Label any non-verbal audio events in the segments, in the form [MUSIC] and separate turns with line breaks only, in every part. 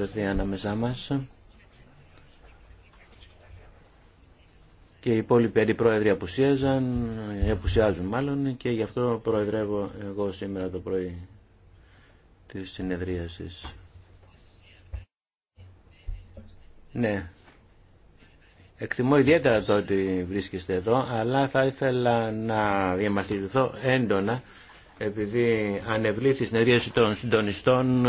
βρεθεί ανάμεσά μας και οι υπόλοιποι αντιπρόεδροι απουσίαζαν, ε, απουσιάζουν μάλλον και γι' αυτό προεδρεύω εγώ σήμερα το πρωί της συνεδρίασης. Ναι, εκτιμώ ιδιαίτερα το ότι βρίσκεστε εδώ, αλλά θα ήθελα να διαμαρτυρηθώ έντονα επειδή ανεβλήθη η συνεδρίαση των συντονιστών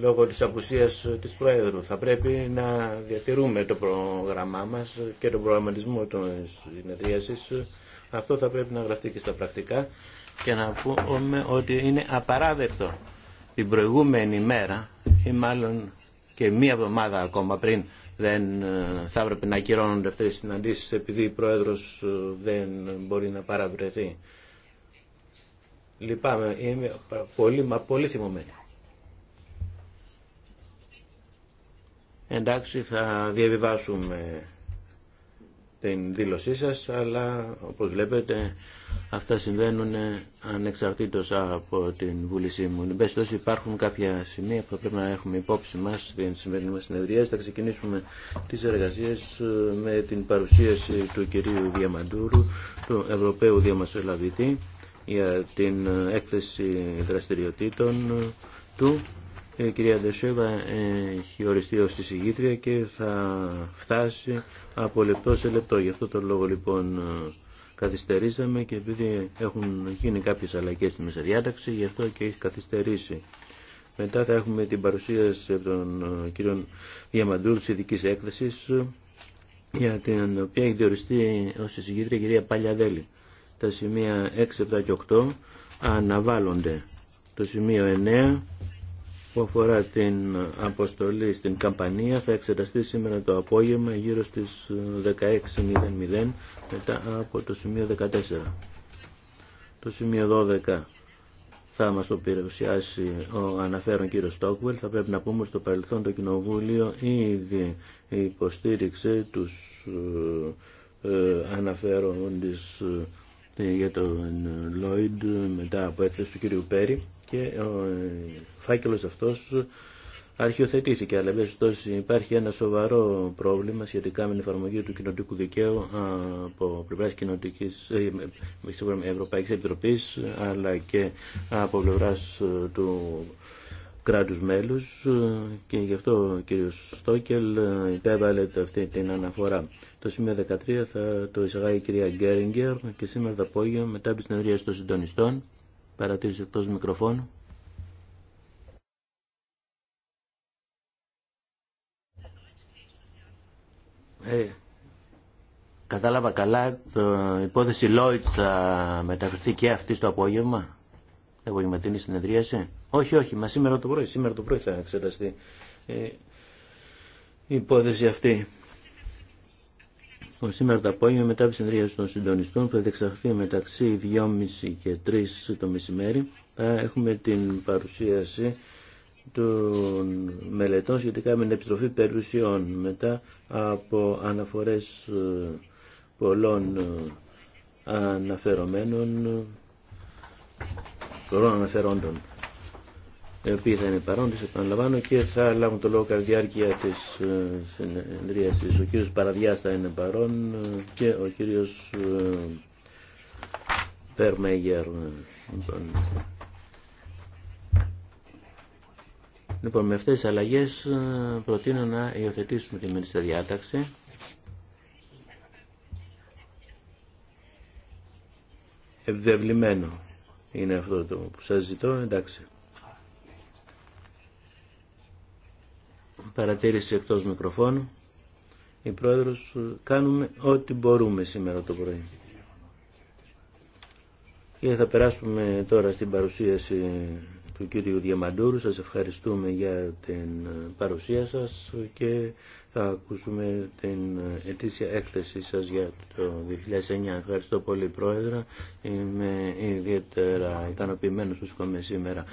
λόγω της απουσίας της Προέδρου. Θα πρέπει να διατηρούμε το πρόγραμμά μας και τον προγραμματισμό της συνεδρίασης. Αυτό θα πρέπει να γραφτεί και στα πρακτικά και να πούμε ότι είναι απαράδεκτο την προηγούμενη μέρα ή μάλλον και μία εβδομάδα ακόμα πριν δεν ε, θα έπρεπε να ακυρώνονται αυτές οι συναντήσεις επειδή η Πρόεδρος ε, δεν μπορεί να παραβρεθεί. Λυπάμαι, είμαι πολύ, μα πολύ θυμωμένη. εντάξει θα διαβιβάσουμε την δήλωσή σας, αλλά όπως βλέπετε αυτά συμβαίνουν ανεξαρτήτως από την βούλησή μου. Εν υπάρχουν κάποια σημεία που πρέπει να έχουμε υπόψη μας στην σημερινή μας συνεδρία. Θα ξεκινήσουμε τις εργασίες ε, με την παρουσίαση του κυρίου Διαμαντούρου, του Ευρωπαίου Διαμασολαβητή, για την ε, έκθεση δραστηριοτήτων ε, του η ε, κυρία Ντεσέβα ε, έχει οριστεί ως τη συγγήτρια και θα φτάσει από λεπτό σε λεπτό. Γι' αυτό το λόγο λοιπόν ε, καθυστερήσαμε και επειδή έχουν γίνει κάποιες αλλαγές στη μεσαδιάταξη, γι' αυτό και έχει καθυστερήσει. Μετά θα έχουμε την παρουσίαση των κύριων Διαμαντούρ της ειδικής έκθεσης για την οποία έχει διοριστεί ως η κυρία Παλιαδέλη. Τα σημεία 6, 7 και 8 αναβάλλονται. Το σημείο 9 που αφορά την αποστολή στην Καμπανία θα εξεταστεί σήμερα το απόγευμα γύρω στις 16.00 ε, μετά από το σημείο 14. Το σημείο 12 θα μας το περιουσιάσει ο αναφέρον κύριο Στόκουελ. Θα πρέπει να πούμε ότι στο παρελθόν το Κοινοβούλιο ήδη υποστήριξε τους ε, ε, αναφέροντες για τον Λόιντ μετά από έκθεση του κύριου Πέρι και ο ε, φάκελος αυτός αρχιοθετήθηκε, αλλά εν υπάρχει ένα σοβαρό πρόβλημα σχετικά με την εφαρμογή του κοινοτικού δικαίου από πλευρά ε, ε, Ευρωπαϊκή Επιτροπή αλλά και από πλευρά του κράτους μέλους και γι' αυτό ο κύριος Στόκελ υπέβαλε αυτή την αναφορά. Το σημείο 13 θα το εισαγάγει η κυρία Γκέριγκερ και σήμερα το απόγευμα μετά από τις συνεδρία των συντονιστών Παρατήρησε εκτός μικροφώνου. Ε, κατάλαβα καλά, το υπόθεση Λόιτ θα μεταφερθεί και αυτή στο απόγευμα. την συνεδρίαση. Όχι, όχι, μα σήμερα το πρωί, σήμερα το πρωί θα εξεταστεί ε, η υπόθεση αυτή. Λοιπόν, σήμερα το απόγευμα μετά τη συνεδρίαση των συντονιστών που θα διεξαχθεί μεταξύ 2.30 και 3 το μεσημέρι θα έχουμε την παρουσίαση των μελετών σχετικά με την επιστροφή περιουσιών μετά από αναφορές ε, πολλών ε, αναφερομένων πολλών αναφερόντων οι οποίοι θα είναι παρόντες, επαναλαμβάνω, και θα λάβουν το λόγο κατά τη διάρκεια της ε, συνεδρίασης. Ο κύριος παραδιάστα θα είναι παρόν ε, και ο κύριος ε, Περμέγερ. Λοιπόν, με αυτές τις αλλαγές προτείνω να υιοθετήσουμε τη μερίστα διάταξη. Ευδευλημένο είναι αυτό το που σας ζητώ, εντάξει. παρατήρηση εκτός μικροφώνου. Η Πρόεδρος ε, κάνουμε ό,τι μπορούμε σήμερα το πρωί. Και θα περάσουμε τώρα στην παρουσίαση του κύριου Διαμαντούρου. Σας ευχαριστούμε για την ε, παρουσία σας και θα ακούσουμε την ε, ετήσια έκθεση σας για το 2009. Ευχαριστώ πολύ Πρόεδρα. Είμαι ιδιαίτερα ικανοποιημένος που είμαι σήμερα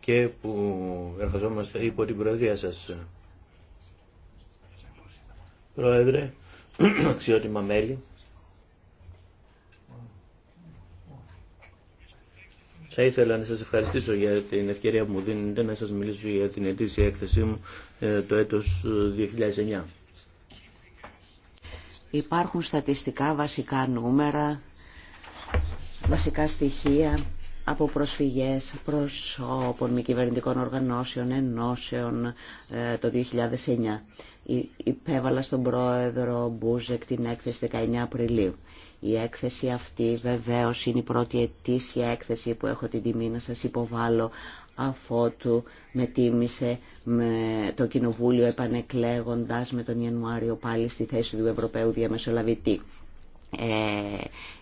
και που εργαζόμαστε υπό την Προεδρία σας. Πρόεδρε, [CLEARS THROAT] αξιότιμα μέλη, Θα ήθελα να σας ευχαριστήσω για την ευκαιρία που μου δίνετε να σας μιλήσω για την ετήσια έκθεσή μου ε, το έτος 2009. Ε,
Υπάρχουν στατιστικά βασικά νούμερα, βασικά στοιχεία από προσφυγές προσώπων μη κυβερνητικών οργανώσεων, ενώσεων ε, το 2009. Υπέβαλα στον πρόεδρο Μπούζεκ την έκθεση 19 Απριλίου. Η έκθεση αυτή βεβαίως είναι η πρώτη ετήσια έκθεση που έχω την τιμή να σας υποβάλω αφότου με τίμησε με το Κοινοβούλιο επανεκλέγοντας με τον Ιανουάριο πάλι στη θέση του Ευρωπαίου Διαμεσολαβητή. Ε,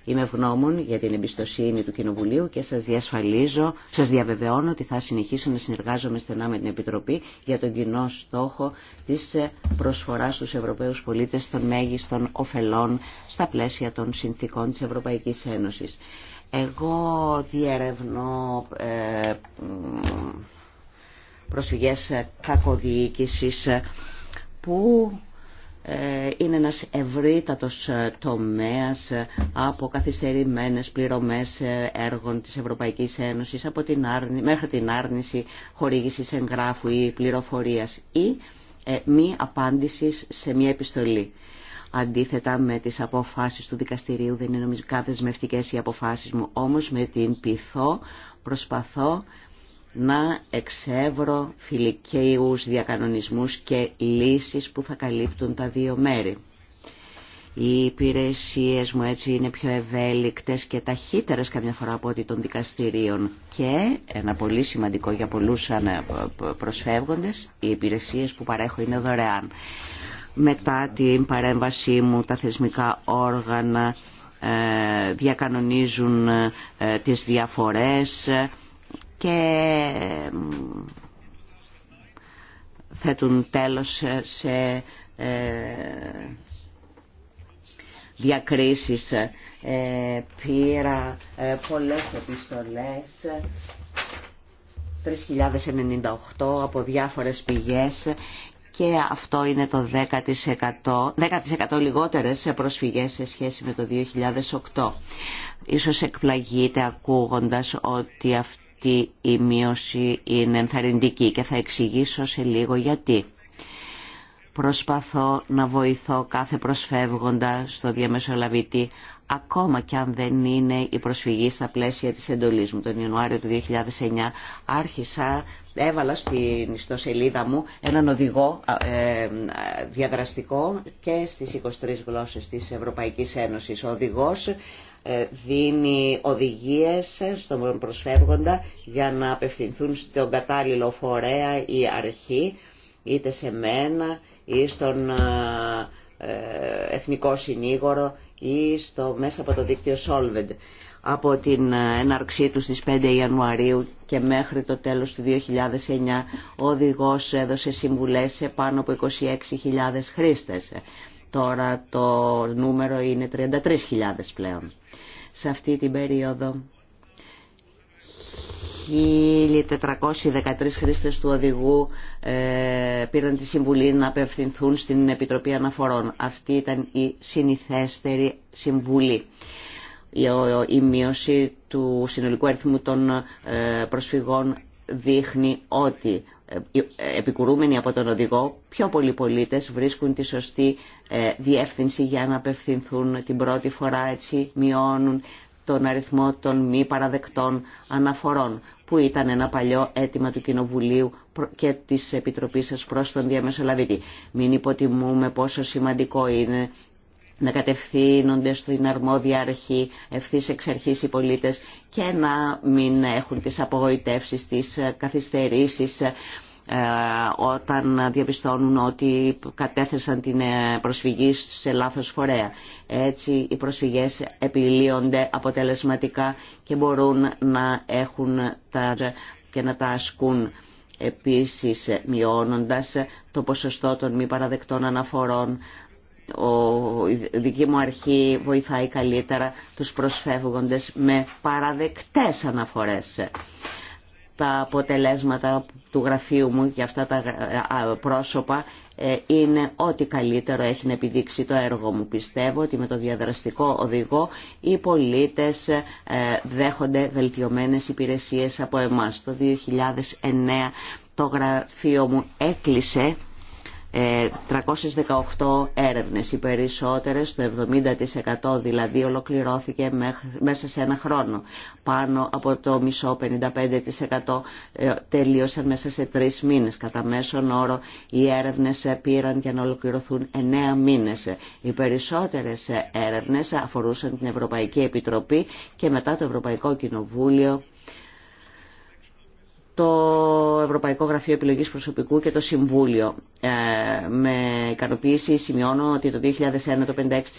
είμαι ευγνώμων για την εμπιστοσύνη του Κοινοβουλίου και σας διασφαλίζω, σας διαβεβαιώνω ότι θα συνεχίσω να συνεργάζομαι στενά με την Επιτροπή για τον κοινό στόχο της προσφοράς στους Ευρωπαίους πολίτες των μέγιστων ωφελών στα πλαίσια των συνθήκων της Ευρωπαϊκής Ένωσης. Εγώ διερευνώ ε, προσφυγές κακοδιοίκησης που ε, είναι ένας ευρύτατος ε, τομέας ε, από καθυστερημένες πληρωμές έργων της Ευρωπαϊκής Ένωσης από την άρνη, μέχρι την άρνηση χορήγησης εγγράφου ή πληροφορίας ή μη απάντηση σε μια επιστολή. Αντίθετα με τις αποφάσεις του δικαστηρίου δεν είναι νομικά δεσμευτικές οι αποφάσεις μου, όμως με την πειθό προσπαθώ να εξεύρω φιλικαίους διακανονισμούς και λύσεις που θα καλύπτουν τα δύο μέρη. Οι υπηρεσίε μου έτσι είναι πιο ευέλικτες και ταχύτερες καμιά φορά από ό,τι των δικαστηρίων. Και ένα πολύ σημαντικό για πολλούς προσφεύγοντες, οι υπηρεσίε που παρέχω είναι δωρεάν. Μετά την παρέμβασή μου τα θεσμικά όργανα ε, διακανονίζουν ε, τις διαφορές, και θέτουν τέλος σε ε, διακρίσεις. Ε, πήρα ε, πολλές επιστολές 3.098 από διάφορες πηγές και αυτό είναι το 10%, 10 λιγότερες προσφυγές σε σχέση με το 2008. Ίσως εκπλαγείτε ακούγοντας ότι αυτό αυτή η μείωση είναι ενθαρρυντική και θα εξηγήσω σε λίγο γιατί. Προσπαθώ να βοηθώ κάθε προσφεύγοντα στο διαμεσολαβητή ακόμα και αν δεν είναι η προσφυγή στα πλαίσια της εντολής μου. Τον Ιανουάριο του 2009 άρχισα, έβαλα στην ιστοσελίδα μου έναν οδηγό ε, διαδραστικό και στις 23 γλώσσες της Ευρωπαϊκής Ένωσης. Ο οδηγός ε, δίνει οδηγίες στον προσφεύγοντα για να απευθυνθούν στον κατάλληλο φορέα ή αρχή, είτε σε μένα ή στον ε, ε, εθνικό συνήγορο ή στο, μέσα από το δίκτυο Solved. Από την έναρξή του στις 5 Ιανουαρίου και μέχρι το τέλος του 2009 ο οδηγός έδωσε συμβουλές σε πάνω από 26.000 χρήστες. Τώρα το νούμερο είναι 33.000 πλέον. Σε αυτή την περίοδο 1.413 χρήστες του οδηγού ε, πήραν τη συμβουλή να απευθυνθούν στην Επιτροπή Αναφορών. Αυτή ήταν η συνηθέστερη συμβουλή. Η μείωση του συνολικού αριθμού των ε, προσφυγών δείχνει ότι ε, επικουρούμενοι από τον οδηγό, πιο πολλοί πολίτες βρίσκουν τη σωστή ε, διεύθυνση για να απευθυνθούν την πρώτη φορά, έτσι μειώνουν τον αριθμό των μη παραδεκτών αναφορών, που ήταν ένα παλιό αίτημα του Κοινοβουλίου και της Επιτροπής σας προς τον Διαμεσολαβήτη. Μην υποτιμούμε πόσο σημαντικό είναι να κατευθύνονται στην αρμόδια αρχή ευθύ εξ αρχή οι πολίτες και να μην έχουν τι απογοητεύσει τι καθυστερήσει, ε, όταν διαπιστώνουν ότι κατέθεσαν την ε, προσφυγή σε λάθος φορέα. Έτσι οι προσφυγές επιλύονται αποτελεσματικά και μπορούν να έχουν τα και να τα ασκούν επίσης μειώνοντας το ποσοστό των μη παραδεκτών αναφορών η δική μου αρχή βοηθάει καλύτερα τους προσφεύγοντες με παραδεκτές αναφορές. Τα αποτελέσματα του γραφείου μου για αυτά τα ε, πρόσωπα ε, είναι ό,τι καλύτερο έχει επιδείξει το έργο μου. Πιστεύω ότι με το διαδραστικό οδηγό οι πολίτες ε, δέχονται βελτιωμένες υπηρεσίες από εμάς. Το 2009 το γραφείο μου έκλεισε 318 ε, έρευνες, οι περισσότερες, το 70% δηλαδή ολοκληρώθηκε μέσα σε ένα χρόνο. Πάνω από το μισό 55% ε, τελείωσαν μέσα σε τρεις μήνες. Κατά μέσον όρο οι έρευνες ε, πήραν για να ολοκληρωθούν εννέα μήνες. Οι περισσότερες έρευνες αφορούσαν την Ευρωπαϊκή Επιτροπή και μετά το Ευρωπαϊκό Κοινοβούλιο το Ευρωπαϊκό Γραφείο Επιλογής Προσωπικού και το Συμβούλιο. Ε, με ικανοποίηση σημειώνω ότι το 2001 το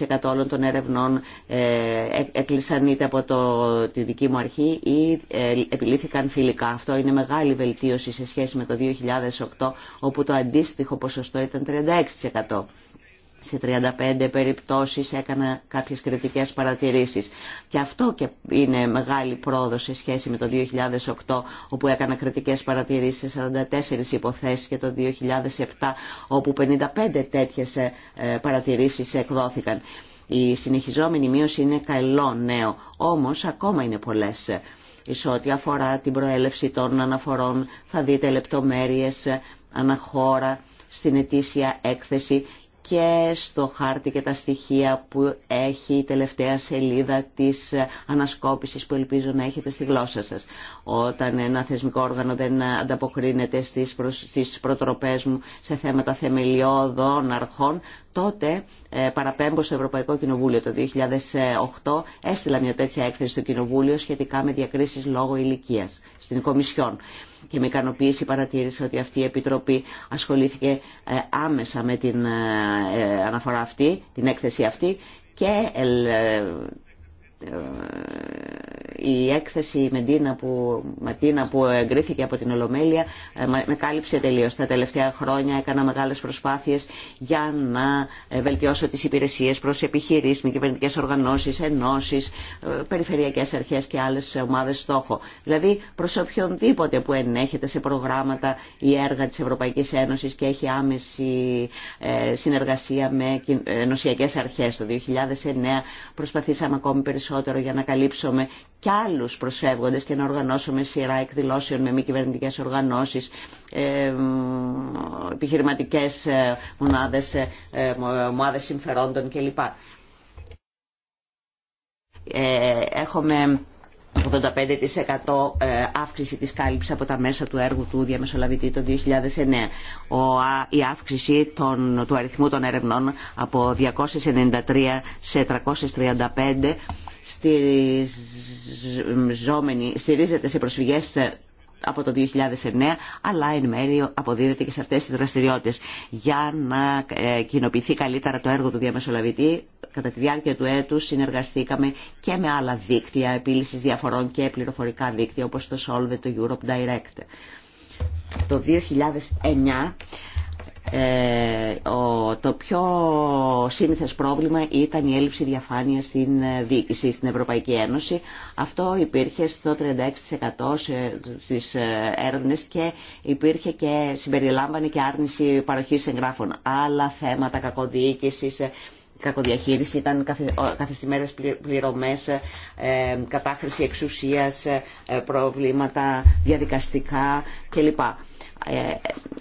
56% όλων των ερευνών ε, ε, έκλεισαν είτε από το, τη δική μου αρχή ή ε, επιλήθηκαν φιλικά. Αυτό είναι μεγάλη βελτίωση σε σχέση με το 2008 όπου το αντίστοιχο ποσοστό ήταν 36% σε 35 περιπτώσεις έκανα κάποιες κριτικές παρατηρήσεις. Και αυτό και είναι μεγάλη πρόοδος σε σχέση με το 2008 όπου έκανα κριτικές παρατηρήσεις σε 44 υποθέσεις και το 2007 όπου 55 τέτοιες ε, παρατηρήσεις εκδόθηκαν. Η συνεχιζόμενη μείωση είναι καλό νέο, όμως ακόμα είναι πολλές. Σε ό,τι αφορά την προέλευση των αναφορών θα δείτε λεπτομέρειες ε, αναχώρα στην ετήσια έκθεση και στο χάρτη και τα στοιχεία που έχει η τελευταία σελίδα της ανασκόπησης που ελπίζω να έχετε στη γλώσσα σας. Όταν ένα θεσμικό όργανο δεν ανταποκρίνεται στις, στις προτροπές μου σε θέματα θεμελιώδων αρχών, Τότε ε, παραπέμπω στο Ευρωπαϊκό Κοινοβούλιο το 2008 έστειλα μια τέτοια έκθεση στο Κοινοβούλιο σχετικά με διακρίσεις λόγω ηλικίας στην Κομισιόν. Και με ικανοποίηση παρατήρησα ότι αυτή η Επιτροπή ασχολήθηκε ε, άμεσα με την ε, αναφορά αυτή, την έκθεση αυτή και η έκθεση Μεντίνα που, Ματίνα που εγκρίθηκε από την Ολομέλεια ε, με κάλυψε τελείως. Τα τελευταία χρόνια έκανα μεγάλες προσπάθειες για να ε, βελτιώσω τις υπηρεσίες προς επιχειρήσεις, μη κυβερνητικές οργανώσεις, ενώσεις, ε, περιφερειακές αρχές και άλλες ομάδες στόχο. Δηλαδή προς οποιονδήποτε που ενέχεται σε προγράμματα ή έργα της Ευρωπαϊκής Ένωσης και έχει άμεση συνεργασία με ενωσιακές αρχές. Το 2009 προσπαθήσαμε ακόμη περισσότερο περισσότερο για να καλύψουμε κι άλλους προσφεύγοντες και να οργανώσουμε σειρά εκδηλώσεων με μη κυβερνητικές οργανώσεις, ε, επιχειρηματικές ε, μονάδες, ε, ομάδες συμφερόντων κλπ. Ε, έχουμε 85% αύξηση της κάλυψης από τα μέσα του έργου του διαμεσολαβητή το 2009. η αύξηση των, του αριθμού των ερευνών από 293 σε 335 στηρίζεται σε προσφυγές από το 2009, αλλά εν μέρει αποδίδεται και σε αυτές τις δραστηριότητες. Για να ε, κοινοποιηθεί καλύτερα το έργο του διαμεσολαβητή, κατά τη διάρκεια του έτους συνεργαστήκαμε και με άλλα δίκτυα επίλυσης διαφορών και πληροφορικά δίκτυα, όπως το Solve, το Europe Direct. Το 2009 ε, το πιο σύνηθες πρόβλημα ήταν η έλλειψη διαφάνειας στην ε, διοίκηση στην Ευρωπαϊκή Ένωση. Αυτό υπήρχε στο 36% στις ε, έρευνες και υπήρχε και συμπεριλάμβανε και άρνηση παροχής εγγράφων. Άλλα θέματα κακοδιοίκησης, κακοδιαχείριση ήταν καθεστημένες πληρωμές, κατάχρηση εξουσίας, προβλήματα διαδικαστικά κλπ. Ε,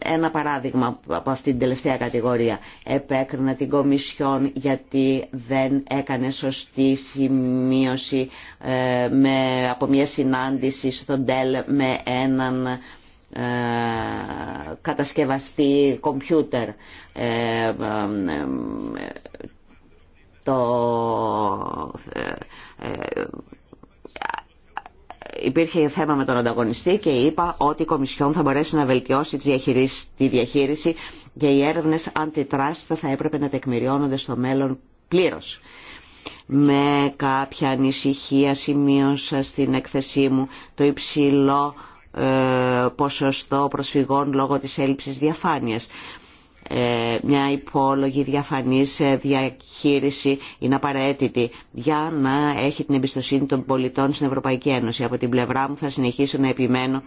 ένα παράδειγμα από αυτή την τελευταία κατηγορία. Επέκρινα την Κομισιόν γιατί δεν έκανε σωστή σημείωση ε, με, από μια συνάντηση στον ΤΕΛ με έναν ε, κατασκευαστή κομπιούτερ. το υπήρχε θέμα με τον ανταγωνιστή και είπα ότι η Κομισιόν θα μπορέσει να βελτιώσει τη διαχείριση και οι έρευνες αντιτράστα θα έπρεπε να τεκμηριώνονται στο μέλλον πλήρως. Με κάποια ανησυχία σημείωσα στην έκθεσή μου το υψηλό ε, ποσοστό προσφυγών λόγω της έλλειψης διαφάνειας. Ε, μια υπόλογη διαφανής ε, διαχείριση είναι απαραίτητη για να έχει την εμπιστοσύνη των πολιτών στην Ευρωπαϊκή Ένωση. Από την πλευρά μου θα συνεχίσω να επιμένω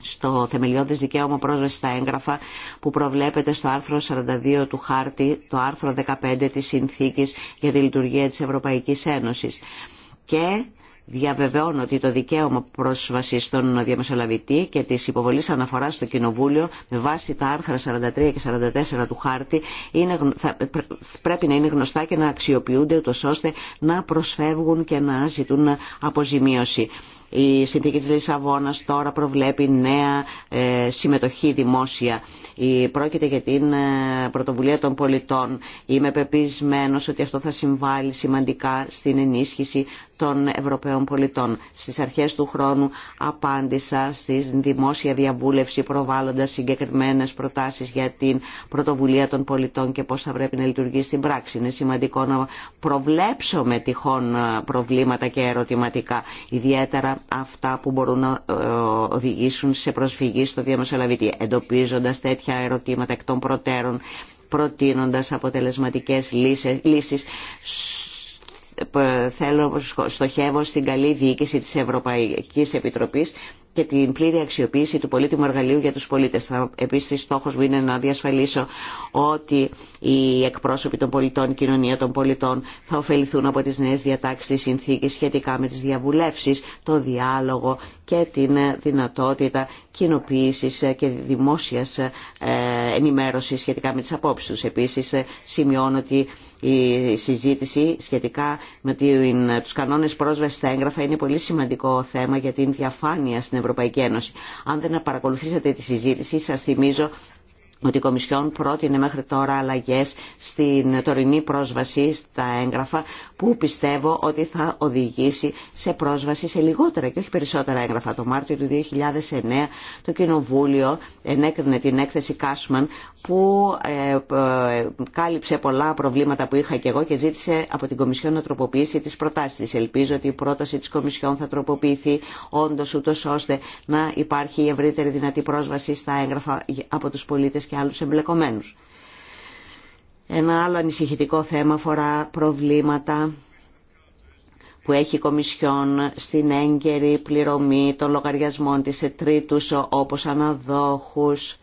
στο θεμελιώδες δικαίωμα πρόσβαση στα έγγραφα που προβλέπεται στο άρθρο 42 του χάρτη, το άρθρο 15 της Συνθήκης για τη Λειτουργία της Ευρωπαϊκής Ένωσης. Και Διαβεβαιώνω ότι το δικαίωμα πρόσβαση στον διαμεσολαβητή και τη υποβολή αναφορά στο Κοινοβούλιο με βάση τα άρθρα 43 και 44 του χάρτη είναι, πρέπει να είναι γνωστά και να αξιοποιούνται ούτω ώστε να προσφεύγουν και να ζητούν αποζημίωση. Η συνθήκη της Λισαβόνας τώρα προβλέπει νέα ε, συμμετοχή δημόσια. Πρόκειται για την ε, πρωτοβουλία των πολιτών. Είμαι πεπισμένος ότι αυτό θα συμβάλλει σημαντικά στην ενίσχυση των Ευρωπαίων πολιτών. Στις αρχές του χρόνου απάντησα στη δημόσια διαβούλευση προβάλλοντας συγκεκριμένες προτάσει για την πρωτοβουλία των πολιτών και πώς θα πρέπει να λειτουργεί στην πράξη. Είναι σημαντικό να προβλέψουμε τυχόν ε, προβλήματα και ερωτηματικά, ιδιαίτερα αυτά που μπορούν να ε, οδηγήσουν σε προσφυγή στο διαμεσολαβητή, εντοπίζοντας τέτοια ερωτήματα εκ των προτέρων, προτείνοντας αποτελεσματικές λύσεις, λύσεις θέλω, στοχεύω στην καλή διοίκηση της Ευρωπαϊκής Επιτροπής και την πλήρη αξιοποίηση του πολύτιμου εργαλείου για τους πολίτες. Επίση, επίσης, στόχος μου είναι να διασφαλίσω ότι οι εκπρόσωποι των πολιτών, η κοινωνία των πολιτών θα ωφεληθούν από τις νέες διατάξεις της συνθήκης σχετικά με τις διαβουλεύσεις, το διάλογο και την δυνατότητα κοινοποίηση και δημόσιας ε, ενημέρωσης σχετικά με τις απόψεις τους. Επίσης, σημειώνω ότι η συζήτηση σχετικά με του κανόνε πρόσβαση στα έγγραφα είναι πολύ σημαντικό θέμα για την διαφάνεια στην Ευρωπαϊκή Ένωση. Αν δεν παρακολουθήσατε τη συζήτηση σας θυμίζω ότι η Κομισιόν πρότεινε μέχρι τώρα αλλαγέ στην τωρινή πρόσβαση στα έγγραφα που πιστεύω ότι θα οδηγήσει σε πρόσβαση σε λιγότερα και όχι περισσότερα έγγραφα. Το Μάρτιο του 2009 το Κοινοβούλιο ενέκρινε την έκθεση Κάσμαν που ε, ε, κάλυψε πολλά προβλήματα που είχα και εγώ και ζήτησε από την Κομισιόν να τροποποιήσει τις προτάσεις της. Ελπίζω ότι η πρόταση της Κομισιόν θα τροποποιηθεί όντως ούτως ώστε να υπάρχει η ευρύτερη δυνατή πρόσβαση στα έγγραφα από τους πολίτες και άλλους εμπλεκομένους. Ένα άλλο ανησυχητικό θέμα αφορά προβλήματα που έχει η Κομισιόν στην έγκαιρη πληρωμή των λογαριασμών της σε τρίτους όπως αναδόχους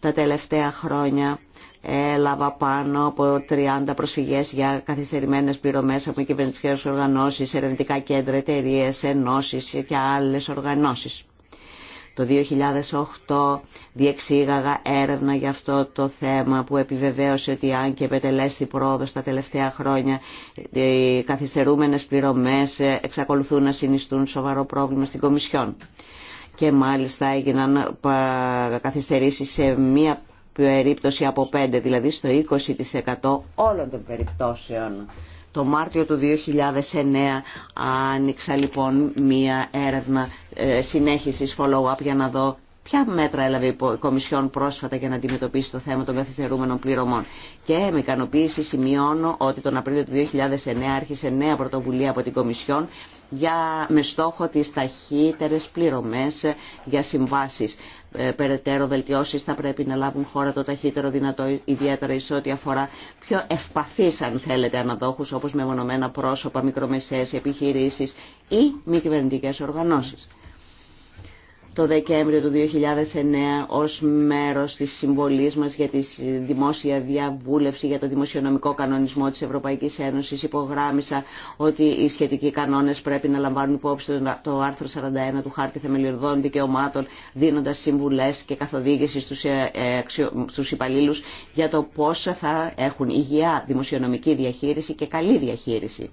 τα τελευταία χρόνια έλαβα πάνω από 30 προσφυγές για καθυστερημένες πληρωμές από κυβερνητικές οργανώσεις, ερευνητικά κέντρα, εταιρείε, ενώσεις και άλλες οργανώσεις. Το 2008 διεξήγαγα έρευνα για αυτό το θέμα που επιβεβαίωσε ότι αν και επετελέστη πρόοδο τα τελευταία χρόνια, οι καθυστερούμενες πληρωμές εξακολουθούν να συνιστούν σοβαρό πρόβλημα στην Κομισιόν. Και μάλιστα έγιναν καθυστερήσεις σε μία περίπτωση από 5, δηλαδή στο 20% όλων των περιπτώσεων το Μάρτιο του 2009 άνοιξα λοιπόν μία έρευνα ε, συνέχισης follow-up για να δω Ποια μέτρα έλαβε η Κομισιόν πρόσφατα για να αντιμετωπίσει το θέμα των καθυστερούμενων πληρωμών. Και με ικανοποίηση σημειώνω ότι τον Απρίλιο του 2009 άρχισε νέα πρωτοβουλία από την Κομισιόν για, με στόχο τις ταχύτερες πληρωμές ε, για συμβάσεις. Ε, περαιτέρω βελτιώσεις θα πρέπει να λάβουν χώρα το ταχύτερο δυνατό, ιδιαίτερα σε ό,τι αφορά πιο ευπαθείς αν θέλετε αναδόχους όπως μεμονωμένα πρόσωπα, μικρομεσαίες επιχειρήσεις ή μη κυβερνητικέ οργανώσεις το Δεκέμβριο του 2009 ως μέρος της συμβολής μας για τη δημόσια διαβούλευση για το δημοσιονομικό κανονισμό της Ευρωπαϊκής Ένωσης υπογράμμισα ότι οι σχετικοί κανόνες πρέπει να λαμβάνουν υπόψη το άρθρο 41 του Χάρτη Θεμελιωδών Δικαιωμάτων δίνοντας συμβουλές και καθοδήγηση στους, ε, ε, στους υπαλλήλους για το πώς θα έχουν υγεία δημοσιονομική διαχείριση και καλή διαχείριση.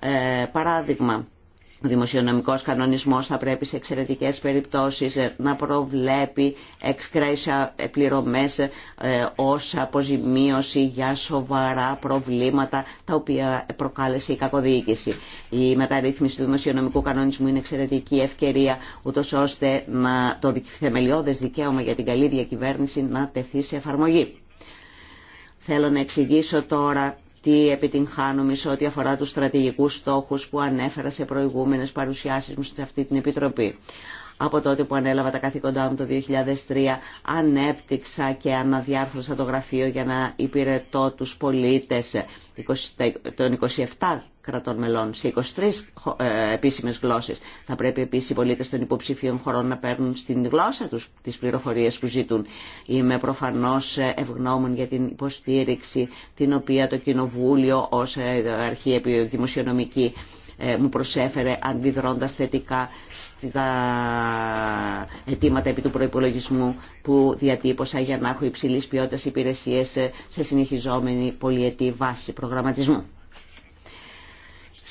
Ε, παράδειγμα, ο δημοσιονομικός κανονισμός θα πρέπει σε εξαιρετικές περιπτώσεις ε, να προβλέπει εξκρέσια ε, πληρωμές ε, ως αποζημίωση για σοβαρά προβλήματα τα οποία προκάλεσε η κακοδιοίκηση. Η μεταρρύθμιση του δημοσιονομικού κανονισμού είναι εξαιρετική ευκαιρία ούτως ώστε να το θεμελιώδες δικαίωμα για την καλή διακυβέρνηση να τεθεί σε εφαρμογή. Θέλω να εξηγήσω τώρα τι επιτυγχάνουμε σε ό,τι αφορά τους στρατηγικούς στόχους που ανέφερα σε προηγούμενες παρουσιάσεις μου σε αυτή την Επιτροπή από τότε που ανέλαβα τα καθήκοντά μου το 2003 ανέπτυξα και αναδιάρθρωσα το γραφείο για να υπηρετώ τους πολίτες των 27 κρατών μελών σε 23 ε, επίσημες γλώσσες. Θα πρέπει επίσης οι πολίτες των υποψηφίων χωρών να παίρνουν στην γλώσσα τους τις πληροφορίες που ζητούν. Είμαι προφανώς ευγνώμων για την υποστήριξη την οποία το Κοινοβούλιο ως ε, αρχή δημοσιονομική ε, μου προσέφερε αντιδρώντας θετικά στα αιτήματα επί του προϋπολογισμού που διατύπωσα για να έχω υψηλή ποιότητας υπηρεσίες σε συνεχιζόμενη πολυετή βάση προγραμματισμού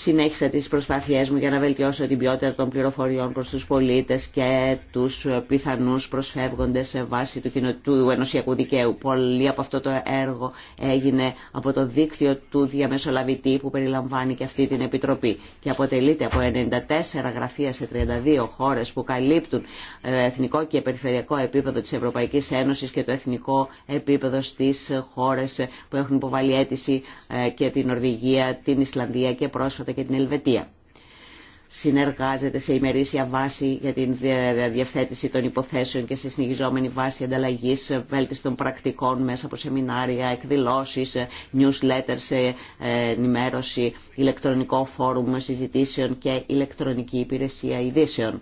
συνέχισα τις προσπάθειές μου για να βελτιώσω την ποιότητα των πληροφοριών προς τους πολίτες και τους πιθανούς προσφεύγοντες σε βάση του, του ενωσιακού δικαίου. Πολύ από αυτό το έργο έγινε από το δίκτυο του διαμεσολαβητή που περιλαμβάνει και αυτή την επιτροπή και αποτελείται από 94 γραφεία σε 32 χώρες που καλύπτουν ε, εθνικό και περιφερειακό επίπεδο της Ευρωπαϊκής Ένωσης και το εθνικό επίπεδο στις χώρες που έχουν υποβάλει αίτηση ε, και την Νορβηγία, την Ισλανδία και πρόσφατα και την Ελβετία. Συνεργάζεται σε ημερήσια βάση για την διευθέτηση των υποθέσεων και σε συνεχιζόμενη βάση ανταλλαγή βέλτιστων πρακτικών μέσα από σεμινάρια, εκδηλώσεις, newsletters, ε, ενημέρωση, ηλεκτρονικό φόρουμ συζητήσεων και ηλεκτρονική υπηρεσία ειδήσεων.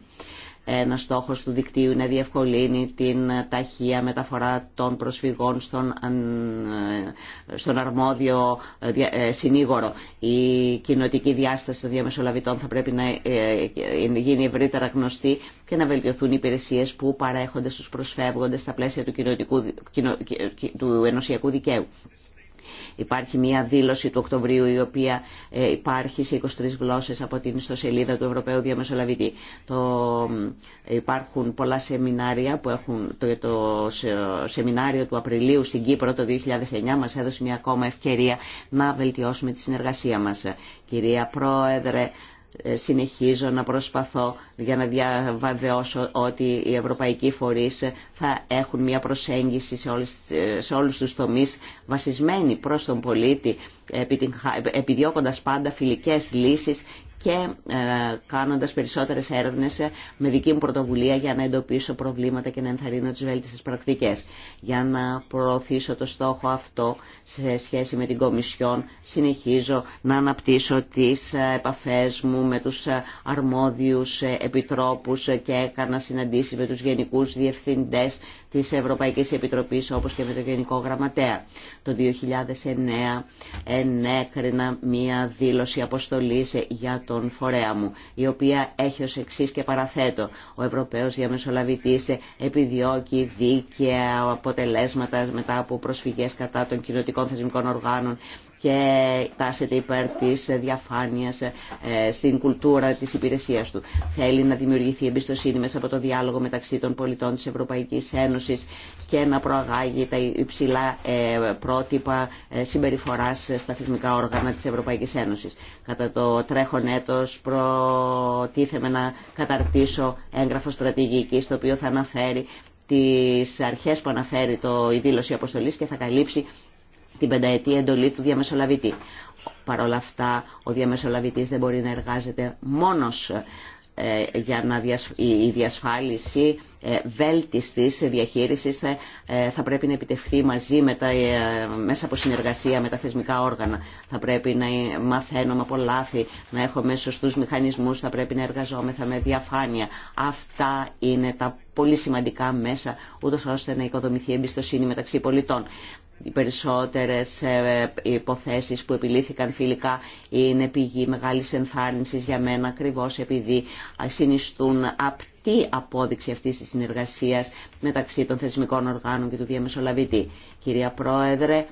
Ένα στόχο του δικτύου είναι να διευκολύνει την ταχεία μεταφορά των προσφυγών στον, στον αρμόδιο ε, ε, συνήγορο. Η κοινοτική διάσταση των διαμεσολαβητών θα πρέπει να ε, γίνει ευρύτερα γνωστή και να βελτιωθούν οι υπηρεσίε που παρέχονται στους προσφεύγοντες στα πλαίσια του, του ενωσιακού δικαίου. Υπάρχει μια δήλωση του Οκτωβρίου η οποία ε, υπάρχει σε 23 γλώσσες από την ιστοσελίδα του Ευρωπαίου Διαμεσολαβητή. Το, υπάρχουν πολλά σεμινάρια που έχουν το, το σεμινάριο του Απριλίου στην Κύπρο το 2009 μας έδωσε μια ακόμα ευκαιρία να βελτιώσουμε τη συνεργασία μας. Κυρία Πρόεδρε, ε, συνεχίζω να προσπαθώ για να διαβεβαιώσω ότι οι ευρωπαϊκοί φορείς θα έχουν μια προσέγγιση σε, όλες, ε, σε όλους τους τομείς βασισμένη προς τον πολίτη, ε, επιδιώκοντας πάντα φιλικές λύσεις και ε, κάνοντας περισσότερες έρευνες ε, με δική μου πρωτοβουλία για να εντοπίσω προβλήματα και να ενθαρρύνω τις βέλτιστες πρακτικές. Για να προωθήσω το στόχο αυτό σε σχέση με την Κομισιόν συνεχίζω να αναπτύσσω τις ε, επαφές μου με τους αρμόδιους επιτρόπους και έκανα συναντήσεις με τους γενικούς διευθυντές της Ευρωπαϊκής Επιτροπής όπως και με το Γενικό Γραμματέα. Το 2009 ενέκρινα μία δήλωση αποστολής για τον φορέα μου, η οποία έχει ως εξή και παραθέτω. Ο Ευρωπαίος Διαμεσολαβητής επιδιώκει δίκαια αποτελέσματα μετά από προσφυγές κατά των κοινωτικών θεσμικών οργάνων και τάσεται υπέρ της διαφάνειας ε, στην κουλτούρα της υπηρεσίας του. Θέλει να δημιουργηθεί εμπιστοσύνη μέσα από το διάλογο μεταξύ των πολιτών της Ευρωπαϊκής Ένωσης και να προαγάγει τα υψηλά ε, πρότυπα ε, συμπεριφοράς στα θεσμικά όργανα της Ευρωπαϊκής Ένωσης. Κατά το τρέχον έτος προτίθεμαι να καταρτήσω έγγραφο στρατηγική το οποίο θα αναφέρει τις αρχές που αναφέρει το, η δήλωση αποστολής και θα καλύψει την πενταετή εντολή του διαμεσολαβητή. Παρ' όλα αυτά, ο διαμεσολαβητής δεν μπορεί να εργάζεται μόνος ε, για να η διασφάλιση ε, βέλτιστης διαχείρισης ε, θα πρέπει να επιτευχθεί μαζί με τα, μέσα από συνεργασία με τα θεσμικά όργανα. Θα πρέπει να μαθαίνουμε από λάθη, να έχουμε σωστούς μηχανισμούς, θα πρέπει να εργαζόμεθα με διαφάνεια. Αυτά είναι τα πολύ σημαντικά μέσα, ούτως ώστε να οικοδομηθεί εμπιστοσύνη μεταξύ πολιτών. Οι περισσότερες ε, υποθέσεις που επιλύθηκαν φιλικά είναι πηγή μεγάλης ενθάρρυνσης για μένα ακριβώ επειδή συνιστούν απτή απόδειξη αυτής της συνεργασίας μεταξύ των θεσμικών οργάνων και του διαμεσολαβητή. Κυρία Πρόεδρε,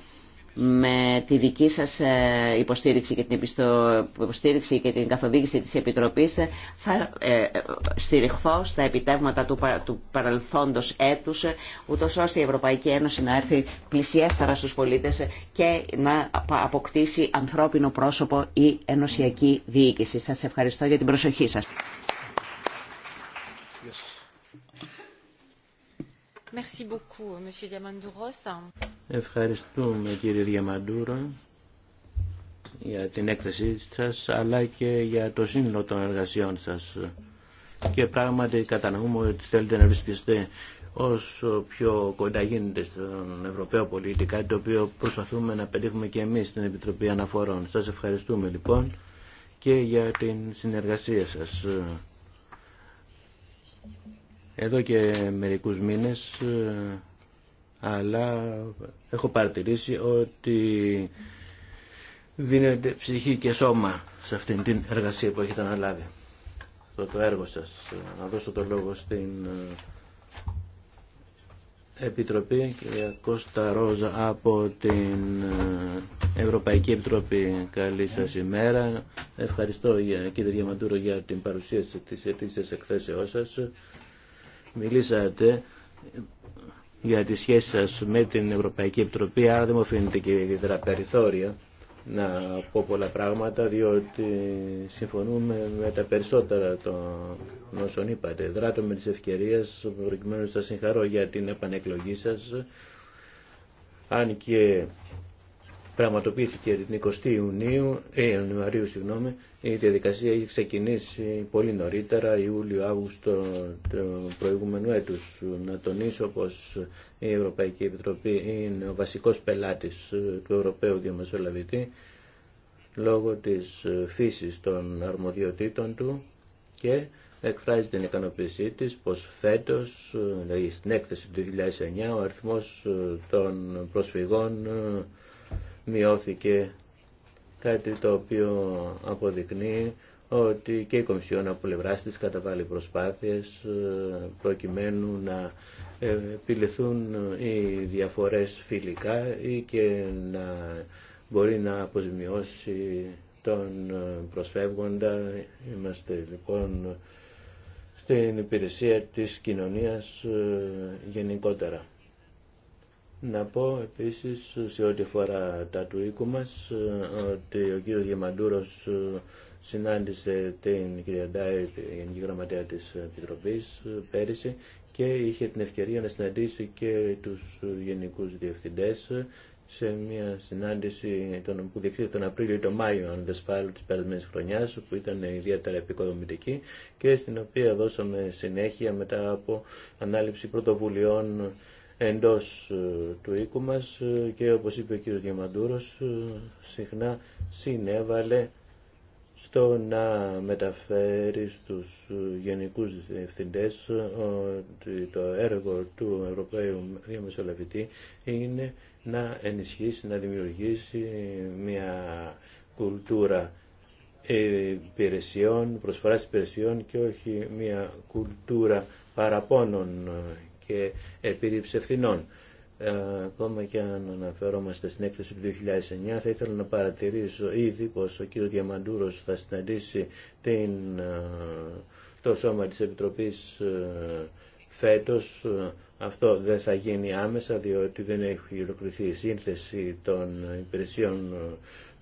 με τη δική σας ε, υποστήριξη και την υποστήριξη και την καθοδήγηση της Επιτροπής ε, θα ε, στηριχθώ στα επιτεύγματα του παρελθόντος έτους ούτως ώστε η Ευρωπαϊκή Ένωση να έρθει πλησιέστερα στους πολίτες και να αποκτήσει ανθρώπινο πρόσωπο η ενωσιακή διοίκηση. Σας ευχαριστώ για την προσοχή σας.
Ευχαριστούμε κύριε Διαμαντούρο για την έκθεσή σας αλλά και για το σύνολο των εργασιών σας και πράγματι κατανοούμε ότι θέλετε να βρίσκεστε όσο πιο κοντά γίνεται στον Ευρωπαίο πολίτη, κάτι το οποίο προσπαθούμε να πετύχουμε και εμείς στην Επιτροπή Αναφορών. Σας ευχαριστούμε λοιπόν και για την συνεργασία σας εδώ και μερικούς μήνες ε, αλλά έχω παρατηρήσει ότι δίνεται ψυχή και σώμα σε αυτήν την εργασία που έχετε αναλάβει το, το έργο σας να δώσω το λόγο στην ε, Επιτροπή κυρία Κώστα Ρόζα από την ε, Ευρωπαϊκή Επιτροπή καλή σας ημέρα ευχαριστώ κύριε Διαμαντούρο για την παρουσίαση της ετήσιας εκθέσεώς σας Μιλήσατε για τη σχέση σας με την Ευρωπαϊκή Επιτροπή, άρα δεν μου αφήνετε και ιδιαίτερα περιθώρια να πω πολλά πράγματα, διότι συμφωνούμε με τα περισσότερα των όσων είπατε. Δράτω με τις ευκαιρίες, προκειμένου σας συγχαρώ για την επανεκλογή σας, αν και πραγματοποιήθηκε την 20η Ιουνίου, ε, Ιανουαρίου συγγνώμη, η ιουνιου έχει ξεκινήσει πολύ νωρίτερα, Ιούλιο-Αύγουστο του προηγούμενου έτους. Να τονίσω πως η Ευρωπαϊκή Επιτροπή είναι ο βασικός πελάτης του Ευρωπαίου Διαμεσολαβητή λόγω της φύσης των αρμοδιοτήτων του και εκφράζει την ικανοποίησή της πως φέτος, δηλαδή στην έκθεση του 2009, ο αριθμός των προσφυγών μειώθηκε κάτι το οποίο αποδεικνύει ότι και η Κομισιόν από πλευρά τη καταβάλει προσπάθειες ε, προκειμένου να ε, επιληθούν οι διαφορές φιλικά ή και να μπορεί να αποζημιώσει τον ε, προσφεύγοντα. Είμαστε λοιπόν στην υπηρεσία της κοινωνίας γενικότερα. Να πω επίσης σε ό,τι αφορά τα του οίκου μας ότι ο κύριος Γεμαντούρος ε, συνάντησε την κυρία Ντάι, η Γενική Γραμματέα της Επιτροπής, ε, πέρυσι και είχε την ευκαιρία να συναντήσει και τους γενικούς διευθυντές σε μια συνάντηση τον, που διεξήγησε τον Απρίλιο ή τον Μάιο, αν δεν σπάλλω, τη περασμένης χρονιά, που ήταν ιδιαίτερα επικοδομητική και στην οποία δώσαμε συνέχεια μετά από ανάληψη πρωτοβουλειών εντός ε, του οίκου μας ε, και όπως είπε ο κύριος Διαμαντούρος ε, συχνά συνέβαλε στο να μεταφέρει στους γενικούς διευθυντές ότι το έργο του Ευρωπαίου Διαμεσολαβητή είναι να ενισχύσει, να δημιουργήσει μια κουλτούρα υπηρεσιών, προσφοράς υπηρεσιών και όχι μια κουλτούρα παραπώνων και επίρρηψη ευθυνών. Ε, ακόμα και αν αναφερόμαστε στην έκθεση του 2009 θα ήθελα να παρατηρήσω ήδη πως ο κύριος Διαμαντούρος θα συναντήσει την, ε, το σώμα της Επιτροπής ε, φέτος αυτό δεν θα γίνει άμεσα διότι δεν έχει ολοκληρωθεί η σύνθεση των υπηρεσιών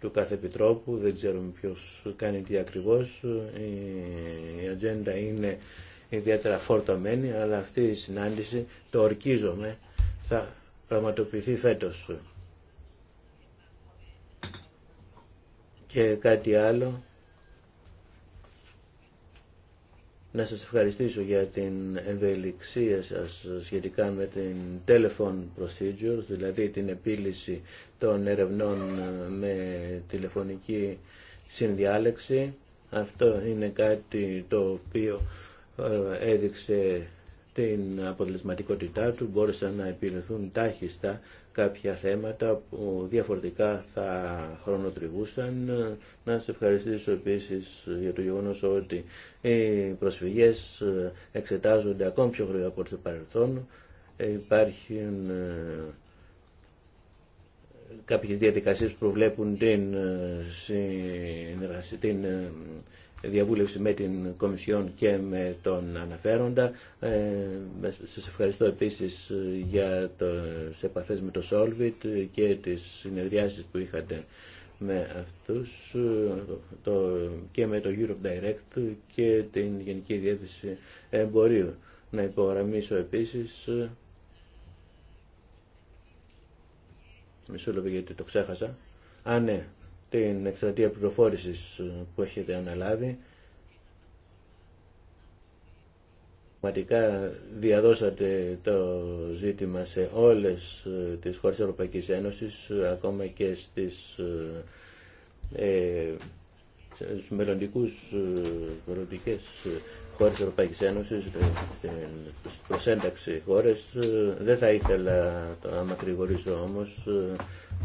του κάθε επιτρόπου, δεν ξέρουμε ποιος κάνει τι ακριβώς. Η ατζέντα είναι ιδιαίτερα φορτωμένη, αλλά αυτή η συνάντηση, το ορκίζομαι, θα πραγματοποιηθεί φέτος. Και κάτι άλλο, να σας ευχαριστήσω για την ευελιξία σας σχετικά με την telephone procedure δηλαδή την επίλυση των ερευνών με τηλεφωνική συνδιάλεξη. Αυτό είναι κάτι το οποίο ε, έδειξε την αποτελεσματικότητά του, μπόρεσαν να επιληθούν τάχιστα κάποια θέματα που διαφορετικά θα χρονοτριβούσαν. Να σε ευχαριστήσω επίσης για το γεγονός ότι οι προσφυγές ε, εξετάζονται ακόμη πιο γρήγορα από το παρελθόν. Ε, υπάρχουν κάποιες διαδικασίες που βλέπουν την, συνεργασία, την διαβούλευση με την Κομισιόν και με τον αναφέροντα. Ε, σας ευχαριστώ επίσης για τις επαφές με το Solvit και τις συνεδριάσεις που είχατε με αυτούς και με το Europe Direct και την Γενική Διεύθυνση Εμπορίου. Να υπογραμμίσω επίσης μισό λεπτό γιατί το ξέχασα. Α, ναι, την εκστρατεία πληροφόρησης ε, που έχετε αναλάβει. Πραγματικά διαδώσατε το ζήτημα σε όλες ε, τις χώρες της Ευρωπαϊκής Ένωσης, ε, ακόμα και στις ε, στους μελλοντικούς μελλοντικές χώρες της Ευρωπαϊκής Ένωσης προσένταξη χώρες δεν θα ήθελα το να μακρηγορήσω όμως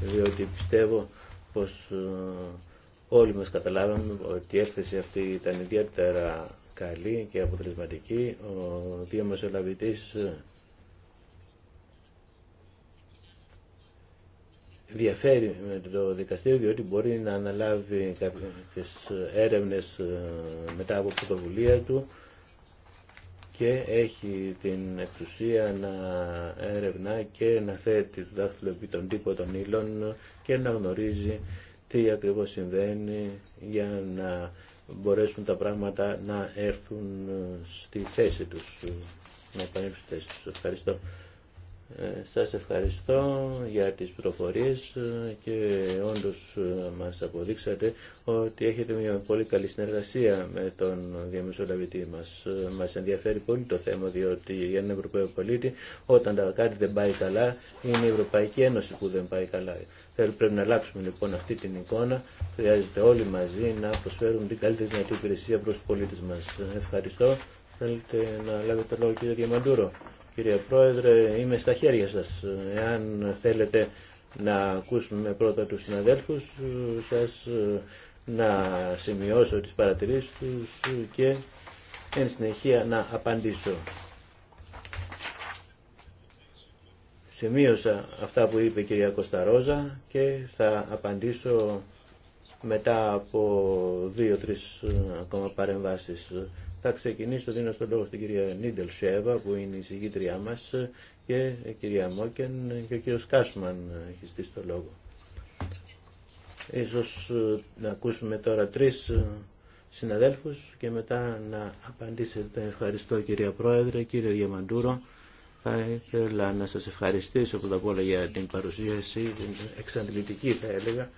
διότι πιστεύω πως ε, όλοι μας καταλάβαμε ότι η έκθεση αυτή ήταν ιδιαίτερα καλή και αποτελεσματική. Ο μεσολαβητής ε, διαφέρει με το δικαστήριο διότι μπορεί να αναλάβει κάποιες έρευνες ε, μετά από πρωτοβουλία του και έχει την εξουσία να έρευνα και να θέτει το δάχτυλο επί των τύπων των ύλων και να γνωρίζει τι ακριβώς συμβαίνει για να μπορέσουν τα πράγματα να έρθουν στη θέση τους, να επανέλθουν στη θέση Ευχαριστώ. Ε, σας ευχαριστώ για τις προφορίες ε, και όντως ε, μας αποδείξατε ότι έχετε μια πολύ καλή συνεργασία με τον διαμεσολαβητή μας. Μας ενδιαφέρει πολύ το θέμα διότι για έναν Ευρωπαίο πολίτη όταν τα κάτι δεν πάει καλά είναι η Ευρωπαϊκή Ένωση που δεν πάει καλά. Πρέπει να αλλάξουμε λοιπόν αυτή την εικόνα. Χρειάζεται όλοι μαζί να προσφέρουν την καλύτερη δυνατή υπηρεσία προς τους πολίτες μας. Ευχαριστώ. Θέλετε να λάβετε λόγο κύριε Διαμαντούρο. Κύριε Πρόεδρε, είμαι στα χέρια σας. Εάν θέλετε να ακούσουμε πρώτα τους συναδέλφους σας, να σημειώσω τις παρατηρήσεις τους και εν συνεχεία να απαντήσω. Σημείωσα αυτά που είπε η κυρία Κωνσταρόζα και θα απαντήσω μετά από δύο-τρεις ακόμα παρεμβάσεις. Θα ξεκινήσω δίνω τον λόγο στην κυρία Νίντελ Σέβα που είναι η συγγήτριά μας και η ε, κυρία Μόκεν και ο κύριος Κάσμαν έχει στήσει το λόγο. Ίσως ε, να ακούσουμε τώρα τρεις ε, συναδέλφους και μετά να απαντήσετε. Ευχαριστώ κυρία Πρόεδρε, κύριε Γεμαντούρο. Θα ήθελα να σας ευχαριστήσω πρώτα τα όλα για την παρουσίαση, την εξαντλητική θα έλεγα,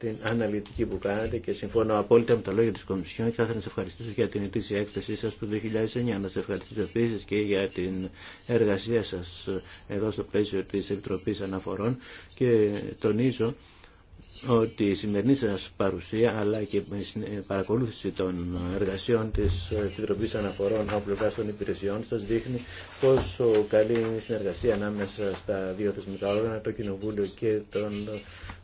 την αναλυτική που κάνετε και συμφωνώ απόλυτα με τα λόγια της Κομισιόν και θα ήθελα να σε ευχαριστήσω για την ετήσια έκθεσή σας του 2009. Να σε ευχαριστήσω επίση και για την εργασία σας εδώ στο πλαίσιο της Επιτροπής Αναφορών και τονίζω ότι η σημερινή σα παρουσία αλλά και η ε, παρακολούθηση των εργασιών τη Επιτροπή Αναφορών από πλευρά των υπηρεσιών σα δείχνει πόσο καλή είναι η συνεργασία ανάμεσα στα δύο θεσμικά όργανα, το Κοινοβούλιο και τον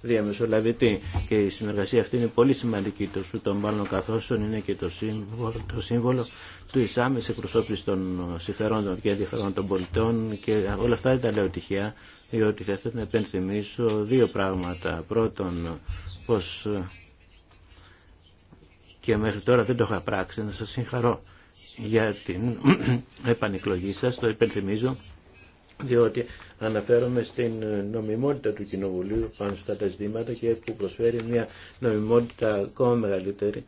Διαμεσολαβητή. Και η συνεργασία αυτή είναι πολύ σημαντική το σου των μάλλον καθώ είναι και το σύμβολο, το σύμβολο του εισάμεση εκπροσώπηση των συμφερόντων και ενδιαφερόντων των πολιτών και όλα αυτά δεν τα λέω τυχαία διότι θα ήθελα να επενθυμίσω δύο πράγματα. Πρώτον, πως ε, και μέχρι τώρα δεν το είχα πράξει, να σας συγχαρώ για την [CLEARS THROAT] επανεκλογή σας, το επενθυμίζω, διότι αναφέρομαι στην νομιμότητα του Κοινοβουλίου πάνω αυτά τα ζητήματα και που προσφέρει μια νομιμότητα ακόμα μεγαλύτερη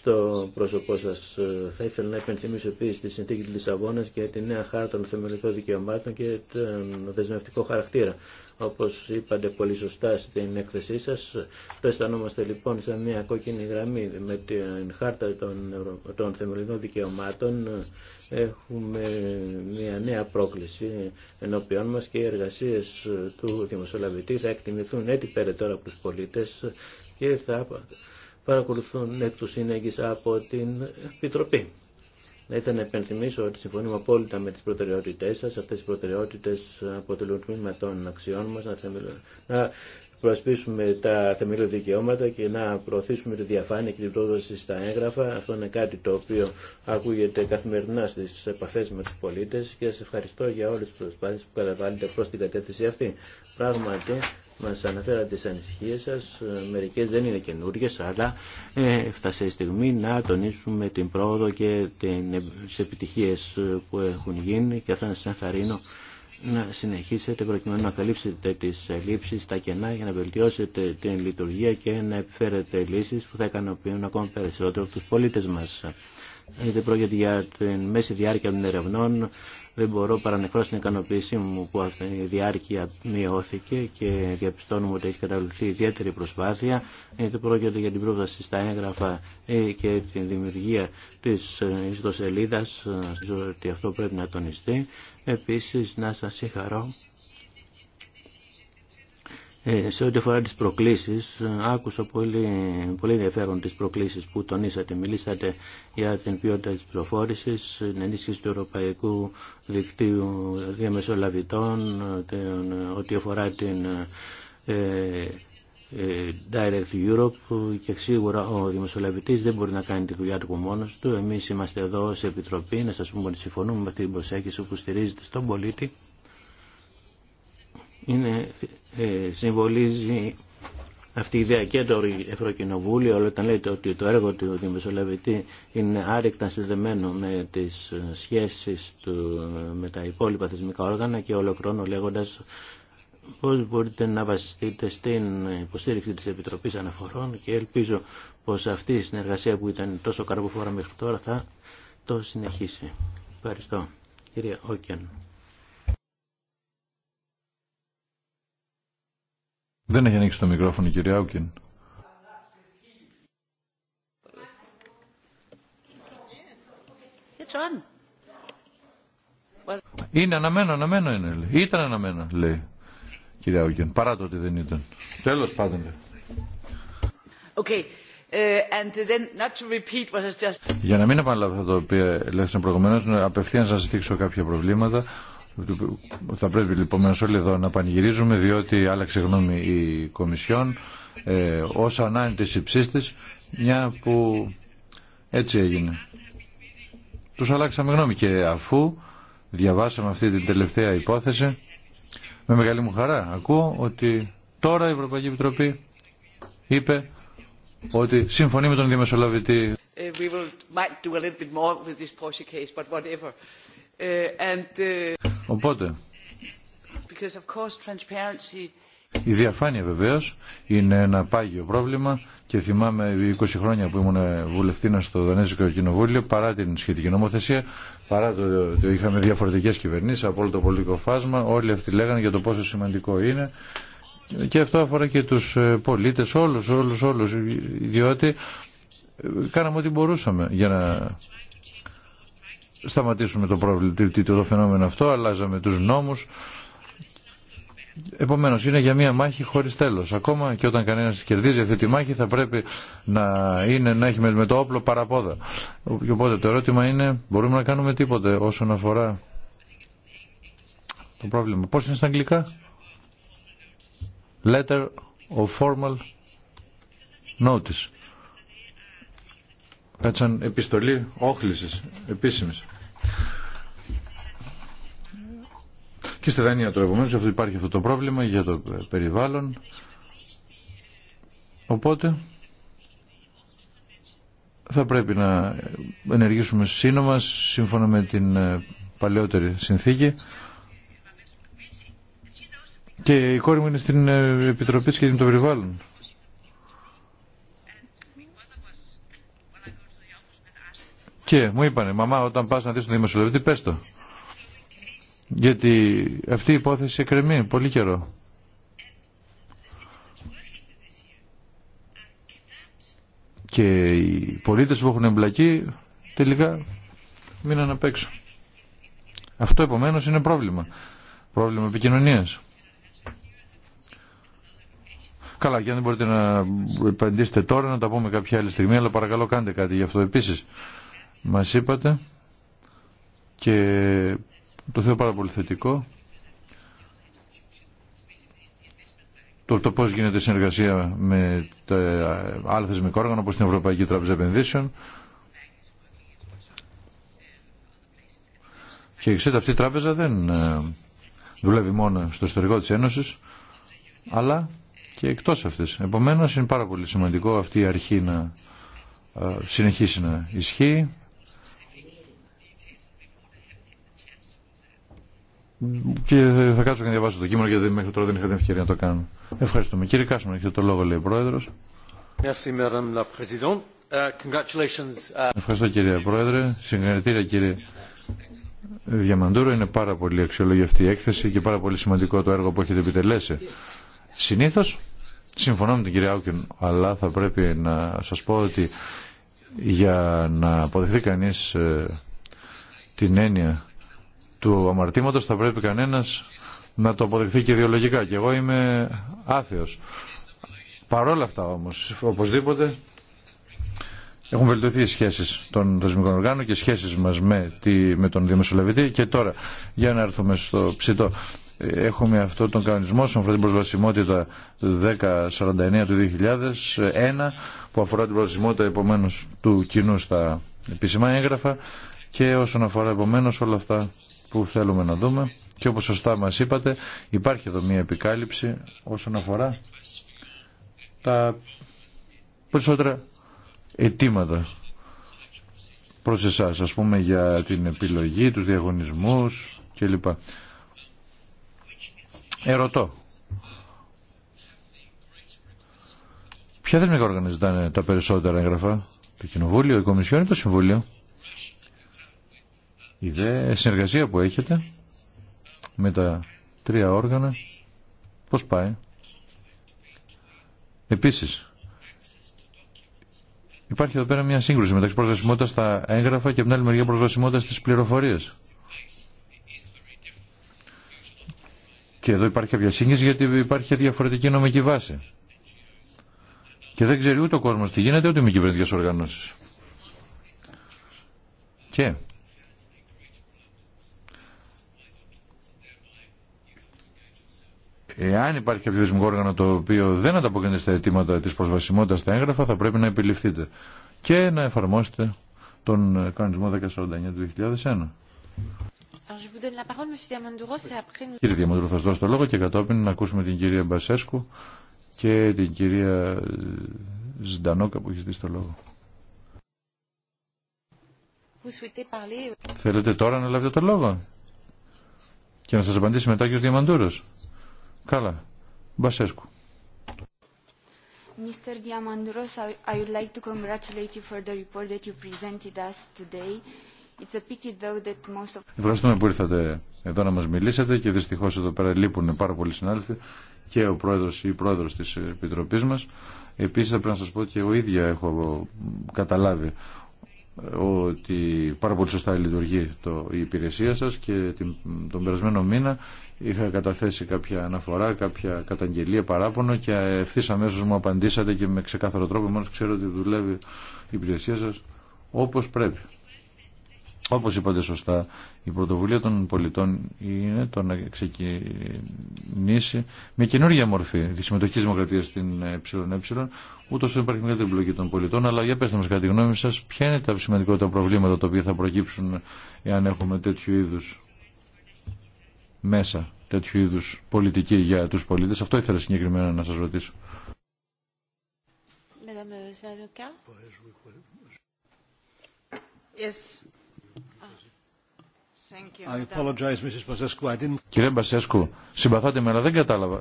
στο πρόσωπό σα ε, Θα ήθελα να επενθυμίσω επίσης τη συνθήκη τη Λισαβόνα και τη νέα χάρτα των θεμελιωτών δικαιωμάτων και τον δεσμευτικό χαρακτήρα. Όπως είπατε πολύ σωστά στην έκθεσή σας, το αισθανόμαστε λοιπόν σαν μια κόκκινη γραμμή με την χάρτα των, των θεμελιωτών δικαιωμάτων. Έχουμε μια νέα πρόκληση ενώπιόν μα και οι εργασίε του Δημοσιολαβητή θα εκτιμηθούν έτσι περαιτέρω από του πολίτε και θα παρακολουθούν εκ του σύνεγγης από την Επιτροπή. Να ήθελα να υπενθυμίσω ότι συμφωνούμε απόλυτα με τις προτεραιότητές σας. Αυτές οι προτεραιότητες αποτελούν τμήμα των αξιών μας να, να προσπίσουμε τα θεμελιώδη δικαιώματα και να προωθήσουμε τη διαφάνεια και την πρόσβαση στα έγγραφα. Αυτό είναι κάτι το οποίο ακούγεται καθημερινά στις επαφές με τους πολίτες και σας ευχαριστώ για όλες τις προσπάθειες που καταβάλλετε προς την κατεύθυνση αυτή. Πράγματι, μας αναφέρατε τις ανησυχίες σας, μερικές δεν είναι καινούριε, αλλά ε, έφτασε η στιγμή να τονίσουμε την πρόοδο και τις επιτυχίες που έχουν γίνει και θα σας ενθαρρύνω να συνεχίσετε προκειμένου να καλύψετε τις λήψει τα κενά για να βελτιώσετε την λειτουργία και να επιφέρετε λύσεις που θα ικανοποιούν ακόμα περισσότερο τους πολίτες μας. Είτε πρόκειται για την μέση διάρκεια των ερευνών, δεν μπορώ παρά να την ικανοποίησή μου που η διάρκεια μειώθηκε και διαπιστώνουμε ότι έχει καταβληθεί ιδιαίτερη προσπάθεια. Είτε πρόκειται για την πρόσβαση στα έγγραφα ε, και τη δημιουργία της ε, ιστοσελίδας, ε, ότι αυτό πρέπει να τονιστεί. Επίσης, να σα συγχαρώ ε, σε ό,τι αφορά τις προκλήσεις, ε, άκουσα πολύ, πολύ ενδιαφέρον τις προκλήσεις που τονίσατε. Μιλήσατε για την ποιότητα της προφόρησης, την ενίσχυση του Ευρωπαϊκού Δικτύου Διαμεσολαβητών, ε, ό,τι αφορά την Direct Europe και σίγουρα ο δημοσιολαβητής δεν μπορεί να κάνει τη δουλειά του μόνος του. Εμείς είμαστε εδώ σε επιτροπή να σας πούμε ότι συμφωνούμε με αυτή την προσέγγιση που στηρίζεται στον πολίτη είναι, ε, συμβολίζει αυτή η ιδέα και το Ευρωκοινοβούλιο, αλλά όταν λέτε ότι το έργο του Δημοσιολαβητή είναι άρρηκτα συνδεμένο με τις σχέσεις του με τα υπόλοιπα θεσμικά όργανα και ολοκρόνο λέγοντας πώς μπορείτε να βασιστείτε στην υποστήριξη της Επιτροπής Αναφορών και ελπίζω πως αυτή η συνεργασία που ήταν τόσο καρποφόρα μέχρι τώρα θα το συνεχίσει. Ευχαριστώ. Κυρία Όκεν.
Δεν έχει ανοίξει το μικρόφωνο η κυρία Άουκεν. Είναι αναμένο, αναμένο είναι. Ήταν αναμένο, λέει κυρία Άουκεν, παρά το ότι δεν ήταν. Τέλος πάντων.
Okay. Uh, and then not to repeat what just...
Για να μην επαναλάβω το τα οποία προηγουμένω, απευθεία να σα δείξω κάποια προβλήματα θα πρέπει λοιπόν όλοι εδώ να πανηγυρίζουμε διότι άλλαξε γνώμη η Κομισιόν ε, ως ανάνητης υψίστης μια που έτσι έγινε. Τους αλλάξαμε γνώμη και αφού διαβάσαμε αυτή την τελευταία υπόθεση με μεγάλη μου χαρά ακούω ότι τώρα η Ευρωπαϊκή Επιτροπή είπε ότι συμφωνεί με τον διαμεσολαβητή. Οπότε, η διαφάνεια βεβαίως είναι ένα πάγιο πρόβλημα και θυμάμαι 20 χρόνια που ήμουν βουλευτήνα στο Δανέζικο Κοινοβούλιο παρά την σχετική νομοθεσία, παρά το ότι είχαμε διαφορετικές κυβερνήσεις από όλο το πολιτικό φάσμα, όλοι αυτοί λέγανε για το πόσο σημαντικό είναι και αυτό αφορά και τους ε, πολίτες όλους, όλους, όλους, διότι ε, κάναμε ό,τι μπορούσαμε για να σταματήσουμε το πρόβλημα, το φαινόμενο αυτό, αλλάζαμε τους νόμους. Επομένως είναι για μια μάχη χωρίς τέλος. Ακόμα και όταν κανένας κερδίζει αυτή τη μάχη θα πρέπει να, είναι, να έχει με το όπλο παραπόδα. οπότε το ερώτημα είναι μπορούμε να κάνουμε τίποτε όσον αφορά το πρόβλημα. Πώς είναι στα αγγλικά? Letter of formal notice. Κάτσαν επιστολή όχλησης επίσημης. Και στη Δανία τώρα επομένως υπάρχει αυτό το πρόβλημα για το περιβάλλον. Οπότε θα πρέπει να ενεργήσουμε σύνομα σύμφωνα με την ε, παλαιότερη συνθήκη. Και η κόρη μου είναι στην ε, Επιτροπή και με το Περιβάλλον. Και μου είπανε, μαμά, όταν πας να δεις τον δημοσιολογητή, πες το. Γιατί αυτή η υπόθεση εκκρεμεί πολύ καιρό. Και οι πολίτες που έχουν εμπλακεί τελικά μείναν απ' έξω. Αυτό επομένως είναι πρόβλημα. Πρόβλημα επικοινωνίας. Καλά, και αν δεν μπορείτε να επαντήσετε τώρα, να τα πούμε κάποια άλλη στιγμή, αλλά παρακαλώ κάντε κάτι γι' αυτό επίσης. Μας είπατε και το θεωρώ πάρα πολύ θετικό. Το, το πώς γίνεται η συνεργασία με τα άλλα θεσμικά όργανα όπως την Ευρωπαϊκή Τράπεζα Επενδύσεων και ξέρετε αυτή η τράπεζα δεν ε, δουλεύει μόνο στο εσωτερικό της Ένωσης αλλά και εκτός αυτής. Επομένως είναι πάρα πολύ σημαντικό αυτή η αρχή να ε, συνεχίσει να ισχύει Και θα κάτσω και να διαβάσω το κείμενο γιατί μέχρι τώρα δεν είχα την ευκαιρία να το κάνω. Ευχαριστούμε. Κύριε Κάσμαν, έχετε το λόγο, λέει ο Πρόεδρο. Uh, uh, Ευχαριστώ κύριε Πρόεδρε. Συγχαρητήρια κύριε Διαμαντούρο. Είναι πάρα πολύ αξιολόγη αυτή η έκθεση και πάρα πολύ σημαντικό το έργο που έχετε επιτελέσει. Συνήθω συμφωνώ με την κυρία Άουκεν, αλλά θα πρέπει να σα πω ότι για να αποδεχθεί κανεί ε, την έννοια του αμαρτήματος θα πρέπει κανένας να το αποδεχθεί και ιδεολογικά. Και εγώ είμαι άθεος. Παρόλα αυτά όμως, οπωσδήποτε, έχουν βελτιωθεί οι σχέσεις των θεσμικών οργάνων και οι σχέσεις μας με, τη, με τον Δημοσιολαβητή. Και τώρα, για να έρθουμε στο ψητό, έχουμε αυτό τον κανονισμό στον αφορά την προσβασιμότητα 1049 του 2001, που αφορά την προσβασιμότητα επομένως του κοινού στα επίσημα έγγραφα και όσον αφορά επομένως όλα αυτά που θέλουμε να δούμε και όπως σωστά μας είπατε υπάρχει εδώ μια επικάλυψη όσον αφορά τα περισσότερα αιτήματα προς εσάς ας πούμε για την επιλογή, τους διαγωνισμούς κλπ. Ερωτώ. Ποια θεσμικά όργανα τα περισσότερα έγγραφα, το Κοινοβούλιο, η Κομισιόν ή το Συμβούλιο η δε συνεργασία που έχετε με τα τρία όργανα πώς πάει. Επίσης, υπάρχει εδώ πέρα μια σύγκρουση μεταξύ προσβασιμότητα στα έγγραφα και από την άλλη μεριά προσβασιμότητα στις πληροφορίες. Και εδώ υπάρχει κάποια σύγκριση γιατί υπάρχει διαφορετική νομική βάση. Και δεν ξέρει ούτε ο κόσμος τι γίνεται ούτε με κυβερνητικές οργανώσεις. Και Εάν υπάρχει κάποιο θεσμικό όργανο το οποίο δεν ανταποκρίνεται στα αιτήματα τη προσβασιμότητα στα έγγραφα, θα πρέπει να επιληφθείτε και να εφαρμόσετε τον κανονισμό 1049 του 2001. Κύριε Διαμαντούρο, θα σας δώσω το λόγο και κατόπιν να ακούσουμε την κυρία Μπασέσκου και την κυρία ε, Ζντανόκα που έχει δει στο λόγο. Θέλετε τώρα να λάβετε το λόγο και να σας απαντήσει μετά και ο Διαμαντούρος. Καλά. Μπασέσκου.
Mr. Diamandouros, I would like to congratulate you for the report that you presented us today. It's a pity though that most of...
Ευχαριστούμε που ήρθατε εδώ να μας μιλήσετε και δυστυχώς εδώ πέρα λείπουν πάρα πολλοί συνάδελφοι και ο πρόεδρος ή η πρόεδρος της Επιτροπής μας. Επίσης θα πρέπει να σας πω και εγώ ίδια έχω καταλάβει ε, ότι πάρα πολύ σωστά λειτουργεί το, η υπηρεσία σας και την, τον περασμένο μήνα είχα καταθέσει κάποια αναφορά, κάποια καταγγελία, παράπονο και ευθύ αμέσω μου απαντήσατε και με ξεκάθαρο τρόπο. Μόνο ξέρω ότι δουλεύει η υπηρεσία σα όπω πρέπει. Όπω είπατε σωστά, η πρωτοβουλία των πολιτών είναι το να ξεκινήσει με καινούργια μορφή τη συμμετοχή δημοκρατία στην ΕΕ, ούτω ώστε υπάρχει μια εμπλοκή των πολιτών. Αλλά για πετε μα, κατά τη γνώμη σα, ποια είναι τα σημαντικότερα προβλήματα τα οποία θα προκύψουν εάν έχουμε τέτοιου είδου μέσα τέτοιου είδους πολιτική για τους πολίτες. Αυτό ήθελα συγκεκριμένα να σας ρωτήσω.
Κυρία
Κύριε Μπασέσκου, συμπαθάτε με, αλλά δεν κατάλαβα.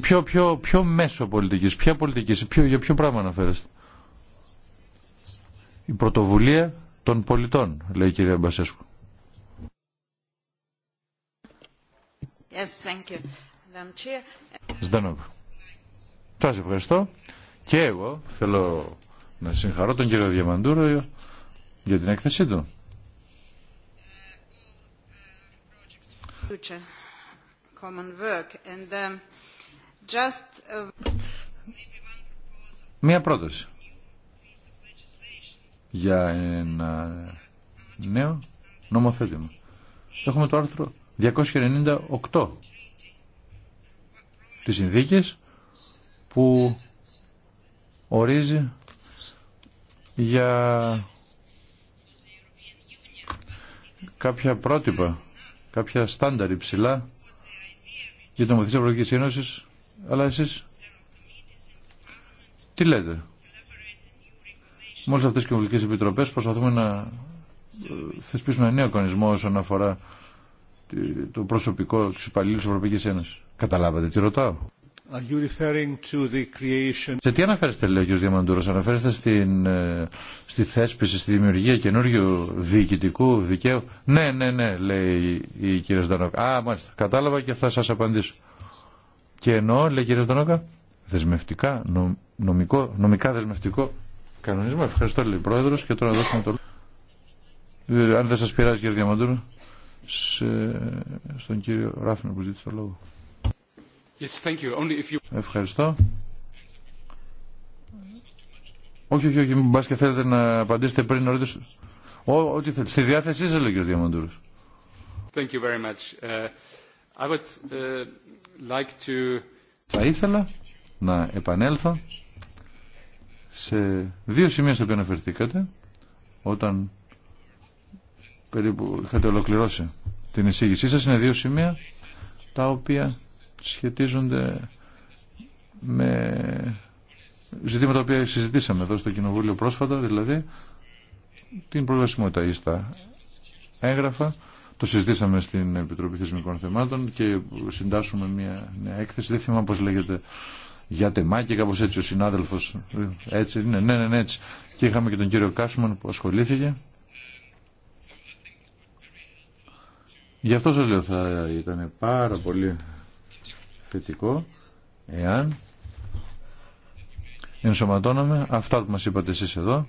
ποιο, ποιο, ποιο μέσο πολιτικής, ποια πολιτική, για ποιο πράγμα αναφέρεστε. Η πρωτοβουλία των πολιτών, λέει η κυρία Μπασέσκου.
Yes,
Σας ευχαριστώ και εγώ θέλω να συγχαρώ τον κύριο Διαμαντούρο για την έκθεσή του.
Um, uh,
Μία πρόταση για ένα νέο νομοθέτημα. Έχουμε το άρθρο 298 τις συνθήκες που ορίζει για κάποια πρότυπα, κάποια στάνταρ υψηλά για το Μαθήση Ευρωπαϊκής Ένωσης, αλλά εσείς τι λέτε. Με όλες αυτές τις κοινωνικές επιτροπές προσπαθούμε να ε, θεσπίσουμε ένα νέο κανονισμό όσον αφορά το προσωπικό τη υπαλλήλου της Ευρωπαϊκής Ένωσης. Καταλάβατε τι ρωτάω. Σε τι αναφέρεστε, λέει ο κ. Διαμαντούρο, αναφέρεστε στην, ε, στη θέσπιση, στη δημιουργία καινούριου διοικητικού δικαίου. Ναι, ναι, ναι, λέει η, κ. Δανόκα. Α, μάλιστα, κατάλαβα και θα σα απαντήσω. Και εννοώ, λέει η κ. Δανόκα, δεσμευτικά, νομικό, νομικά δεσμευτικό κανονισμό. Ευχαριστώ, λέει πρόεδρο, και τώρα να δώσουμε το λόγο. Ε, αν δεν σα πειράζει, κ. Διαμαντούρο σε, στον κύριο Ράφνερ που ζήτησε το λόγο. Yes, thank you. Only if you... Ευχαριστώ. Όχι, όχι, όχι, μπας και θέλετε να απαντήσετε πριν νωρίτες. Ό,τι θέλετε. Στη διάθεσή σας, λέει ο κ. Διαμαντούρος. Θα ήθελα να επανέλθω σε δύο σημεία στα οποία αναφερθήκατε όταν περίπου είχατε ολοκληρώσει την εισήγησή σας. Είναι δύο σημεία τα οποία σχετίζονται με ζητήματα που συζητήσαμε εδώ στο Κοινοβούλιο πρόσφατα, δηλαδή την τα στα έγγραφα. Το συζητήσαμε στην Επιτροπή Θεσμικών Θεμάτων και συντάσσουμε μια νέα έκθεση. Δεν θυμάμαι πώς λέγεται για τεμάκι, κάπως έτσι ο συνάδελφος. Έτσι, ναι, ναι, ναι, ναι, έτσι. Και είχαμε και τον κύριο Κάσμαν που ασχολήθηκε Γι' αυτό σας λέω θα ήταν πάρα πολύ θετικό εάν ενσωματώναμε αυτά που μας είπατε εσείς εδώ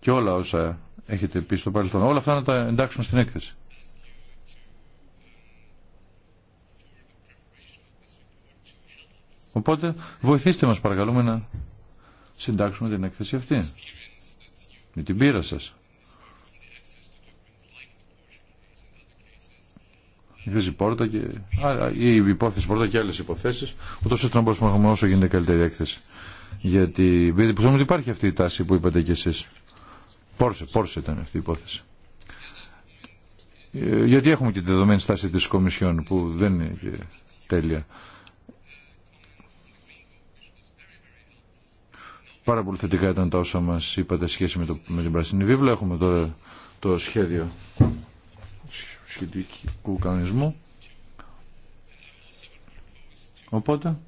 και όλα όσα έχετε πει στο παρελθόν. Όλα αυτά να τα εντάξουμε στην έκθεση. Οπότε βοηθήστε μας παρακαλούμε να συντάξουμε την έκθεση αυτή. Με την πείρα σας. η πόρτα και, άρα, ή η υπόθεση πόρτα και άλλες υποθέσεις, ούτως ώστε να μπορούμε να έχουμε όσο γίνεται καλύτερη έκθεση. Γιατί πιστεύω ότι υπάρχει αυτή τάση που είπατε κι εσείς. Πόρσε, πόρσε ήταν αυτή η υπόθεση. Ε, γιατί έχουμε και τη δεδομένη στάση της Κομισιόν που δεν είναι και τέλεια. Πάρα πολύ θετικά ήταν τα όσα μας είπατε σχέση με, το, με την Πρασινή Βίβλα. Έχουμε τώρα το σχέδιο σχετικού κανονισμού. Οπότε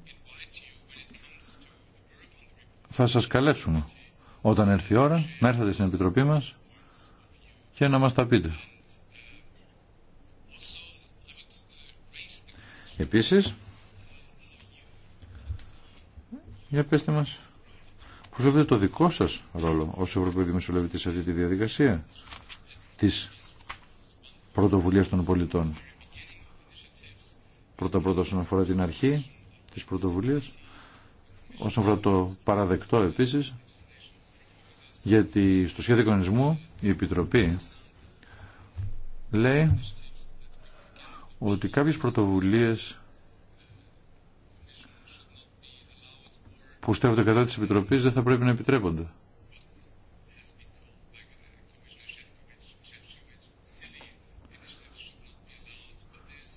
θα σας καλέσουμε όταν έρθει η ώρα να έρθετε στην Επιτροπή μας και να μας τα πείτε. Επίσης, για πέστε μας, πώς βλέπετε το δικό σας ρόλο ως Ευρωπαϊκό Μεσολεύτη σε αυτή τη διαδικασία της Πρωτοβουλίες των πολιτών. Πρώτα-πρώτα όσον αφορά την αρχή της πρωτοβουλίας, όσον αφορά το παραδεκτό επίσης, γιατί στο σχέδιο κανονισμού η Επιτροπή λέει ότι κάποιες πρωτοβουλίες που στρέφονται κατά της Επιτροπής δεν θα πρέπει να επιτρέπονται.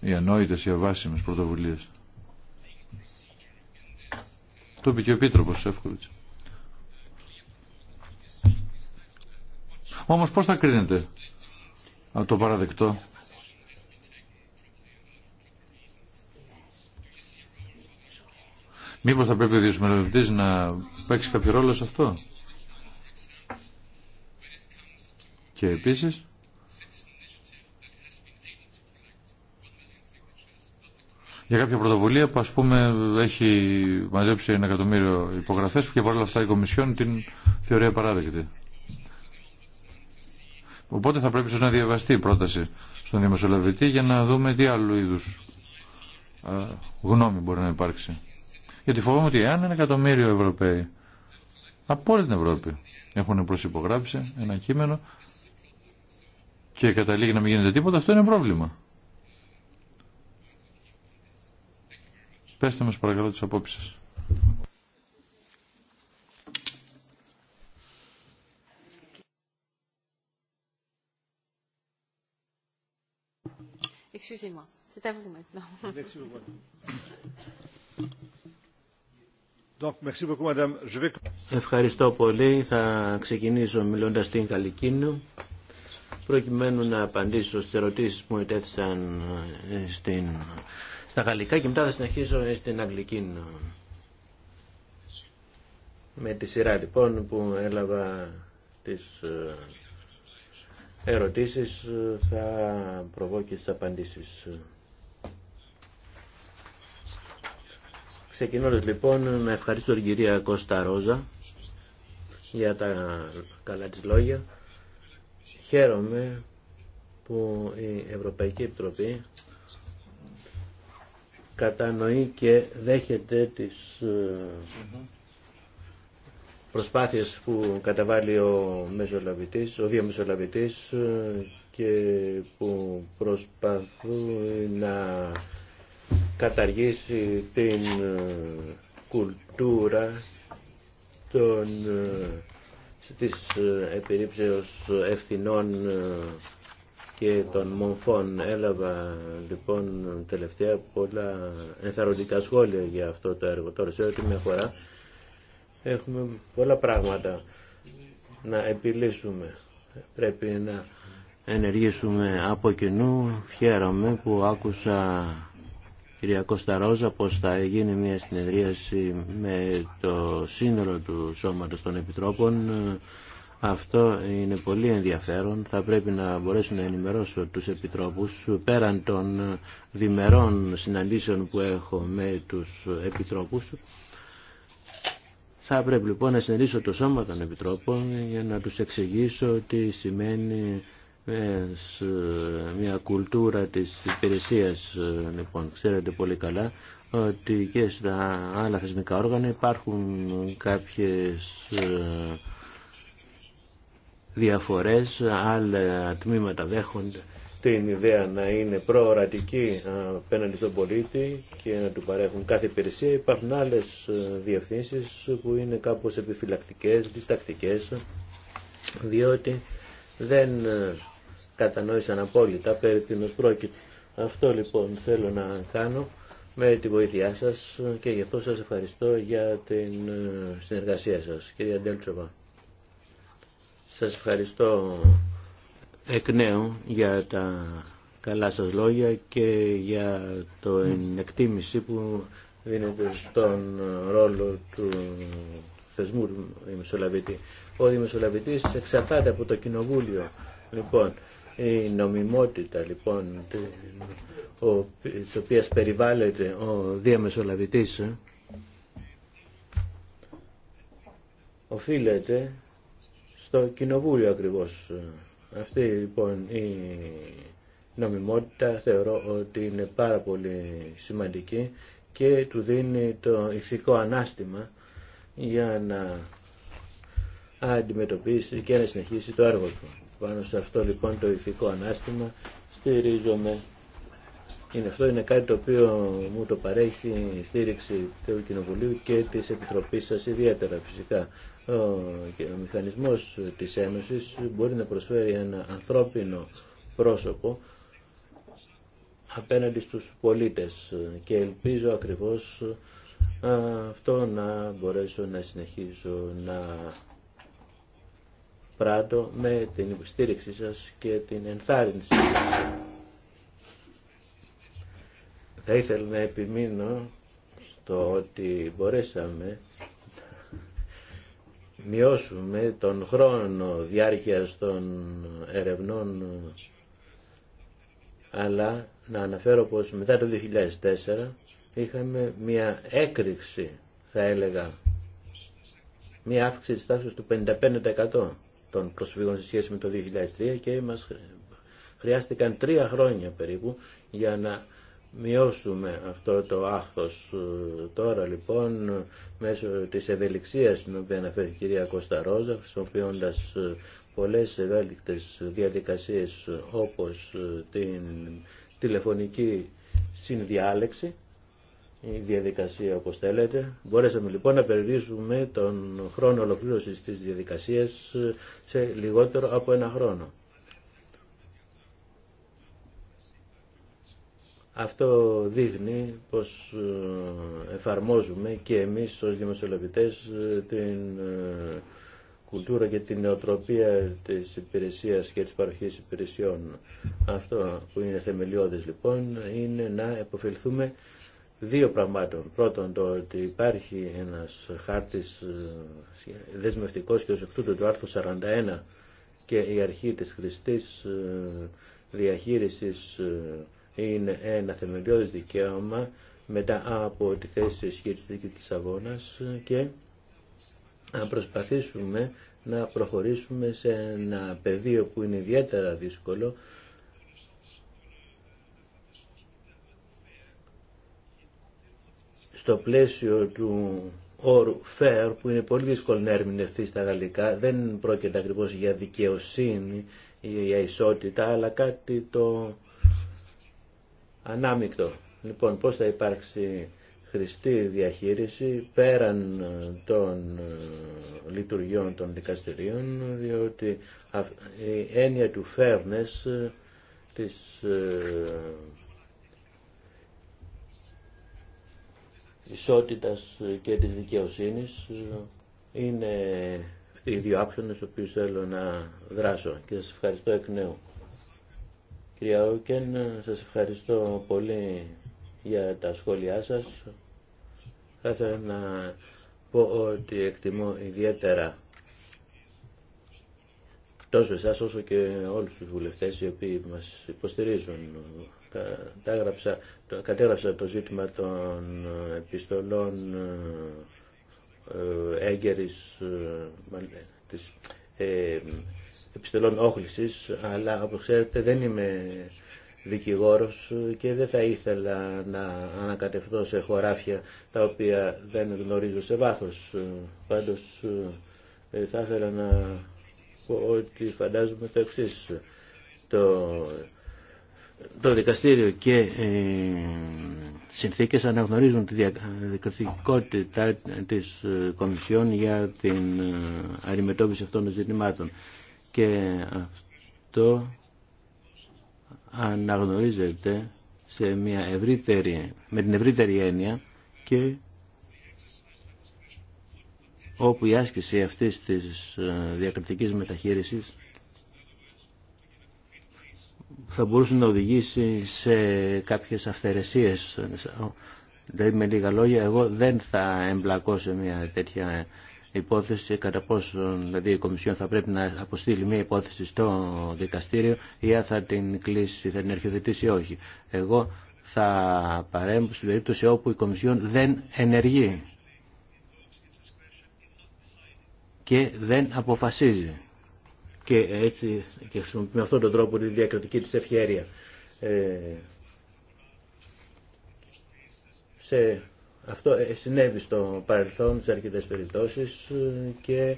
οι ανόητες, οι αβάσιμες πρωτοβουλίες. Το είπε και ο Επίτροπος Σεύκοβιτς. Όμως πώς θα κρίνεται από το παραδεκτό. Μήπως θα πρέπει ο διοσμελευτής να παίξει κάποιο ρόλο σε αυτό. Και επίσης, για κάποια πρωτοβουλία που ας πούμε έχει μαζέψει ένα εκατομμύριο υπογραφές και παρόλα αυτά η Κομισιόν την θεωρεί απαράδεκτη. Οπότε θα πρέπει να διαβαστεί η πρόταση στον Δημοσιολαβητή για να δούμε τι άλλου είδου γνώμη μπορεί να υπάρξει. Γιατί φοβάμαι ότι εάν ένα εκατομμύριο Ευρωπαίοι από όλη την Ευρώπη έχουν προσυπογράψει ένα κείμενο και καταλήγει να μην γίνεται τίποτα, αυτό είναι πρόβλημα. Πέστε μας παρακαλώ τις απόψεις σας.
Ευχαριστώ πολύ. Θα ξεκινήσω μιλώντας στην Καλικίνο προκειμένου να απαντήσω στις ερωτήσεις που ετέθησαν ε, στην στα γαλλικά και μετά θα συνεχίσω στην αγγλική με τη σειρά λοιπόν που έλαβα τις ε, ερωτήσεις ε, θα προβώ και τις απαντήσεις. Ξεκινώντας λοιπόν να ευχαριστώ την κυρία Κώστα Ρόζα για τα καλά της λόγια. Χαίρομαι που η Ευρωπαϊκή Επιτροπή κατανοεί και δέχεται τις ε, προσπάθειες που καταβάλει ο μεσολαβητής, ο διαμεσολαβητής ε, και που προσπαθούν να καταργήσει την ε, κουλτούρα των, της επιρρήψεως ευθυνών και των μομφών. Έλαβα λοιπόν τελευταία πολλά ενθαρρυντικά σχόλια για αυτό το έργο. Τώρα σε ό,τι με αφορά έχουμε πολλά πράγματα να επιλύσουμε. Πρέπει να ενεργήσουμε από κοινού. Χαίρομαι που άκουσα κυρία ρόζα πως θα γίνει μια συνεδρίαση με το σύνολο του Σώματος των Επιτρόπων αυτό είναι πολύ ενδιαφέρον. Θα πρέπει να μπορέσω να ενημερώσω τους επιτρόπους πέραν των διμερών συναντήσεων που έχω με τους επιτρόπους. Θα πρέπει λοιπόν να συναντήσω το σώμα των επιτρόπων για να τους εξηγήσω τι σημαίνει ε, μια κουλτούρα της υπηρεσίας. Λοιπόν, ξέρετε πολύ καλά ότι και στα άλλα θεσμικά όργανα υπάρχουν κάποιες ε, διαφορές, άλλα τμήματα δέχονται την ιδέα να είναι προορατική ε, απέναντι στον πολίτη και να του παρέχουν κάθε υπηρεσία. Υπάρχουν άλλες ε, διευθύνσεις που είναι κάπως επιφυλακτικές, διστακτικές, διότι δεν ε, κατανόησαν απόλυτα περί τίνος πρόκειται. Αυτό λοιπόν θέλω να κάνω με τη βοήθειά σας και γι' αυτό σας ευχαριστώ για την συνεργασία σας. Κυρία Ντέλτσοβα. Σας ευχαριστώ εκ νέου για τα καλά σας λόγια και για το εκτίμηση που δίνεται στον ρόλο του θεσμού δημοσιολαβητή. Ο δημοσιολαβητής εξαρτάται από το κοινοβούλιο. Λοιπόν, η νομιμότητα λοιπόν της οποίας περιβάλλεται ο διαμεσολαβητής οφείλεται στο κοινοβούλιο ακριβώς. Αυτή λοιπόν η νομιμότητα θεωρώ ότι είναι πάρα πολύ σημαντική και του δίνει το ηθικό ανάστημα για να αντιμετωπίσει και να συνεχίσει το έργο του. Πάνω σε αυτό λοιπόν το ηθικό ανάστημα στηρίζομαι. Είναι αυτό είναι κάτι το οποίο μου το παρέχει η στήριξη του Κοινοβουλίου και της Επιτροπής σας ιδιαίτερα φυσικά ο μηχανισμός της Ένωσης μπορεί να προσφέρει ένα ανθρώπινο πρόσωπο απέναντι στους πολίτες και ελπίζω ακριβώς αυτό να μπορέσω να συνεχίσω να πράττω με την υποστήριξή σας και την ενθάρρυνση σας. Θα ήθελα να επιμείνω στο ότι μπορέσαμε μειώσουμε τον χρόνο διάρκειας των ερευνών αλλά να αναφέρω πως μετά το 2004 είχαμε μια έκρηξη θα έλεγα μια αύξηση της τάξης του 55% των προσφύγων σε σχέση με το 2003 και μας χρειάστηκαν τρία χρόνια περίπου για να μειώσουμε αυτό το άχθος. Ε, τώρα λοιπόν μέσω της ευελιξίας την οποία αναφέρει η κυρία Ρόζα χρησιμοποιώντας ε, πολλές ευέλικτες διαδικασίες όπως ε, την τηλεφωνική συνδιάλεξη η διαδικασία όπως θέλετε. Μπορέσαμε λοιπόν να περιορίσουμε τον χρόνο ολοκλήρωσης της διαδικασίας σε λιγότερο από ένα χρόνο. Αυτό δείχνει πως ε, εφαρμόζουμε και εμείς ως δημοσιολογητές ε, την ε, κουλτούρα και την νεοτροπία της υπηρεσίας και της παροχής υπηρεσιών. Αυτό που είναι θεμελιώδες λοιπόν είναι να επωφελθούμε δύο πραγμάτων. Πρώτον το ότι υπάρχει ένας χάρτης δεσμευτικός και ως εκ τούτου του άρθρου 41 και η αρχή της χρηστής διαχείρισης είναι ένα θεμελιώδες δικαίωμα μετά από τη θέση της ισχυριστικής της αγώνας και να προσπαθήσουμε να προχωρήσουμε σε ένα πεδίο που είναι ιδιαίτερα δύσκολο στο πλαίσιο του όρου fair που είναι πολύ δύσκολο να ερμηνευτεί στα γαλλικά δεν πρόκειται ακριβώς για δικαιοσύνη ή για ισότητα αλλά κάτι το ανάμεικτο. Λοιπόν, πώς θα υπάρξει χρηστή διαχείριση πέραν ε, των ε, λειτουργιών των δικαστηρίων, διότι η έννοια του fairness ε, της ισότητας και της δικαιοσύνης είναι οι δύο άξονες θέλω να δράσω και σας ευχαριστώ εκ νέου κυρία σας ευχαριστώ πολύ για τα σχόλιά σας. Θα ήθελα να πω ότι εκτιμώ ιδιαίτερα τόσο εσάς όσο και όλους τους βουλευτές οι οποίοι μας υποστηρίζουν. Κατέγραψα, κατέγραψα το ζήτημα των ε, επιστολών ε, έγκαιρης ε, της, επιστολών όχλησης, αλλά όπως ξέρετε δεν είμαι δικηγόρος και δεν θα ήθελα να ανακατευθώ σε χωράφια τα οποία δεν γνωρίζω σε βάθος. Πάντως ε, θα ήθελα να πω ότι φαντάζομαι το εξή. Το, το δικαστήριο και οι ε, συνθήκες αναγνωρίζουν τη διακριτικότητα της ε, Κομισιόν για την αντιμετώπιση αυτών των ζητημάτων και αυτό αναγνωρίζεται σε μια ευρύτερη, με την ευρύτερη έννοια και όπου η άσκηση αυτής της ε, διακριτικής μεταχείρισης θα μπορούσε να οδηγήσει σε κάποιες αυθαιρεσίες. Δηλαδή με λίγα λόγια εγώ δεν θα εμπλακώ σε μια τέτοια υπόθεση κατά πόσον δηλαδή η Κομισιόν θα πρέπει να αποστείλει μια υπόθεση στο δικαστήριο ή αν θα την κλείσει, θα την αρχιοθετήσει ή όχι. Εγώ θα παρέμβω στην περίπτωση όπου η Κομισιόν δεν ενεργεί και δεν αποφασίζει. Και έτσι και με αυτόν τον τρόπο τη διακριτική της ευχαίρεια. Ε, σε αυτό ε, συνέβη στο παρελθόν σε αρκετές περιπτώσεις ε, και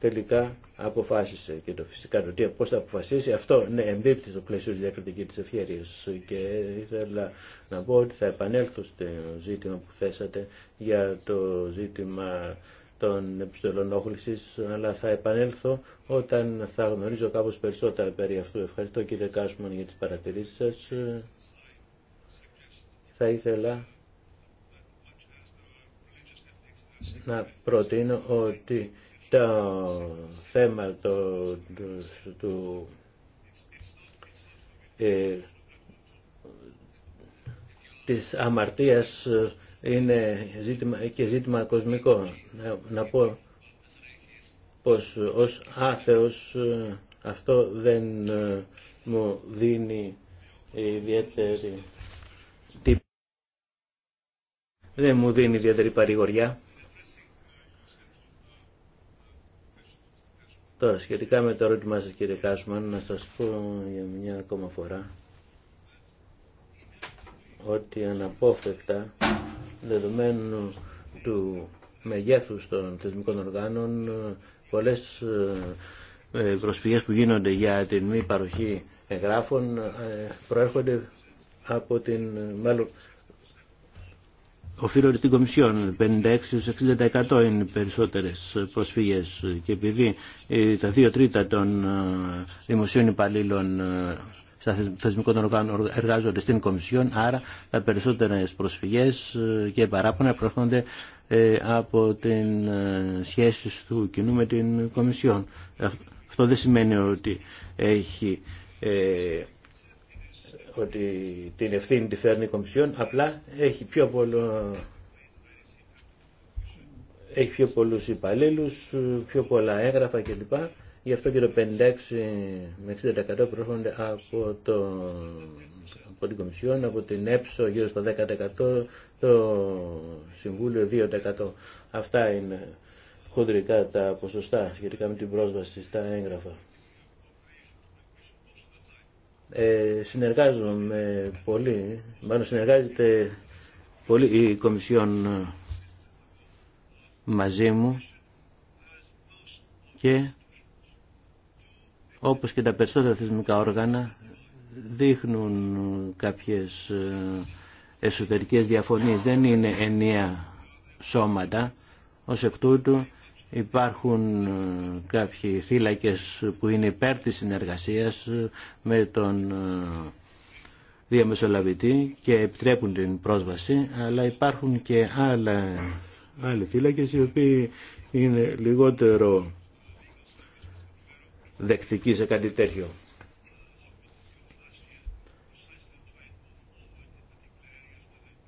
τελικά αποφάσισε και το φυσικά το τι πώς θα αποφασίσει αυτό ναι εμπίπτει στο πλαίσιο της διακριτικής της και ήθελα να πω ότι θα επανέλθω στο ζήτημα που θέσατε για το ζήτημα των επιστολών όχλησης αλλά θα επανέλθω όταν θα γνωρίζω κάπως περισσότερα περί αυτού. Ευχαριστώ κύριε Κάσμαν για τις παρατηρήσεις σας. Θα ήθελα να προτείνω ότι το θέμα το, του, του ε, της αμαρτίας είναι και ζήτημα κοσμικό. Να, να πω πως ως άθεος ε, αυτό δεν ε, μου δίνει ιδιαίτερη δεν μου δίνει ιδιαίτερη παρηγοριά. Τώρα, σχετικά με το ερώτημά σας κύριε Κάσμαν, να σας πω για μια ακόμα φορά ότι αναπόφευκτα, δεδομένου του μεγέθους των θεσμικών οργάνων, πολλές ε, ε, προσφυγές που γίνονται για την μη παροχή εγγράφων ε, προέρχονται από την, μάλλον ότι στην Κομισιόν. 56-60% είναι οι περισσότερες προσφύγες και επειδή ε, τα δύο τρίτα των ε, δημοσίων υπαλλήλων ε, στα θεσμικό οργάνων εργάζονται στην Κομισιόν, άρα τα περισσότερες προσφυγές και παράπονα προέρχονται από την σχέση του κοινού με την Κομισιόν. Αυτό δεν σημαίνει ότι έχει ότι την ευθύνη τη φέρνει η Κομισιόν, απλά έχει πιο, πολλού έχει πιο πολλούς υπαλλήλους, πιο πολλά έγγραφα κλπ. Γι' αυτό και το 56 με 60% προέρχονται από, το, από την Κομισιόν, από την ΕΠΣΟ γύρω στο 10%, το Συμβούλιο 2%. Αυτά είναι χοντρικά τα ποσοστά σχετικά με την πρόσβαση στα έγγραφα. Ε, συνεργάζομαι πολύ, μάλλον συνεργάζεται πολύ η Κομισιόν ε, μαζί μου και όπως και τα περισσότερα θεσμικά όργανα δείχνουν κάποιες ε, εσωτερικές διαφωνίες. Δεν είναι ενιαία σώματα. Ως εκ τούτου υπάρχουν ε, κάποιοι θύλακες που είναι υπέρ της συνεργασίας ε, με τον ε, διαμεσολαβητή και επιτρέπουν την πρόσβαση, αλλά υπάρχουν και άλλα, άλλοι θύλακες οι οποίοι είναι λιγότερο δεκτικοί σε κάτι τέτοιο.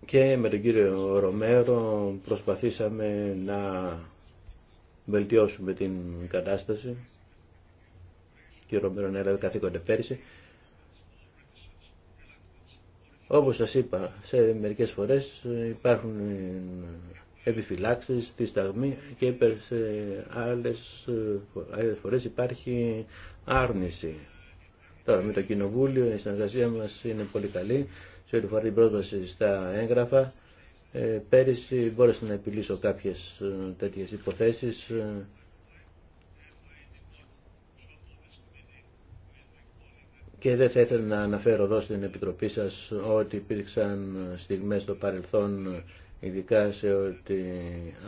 Και με τον κύριο Ρομέρο προσπαθήσαμε να βελτιώσουμε την κατάσταση. Και ο Ρομπέρο έλαβε καθήκοντα πέρυσι. Όπως σας είπα, σε μερικές φορές υπάρχουν επιφυλάξεις, τη σταγμή και σε άλλες, άλλες φορές υπάρχει άρνηση. Τώρα με το Κοινοβούλιο η συνεργασία μας είναι πολύ καλή σε ό,τι φορά την πρόσβαση στα έγγραφα ε, πέρυσι μπόρεσα να επιλύσω κάποιες ε, τέτοιες υποθέσεις ε, και δεν θα ήθελα να αναφέρω εδώ στην Επιτροπή σας ότι υπήρξαν στιγμές στο παρελθόν ειδικά σε ό,τι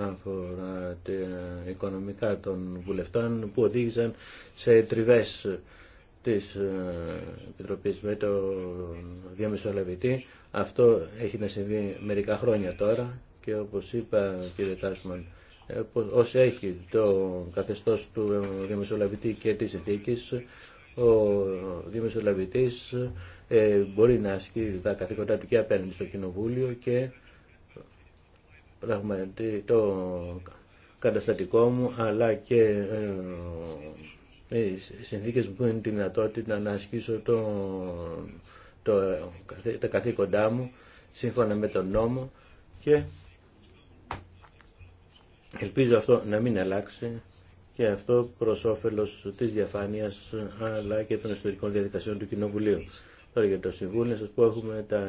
αφορά τα οικονομικά των βουλευτών που οδήγησαν σε τριβές της ε, Επιτροπής με τον διαμεσολαβητή. Αυτό έχει να συμβεί μερικά χρόνια τώρα και όπως είπα κύριε Τάσμαν, όσο ε, έχει το καθεστώς του διαμεσολαβητή και της συνθήκης, ο διαμεσολαβητής ε, μπορεί να ασκεί τα καθήκοντά του και απέναντι στο Κοινοβούλιο και πραγματικά το καταστατικό μου αλλά και ε, συνθήκες που είναι τη δυνατότητα να ασκήσω το, το, τα καθήκοντά μου σύμφωνα με τον νόμο και ελπίζω αυτό να μην αλλάξει και αυτό προς όφελος της διαφάνειας αλλά και των ιστορικών διαδικασιών του Κοινοβουλίου. Τώρα για το Συμβούλιο, σας πω έχουμε τα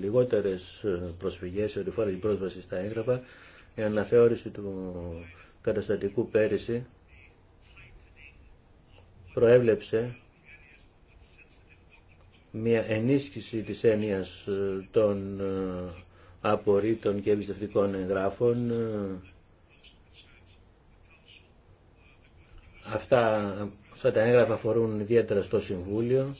λιγότερες προσφυγές σε ό,τι φορά την πρόσβαση στα έγγραφα. Η αναθεώρηση του καταστατικού πέρυσι προέβλεψε μια ενίσχυση της έννοιας ε, των ε, απορρίτων και εμπιστευτικών εγγράφων. Ε, αυτά, αυτά τα έγγραφα αφορούν ιδιαίτερα στο Συμβούλιο,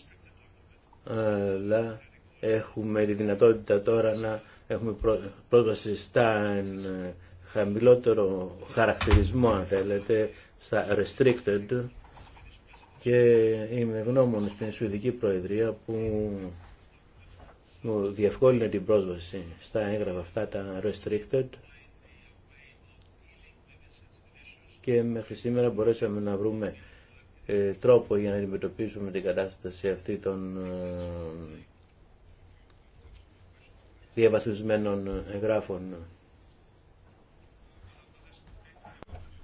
αλλά έχουμε τη δυνατότητα τώρα να έχουμε πρόσβαση στα χαμηλότερο χαρακτηρισμό, αν θέλετε, στα restricted, και είμαι γνώμων στην Σουηδική Προεδρία που μου διευκόλυνε την πρόσβαση στα έγγραφα αυτά τα restricted και μέχρι σήμερα μπορέσαμε να βρούμε ε, τρόπο για να αντιμετωπίσουμε την κατάσταση αυτή των ε, διαβασισμένων εγγράφων.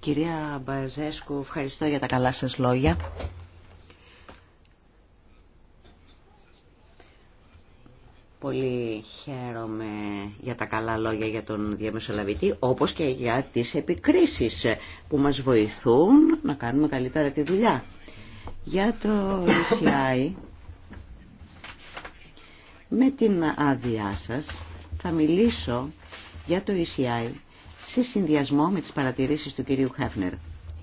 Κυρία Μπαζέσκου, ευχαριστώ για τα καλά σας λόγια. Πολύ χαίρομαι για τα καλά λόγια για τον διαμεσολαβητή, όπως και για τις επικρίσεις που μας βοηθούν να κάνουμε καλύτερα τη δουλειά. Για το ECI, με την άδειά σας θα μιλήσω για το ECI σε συνδυασμό με τις παρατηρήσεις του κυρίου Χέφνερ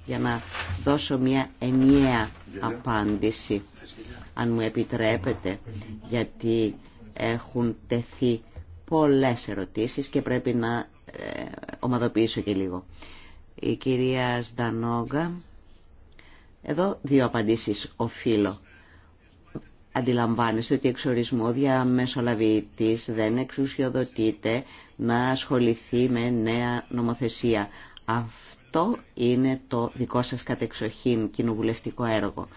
για να δώσω μια ενιαία απάντηση αν μου επιτρέπετε γιατί έχουν τεθεί πολλές ερωτήσεις και πρέπει να ε, ομαδοποιήσω και λίγο. Η κυρία Σντανόγκα, εδώ δύο απαντήσεις οφείλω. Αντιλαμβάνεστε ότι εξορισμό ορισμού διαμεσολαβητής δεν εξουσιοδοτείται να ασχοληθεί με νέα νομοθεσία. Αυτό είναι το δικό σας κατεξοχήν κοινοβουλευτικό έργο.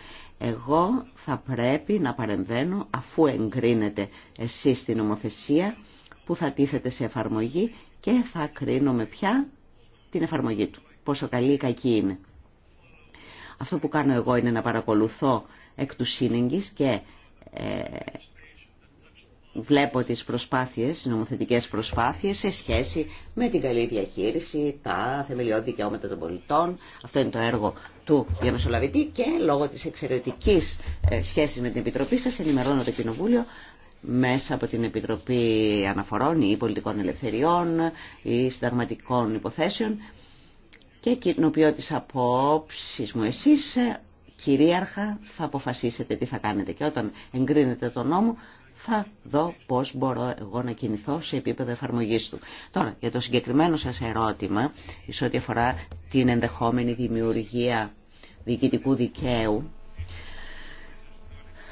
Εγώ θα πρέπει να παρεμβαίνω αφού εγκρίνετε εσείς την νομοθεσία που θα τίθεται σε εφαρμογή και θα κρίνουμε πια την εφαρμογή του, πόσο καλή ή κακή είναι. Αυτό που κάνω εγώ είναι να παρακολουθώ εκ του σύνεγγης και ε, βλέπω τις προσπάθειες, νομοθετικές προσπάθειες σε σχέση με την καλή διαχείριση, τα θεμελιώδη δικαιώματα των πολιτών. Αυτό είναι το έργο του διαμεσολαβητή και λόγω της εξαιρετικής ε, σχέσης με την Επιτροπή σας ενημερώνω το Κοινοβούλιο μέσα από την Επιτροπή Αναφορών ή Πολιτικών Ελευθεριών ή Συνταγματικών Υποθέσεων και κοινοποιώ τις απόψεις μου εσείς ε, κυρίαρχα θα αποφασίσετε τι θα κάνετε και όταν εγκρίνετε τον νόμο θα δω πώς μπορώ εγώ να κινηθώ σε επίπεδο εφαρμογής του. Τώρα, για το συγκεκριμένο σας ερώτημα, σε ό,τι αφορά την ενδεχόμενη δημιουργία διοικητικού δικαίου,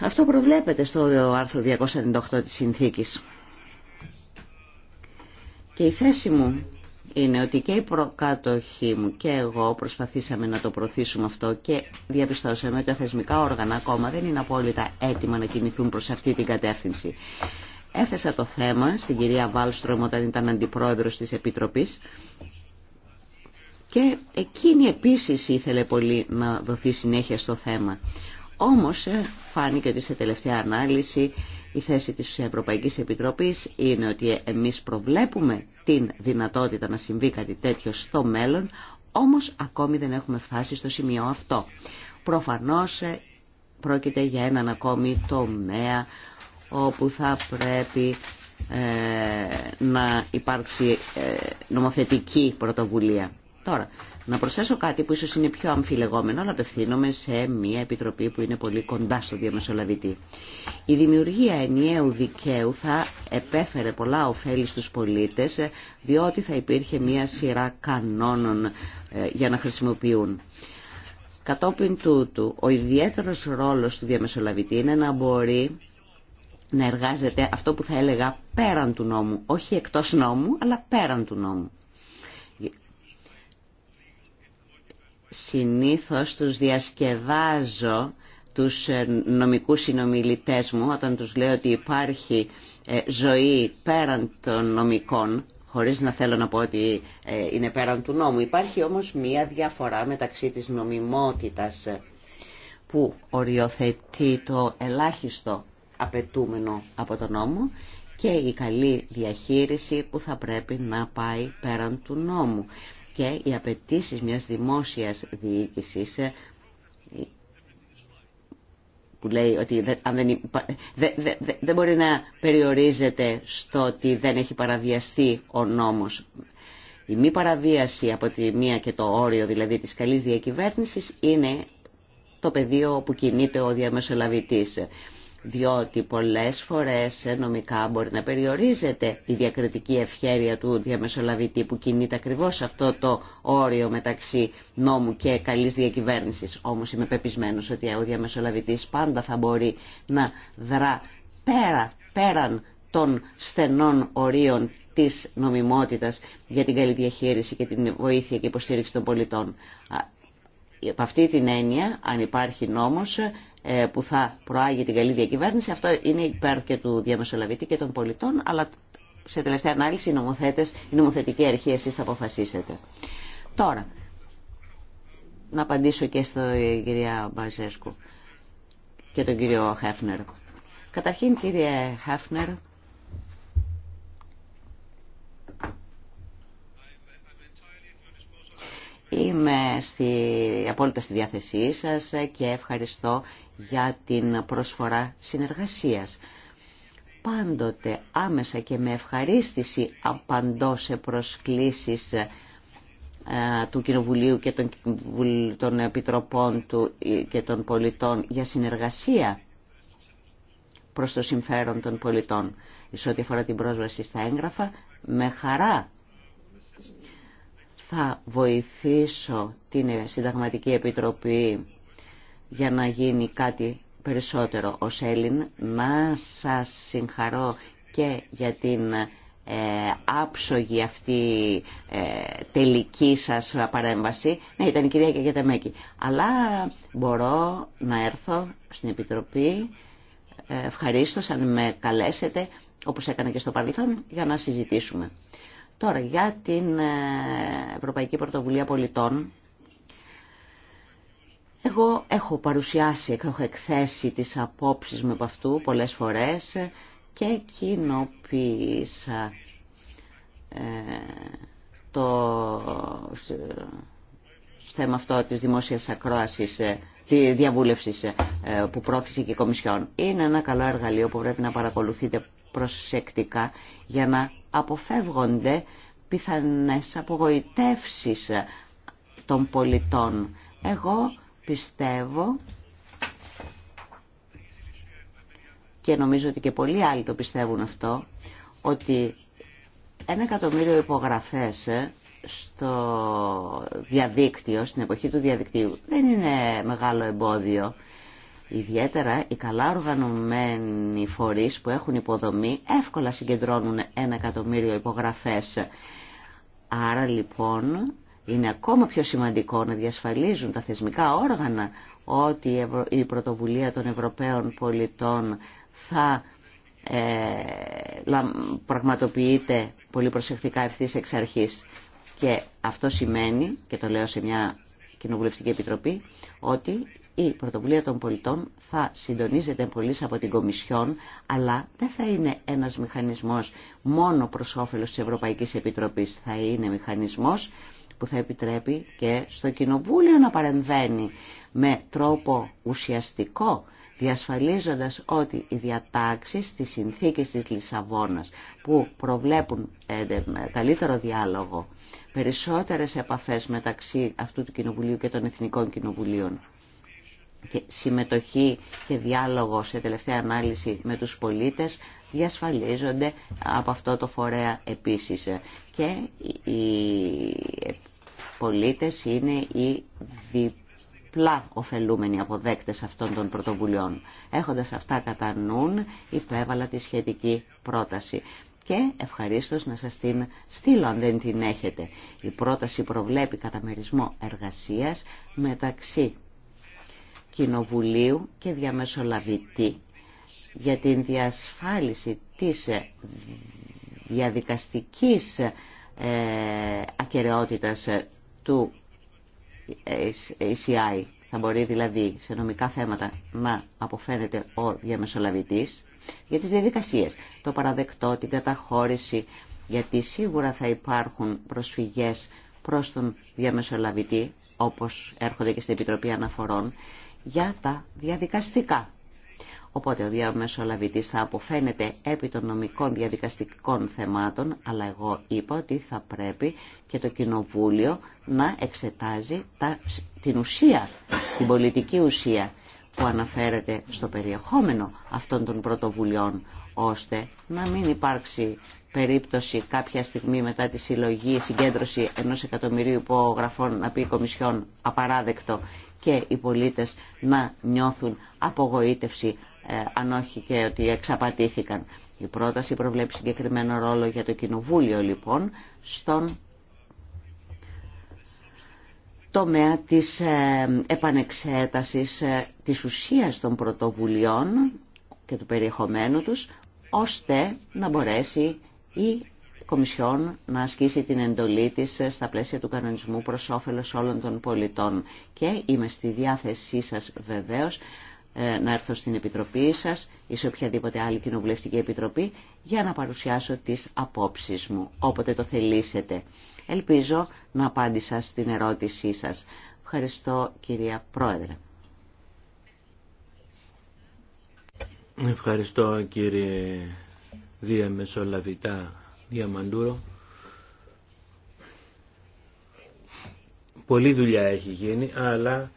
αυτό προβλέπεται στο άρθρο 298 της συνθήκης. Και η θέση μου είναι ότι και οι προκάτοχοί μου και εγώ προσπαθήσαμε να το προωθήσουμε αυτό και διαπιστώσαμε ότι τα θεσμικά όργανα ακόμα δεν είναι απόλυτα έτοιμα να κινηθούν προς αυτή την κατεύθυνση. Έθεσα το θέμα στην κυρία Βάλστρομ όταν ήταν αντιπρόεδρος της Επιτροπής και εκείνη επίσης ήθελε πολύ να δοθεί συνέχεια στο θέμα. Όμως ε, φάνηκε ότι σε τελευταία ανάλυση η θέση της Ευρωπαϊκής Επιτροπής είναι ότι εμείς προβλέπουμε την δυνατότητα να συμβεί κάτι τέτοιο στο μέλλον, όμως ακόμη δεν έχουμε φτάσει στο σημείο αυτό. Προφανώς ε, πρόκειται για έναν ακόμη τομέα όπου θα πρέπει ε, να υπάρξει ε, νομοθετική πρωτοβουλία. Τώρα, να προσθέσω κάτι που ίσως είναι πιο αμφιλεγόμενο, αλλά απευθύνομαι σε μια επιτροπή που είναι πολύ κοντά στο διαμεσολαβητή. Η δημιουργία ενιαίου δικαίου θα επέφερε πολλά ωφέλη στους πολίτες, διότι θα υπήρχε μια σειρά κανόνων ε, για να χρησιμοποιούν. Κατόπιν τούτου, ο ιδιαίτερος ρόλος του διαμεσολαβητή είναι να μπορεί να εργάζεται αυτό που θα έλεγα πέραν του νόμου, όχι εκτός νόμου, αλλά πέραν του νόμου. συνήθως τους διασκεδάζω τους ε, νομικούς συνομιλητές μου όταν τους λέω ότι υπάρχει ε, ζωή πέραν των νομικών χωρίς να θέλω να πω ότι ε, είναι πέραν του νόμου. Υπάρχει όμως μία διαφορά μεταξύ της νομιμότητας που οριοθετεί το ελάχιστο απαιτούμενο από τον νόμο και η καλή διαχείριση που θα πρέπει να πάει πέραν του νόμου και οι απαιτήσει μιας δημόσιας διοίκησης ε, που λέει ότι δεν, δεν, δεν μπορεί να περιορίζεται στο ότι δεν έχει παραβιαστεί ο νόμος. Η μη παραβίαση από τη μία και το όριο δηλαδή της καλής διακυβέρνησης είναι το πεδίο που κινείται ο διαμεσολαβητής διότι πολλές φορές ε, νομικά μπορεί να περιορίζεται η διακριτική ευχέρεια του διαμεσολαβητή που κινείται ακριβώς αυτό το όριο μεταξύ νόμου και καλής διακυβέρνησης. Όμως είμαι πεπισμένος ότι ο διαμεσολαβητής πάντα θα μπορεί να δρά πέρα, πέραν των στενών ορίων της νομιμότητας για την καλή διαχείριση και την βοήθεια και υποστήριξη των πολιτών. Από αυτή την έννοια, αν υπάρχει νόμος, ε, που θα προάγει την καλή διακυβέρνηση. Αυτό είναι υπέρ και του διαμεσολαβητή και των πολιτών, αλλά σε τελευταία ανάλυση οι νομοθέτες, η νομοθετική αρχή εσείς θα αποφασίσετε. Τώρα, να απαντήσω και στον ε, κυρία Μπαζέσκου και τον κύριο Χέφνερ. Καταρχήν κύριε Χέφνερ, Είμαι στη, απόλυτα στη διάθεσή σας και ευχαριστώ για την προσφορά συνεργασίας. Πάντοτε άμεσα και με ευχαρίστηση απαντώ σε προσκλήσεις ε, του Κοινοβουλίου και των Επιτροπών του ε, και των πολιτών για συνεργασία προς το συμφέρον των πολιτών. Σε ό,τι αφορά την πρόσβαση στα έγγραφα, με χαρά θα βοηθήσω την Συνταγματική Επιτροπή για να γίνει κάτι περισσότερο. Ως Έλλην να σας συγχαρώ και για την ε, άψογη αυτή ε, τελική σας παρέμβαση. Ναι, ήταν η κυρία Καγιατεμέκη. Αλλά μπορώ να έρθω στην Επιτροπή ε, Ευχαριστώ, αν με καλέσετε, όπως έκανα και στο παρελθόν, για να συζητήσουμε. Τώρα, για την ε, Ευρωπαϊκή Πρωτοβουλία Πολιτών, εγώ έχω παρουσιάσει και έχω εκθέσει τις απόψεις μου από αυτού πολλές φορές και κοινοποίησα ε, το θέμα αυτό της δημόσιας ακρόασης, ε, τη διαβούλευσης ε, που πρόθεσε και η Κομισιόν. Είναι ένα καλό εργαλείο που πρέπει να παρακολουθείτε προσεκτικά για να αποφεύγονται πιθανές απογοητεύσεις των πολιτών. Εγώ πιστεύω και νομίζω ότι και πολλοί άλλοι το πιστεύουν αυτό ότι ένα εκατομμύριο υπογραφές ε, στο διαδίκτυο, στην εποχή του διαδικτύου δεν είναι μεγάλο εμπόδιο Ιδιαίτερα οι καλά οργανωμένοι φορείς που έχουν υποδομή εύκολα συγκεντρώνουν ένα εκατομμύριο υπογραφές. Άρα λοιπόν είναι ακόμα πιο σημαντικό να διασφαλίζουν τα θεσμικά όργανα ότι η πρωτοβουλία των Ευρωπαίων πολιτών θα ε, πραγματοποιείται πολύ προσεκτικά ευθύς εξ αρχής. Και αυτό σημαίνει, και το λέω σε μια κοινοβουλευτική επιτροπή, ότι η πρωτοβουλία των πολιτών θα συντονίζεται πολύ από την Κομισιόν, αλλά δεν θα είναι ένας μηχανισμός μόνο προς όφελος της Ευρωπαϊκής Επιτροπής. Θα είναι μηχανισμός που θα επιτρέπει και στο Κοινοβούλιο να παρεμβαίνει με τρόπο ουσιαστικό διασφαλίζοντας ότι οι διατάξεις της συνθήκης της Λισαβόνας που προβλέπουν ε, καλύτερο διάλογο, περισσότερες επαφές μεταξύ αυτού του Κοινοβουλίου και των Εθνικών Κοινοβουλίων και συμμετοχή και διάλογο σε τελευταία ανάλυση με τους πολίτες διασφαλίζονται από αυτό το φορέα επίσης και η πολίτες είναι οι διπλά ωφελούμενοι αποδέκτες αυτών των πρωτοβουλειών. Έχοντας αυτά κατά νουν, υπέβαλα τη σχετική πρόταση και ευχαρίστως να σας την στείλω αν δεν την έχετε. Η πρόταση προβλέπει καταμερισμό εργασίας μεταξύ Κοινοβουλίου και Διαμεσολαβητή για την διασφάλιση της διαδικαστικής ε, ακαιρεότητας του ACI, Θα μπορεί δηλαδή σε νομικά θέματα να αποφαίνεται ο διαμεσολαβητής για τις διαδικασίες. Το παραδεκτό, την καταχώρηση, γιατί σίγουρα θα υπάρχουν προσφυγές προς τον διαμεσολαβητή, όπως έρχονται και στην Επιτροπή Αναφορών, για τα διαδικαστικά. Οπότε ο διαμεσολαβητής θα αποφαίνεται επί των νομικών διαδικαστικών θεμάτων, αλλά εγώ είπα ότι θα πρέπει και το Κοινοβούλιο να εξετάζει τα, την ουσία, την πολιτική ουσία που αναφέρεται στο περιεχόμενο αυτών των πρωτοβουλειών, ώστε να μην υπάρξει περίπτωση κάποια στιγμή μετά τη συλλογή, συγκέντρωση ενός εκατομμυρίου υπογραφών να πει Κομισιόν απαράδεκτο και οι πολίτες να νιώθουν απογοήτευση ε, αν όχι και ότι εξαπατήθηκαν. Η πρόταση προβλέπει συγκεκριμένο ρόλο για το Κοινοβούλιο λοιπόν στον τομέα της ε, επανεξέτασης ε, της ουσίας των πρωτοβουλειών και του περιεχομένου τους, ώστε να μπορέσει η Κομισιόν να ασκήσει την εντολή της στα πλαίσια του κανονισμού προς όφελος όλων των πολιτών. Και είμαι στη διάθεσή σας βεβαίως ε, να έρθω στην Επιτροπή σας ή σε οποιαδήποτε άλλη κοινοβουλευτική επιτροπή για να παρουσιάσω τις απόψεις μου, όποτε το θελήσετε. Ελπίζω να απάντησα στην ερώτησή σας. Ευχαριστώ κυρία Πρόεδρε.
Ευχαριστώ κύριε Δία Μεσολαβητά Διαμαντούρο. Πολλή δουλειά έχει γίνει, αλλά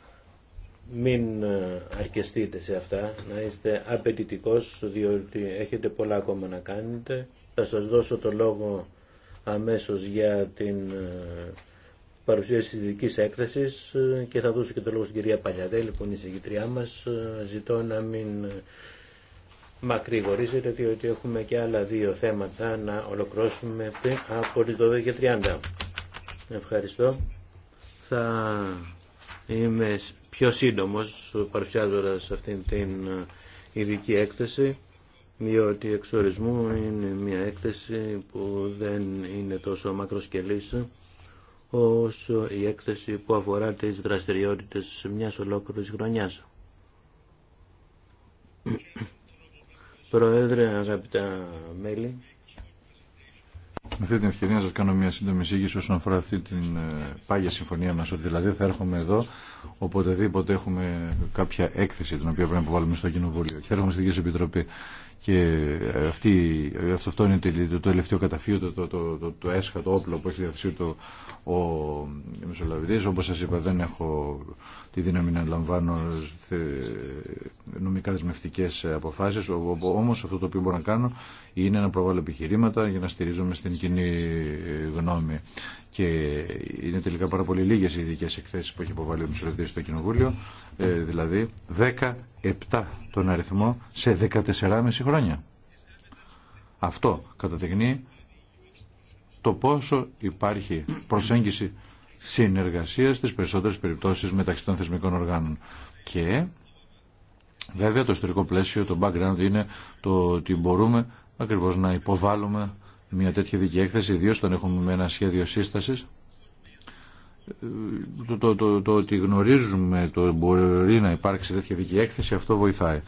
μην ε, αρκεστείτε σε αυτά, να είστε απαιτητικός, διότι έχετε πολλά ακόμα να κάνετε. Θα σας δώσω το λόγο αμέσως για την ε, παρουσίαση της ειδικής έκθεσης ε, και θα δώσω και το λόγο στην κυρία Παλιαδέλη, που είναι η συγκητριά μας. Ζητώ να μην μακρυγορίζετε, διότι έχουμε και άλλα δύο θέματα να ολοκληρώσουμε πριν από τις 12.30. Ευχαριστώ. Θα είμαι πιο σύντομος παρουσιάζοντας αυτήν την ε, ειδική έκθεση διότι εξ ορισμού είναι μια έκθεση που δεν είναι τόσο μακροσκελής όσο η έκθεση που αφορά τις δραστηριότητες μια ολόκληρης χρονιάς. Προέδρε, αγαπητά μέλη,
με αυτή την ευκαιρία να σα κάνω μια σύντομη εισήγηση όσον αφορά αυτή την ε, πάγια συμφωνία μα. Ότι δηλαδή θα έρχομαι εδώ οποτεδήποτε έχουμε κάποια έκθεση την οποία πρέπει να βάλουμε στο Κοινοβούλιο. Και θα έρχομαι στην Επιτροπή. Και ε, αυτή, ε, αυτό είναι το, τελευταίο καταφύγιο, το, το, το, το, έσχατο όπλο που έχει διαθέσει ο Μεσολαβητή. Όπω σα είπα, δεν έχω τη δύναμη να λαμβάνω νομικά δεσμευτικέ αποφάσει. Όμω αυτό το οποίο μπορώ να κάνω είναι να προβάλλω επιχειρήματα για να στηρίζομαι στην κοινή γνώμη. Και είναι τελικά πάρα πολύ λίγε οι ειδικέ εκθέσει που έχει υποβάλει ο Μισολευτή στο Κοινοβούλιο, ε, δηλαδή 17 τον αριθμό σε 14,5 χρόνια. Αυτό καταδεικνύει το πόσο υπάρχει προσέγγιση συνεργασίας στις περισσότερες περιπτώσεις μεταξύ των θεσμικών οργάνων. Και βέβαια το ιστορικό πλαίσιο, το background είναι το ότι μπορούμε Ακριβώ να υποβάλλουμε μια τέτοια δική έκθεση, ιδίως όταν έχουμε με ένα σχέδιο σύστασης. Το, το, το, το ότι γνωρίζουμε το μπορεί να υπάρξει τέτοια δική έκθεση, αυτό βοηθάει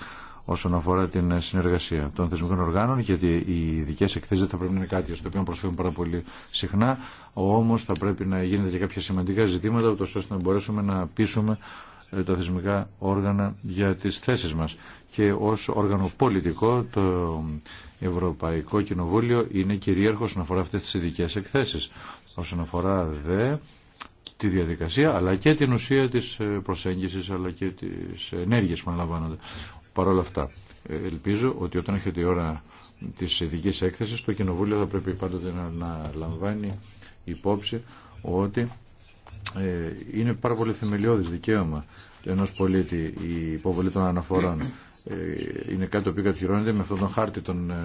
όσον αφορά την συνεργασία των θεσμικών οργάνων, γιατί οι ειδικέ εκθέσει δεν θα πρέπει να είναι κάτι στο οποίο προσφέρουν πάρα πολύ συχνά, όμω θα πρέπει να γίνεται και κάποια σημαντικά ζητήματα, ώστε να μπορέσουμε να πείσουμε ε, τα θεσμικά όργανα για τις θέσεις μας. Και ως όργανο πολιτικό το Ευρωπαϊκό Κοινοβούλιο είναι κυρίαρχο όσον αφορά αυτές τις ειδικέ εκθέσεις. Όσον αφορά δε τη διαδικασία αλλά και την ουσία της ε, προσέγγισης αλλά και της ενέργειας που αναλαμβάνονται. Παρ' όλα αυτά, ε, ελπίζω ότι όταν έχετε η ώρα της ειδική έκθεσης το Κοινοβούλιο θα πρέπει πάντοτε να, να λαμβάνει υπόψη ότι ε, είναι πάρα πολύ θεμελιώδης δικαίωμα ενός πολίτη η υποβολή των αναφορών. Ε, είναι κάτι το οποίο κατοχυρώνεται με αυτόν τον χάρτη των ε,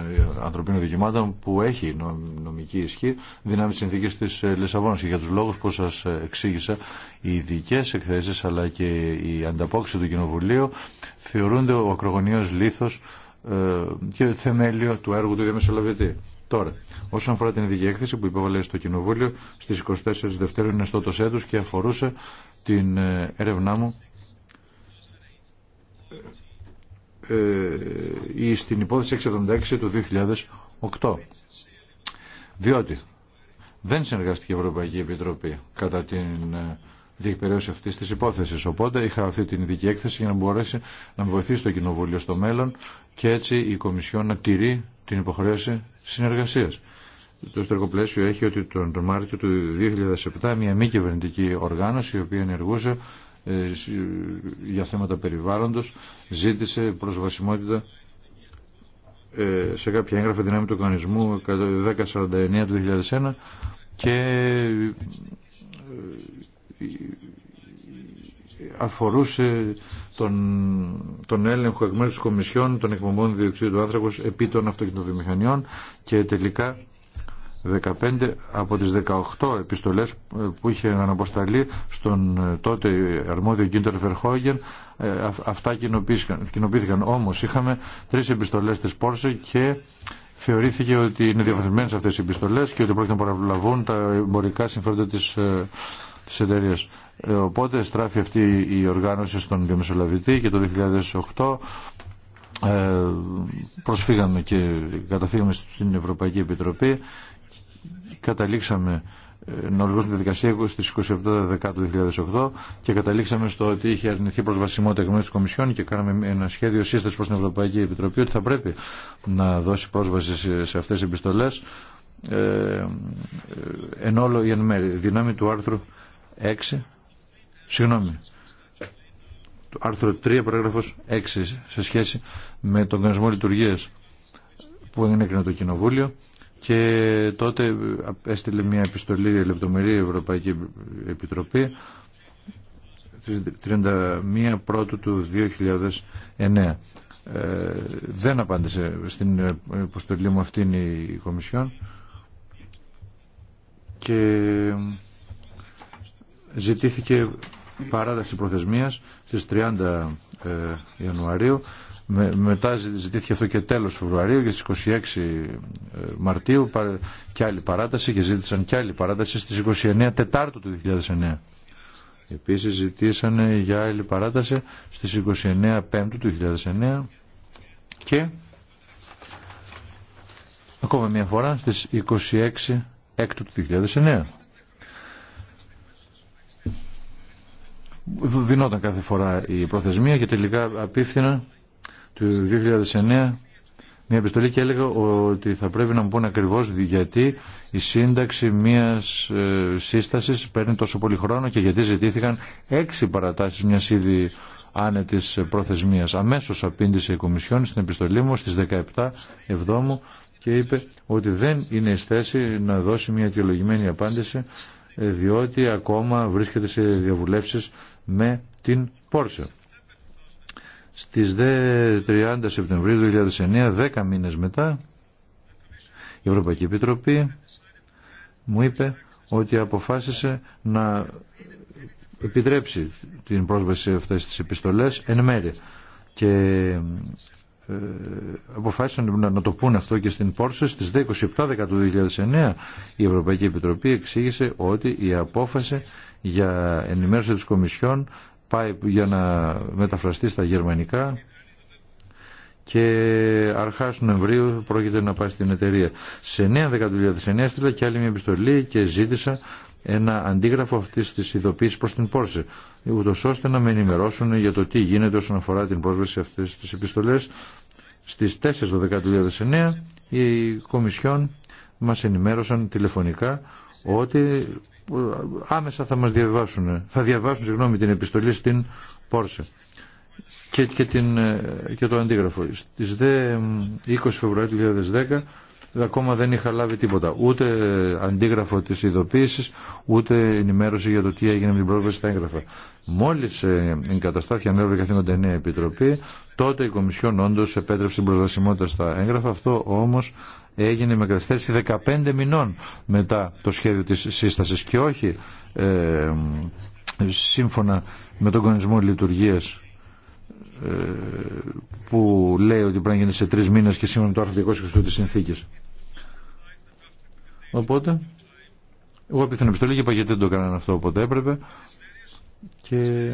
ανθρωπίνων δικαιωμάτων που έχει νομική ισχύ δυνάμει συνθήκη τη Λισαβόνα. Και για του λόγου που σα εξήγησα, οι ειδικέ εκθέσει αλλά και η ανταπόκριση του Κοινοβουλίου θεωρούνται ο ακρογωνίο λήθο και θεμέλιο του έργου του διαμεσολαβητή. Τώρα, όσον αφορά την ειδική έκθεση που υπέβαλε στο Κοινοβούλιο στις 24 Δευτέρου είναι στο και αφορούσε την ε, έρευνά μου ε, ε στην υπόθεση 676 του 2008. Διότι δεν συνεργάστηκε η Ευρωπαϊκή Επιτροπή κατά την ε, διεκπαιρέωση αυτή τη υπόθεση. Οπότε είχα αυτή την ειδική έκθεση για να μπορέσει να με βοηθήσει το Κοινοβούλιο στο μέλλον και έτσι η Κομισιόν να τηρεί την υποχρέωση συνεργασίας. Το ιστορικό πλαίσιο έχει ότι τον Μάρτιο του 2007 μια μη κυβερνητική οργάνωση η οποία ενεργούσε ε, για θέματα περιβάλλοντος ζήτησε προσβασιμότητα ε, σε κάποια έγγραφα δυνάμει του οργανισμού 1049 του 2001 και ε, αφορούσε τον, τον έλεγχο εκ μέρους της Κομισιόν των εκπομπών διοξείδου του άνθρακος επί των αυτοκινητοβιομηχανιών και τελικά 15 από τις 18 επιστολές που είχε αναποσταλεί στον τότε αρμόδιο Κίντερ Φερχόγεν ε, αυτά κοινοποιήθηκαν. Όμως είχαμε τρεις επιστολές της Πόρσε και θεωρήθηκε ότι είναι διαφορετημένες αυτές οι επιστολές και ότι πρόκειται να παραβλαβούν τα εμπορικά συμφέροντα της ε, της εταιρείας. Ε, οπότε στράφει αυτή η οργάνωση στον διαμεσολαβητή και το 2008 ε, προσφύγαμε και καταφύγαμε στην Ευρωπαϊκή Επιτροπή καταλήξαμε ε, να ολοκληρώσουμε τη δικασία στις 27 Δεκάτου 2008 και καταλήξαμε στο ότι είχε αρνηθεί προσβασιμότητα εκ μέρου τη Κομισιόν και κάναμε ένα σχέδιο σύσταση προ την Ευρωπαϊκή Επιτροπή ότι θα πρέπει να δώσει πρόσβαση σε αυτές τις επιστολές ε, εν όλο ή εν μέρη. του άρθρου 6, συγγνώμη, το άρθρο 3 παράγραφος 6 σε σχέση με τον κανονισμό λειτουργίας που έγινε το Κοινοβούλιο και τότε έστειλε μια επιστολή λεπτομερή Ευρωπαϊκή Επιτροπή 31 πρώτου του 2009. Ε, δεν απάντησε στην υποστολή μου αυτήν η Κομισιόν και ζητήθηκε παράταση προθεσμίας στις 30 ε, Ιανουαρίου μετά ζητήθηκε αυτό και τέλος Φεβρουαρίου και στις 26 ε, Μαρτίου και άλλη παράταση και ζήτησαν και άλλη παράταση στις 29 Τετάρτου του 2009. Επίσης ζητήσανε για άλλη παράταση στις 29 Πέμπτου του 2009 και ακόμα μια φορά στις 26 Έκτου του 2009. δινόταν κάθε φορά η προθεσμία και τελικά απίφθηνα του 2009 μια επιστολή και έλεγα ότι θα πρέπει να μου πούνε ακριβώς γιατί η σύνταξη μιας ε, σύστασης παίρνει τόσο πολύ χρόνο και γιατί ζητήθηκαν έξι παρατάσεις μιας ήδη άνετης προθεσμίας. Αμέσως απήντησε η Κομισιόν στην επιστολή μου στις 17 Εβδόμου και είπε ότι δεν είναι η θέση να δώσει μια αιτιολογημένη απάντηση ε, διότι ακόμα βρίσκεται σε διαβουλεύσεις με την Πόρσε. Στις 30 Σεπτεμβρίου 2009, 10 μήνες μετά, η Ευρωπαϊκή Επιτροπή μου είπε ότι αποφάσισε να επιτρέψει την πρόσβαση σε αυτές τις επιστολές εν μέρη. Και ε, αποφάσισαν να, να, το πούνε αυτό και στην Πόρσε στις 27 του 2009 η Ευρωπαϊκή Επιτροπή εξήγησε ότι η απόφαση για ενημέρωση της Κομισιόν πάει για να μεταφραστεί στα γερμανικά και αρχάς Νοεμβρίου πρόκειται να πάει στην εταιρεία. Σε 9-10 έστειλα και άλλη μια επιστολή και ζήτησα ένα αντίγραφο αυτή τη ειδοποίηση προ την Πόρσε, ούτω ώστε να με ενημερώσουν για το τι γίνεται όσον αφορά την πρόσβαση αυτή τη επιστολή. Στι 4 2009 οι Κομισιόν μα ενημέρωσαν τηλεφωνικά ότι άμεσα θα μας διαβάσουν, θα διαβάσουν συγγνώμη, την επιστολή στην Πόρσε και, και, την, ε, και το αντίγραφο. Στις 20 Φεβρουαρίου 2010 ακόμα δεν είχα λάβει τίποτα. Ούτε αντίγραφο τη ειδοποίηση, ούτε ενημέρωση για το τι έγινε με την πρόσβαση στα έγγραφα. Μόλι ε, εγκαταστάθηκε ανέβη καθήκοντα νέα επιτροπή, τότε η Κομισιόν όντω επέτρεψε την προσβασιμότητα στα έγγραφα. Αυτό όμω έγινε με καθυστέρηση 15 μηνών μετά το σχέδιο της σύστασης και όχι ε, σύμφωνα με τον κανονισμό λειτουργίας ε, που λέει ότι πρέπει να γίνει σε τρει μήνες και σύμφωνα με το άρθρο 200 της συνθήκης. Οπότε, εγώ απίθανα επιστολή και είπα γιατί δεν το έκαναν αυτό όποτε έπρεπε και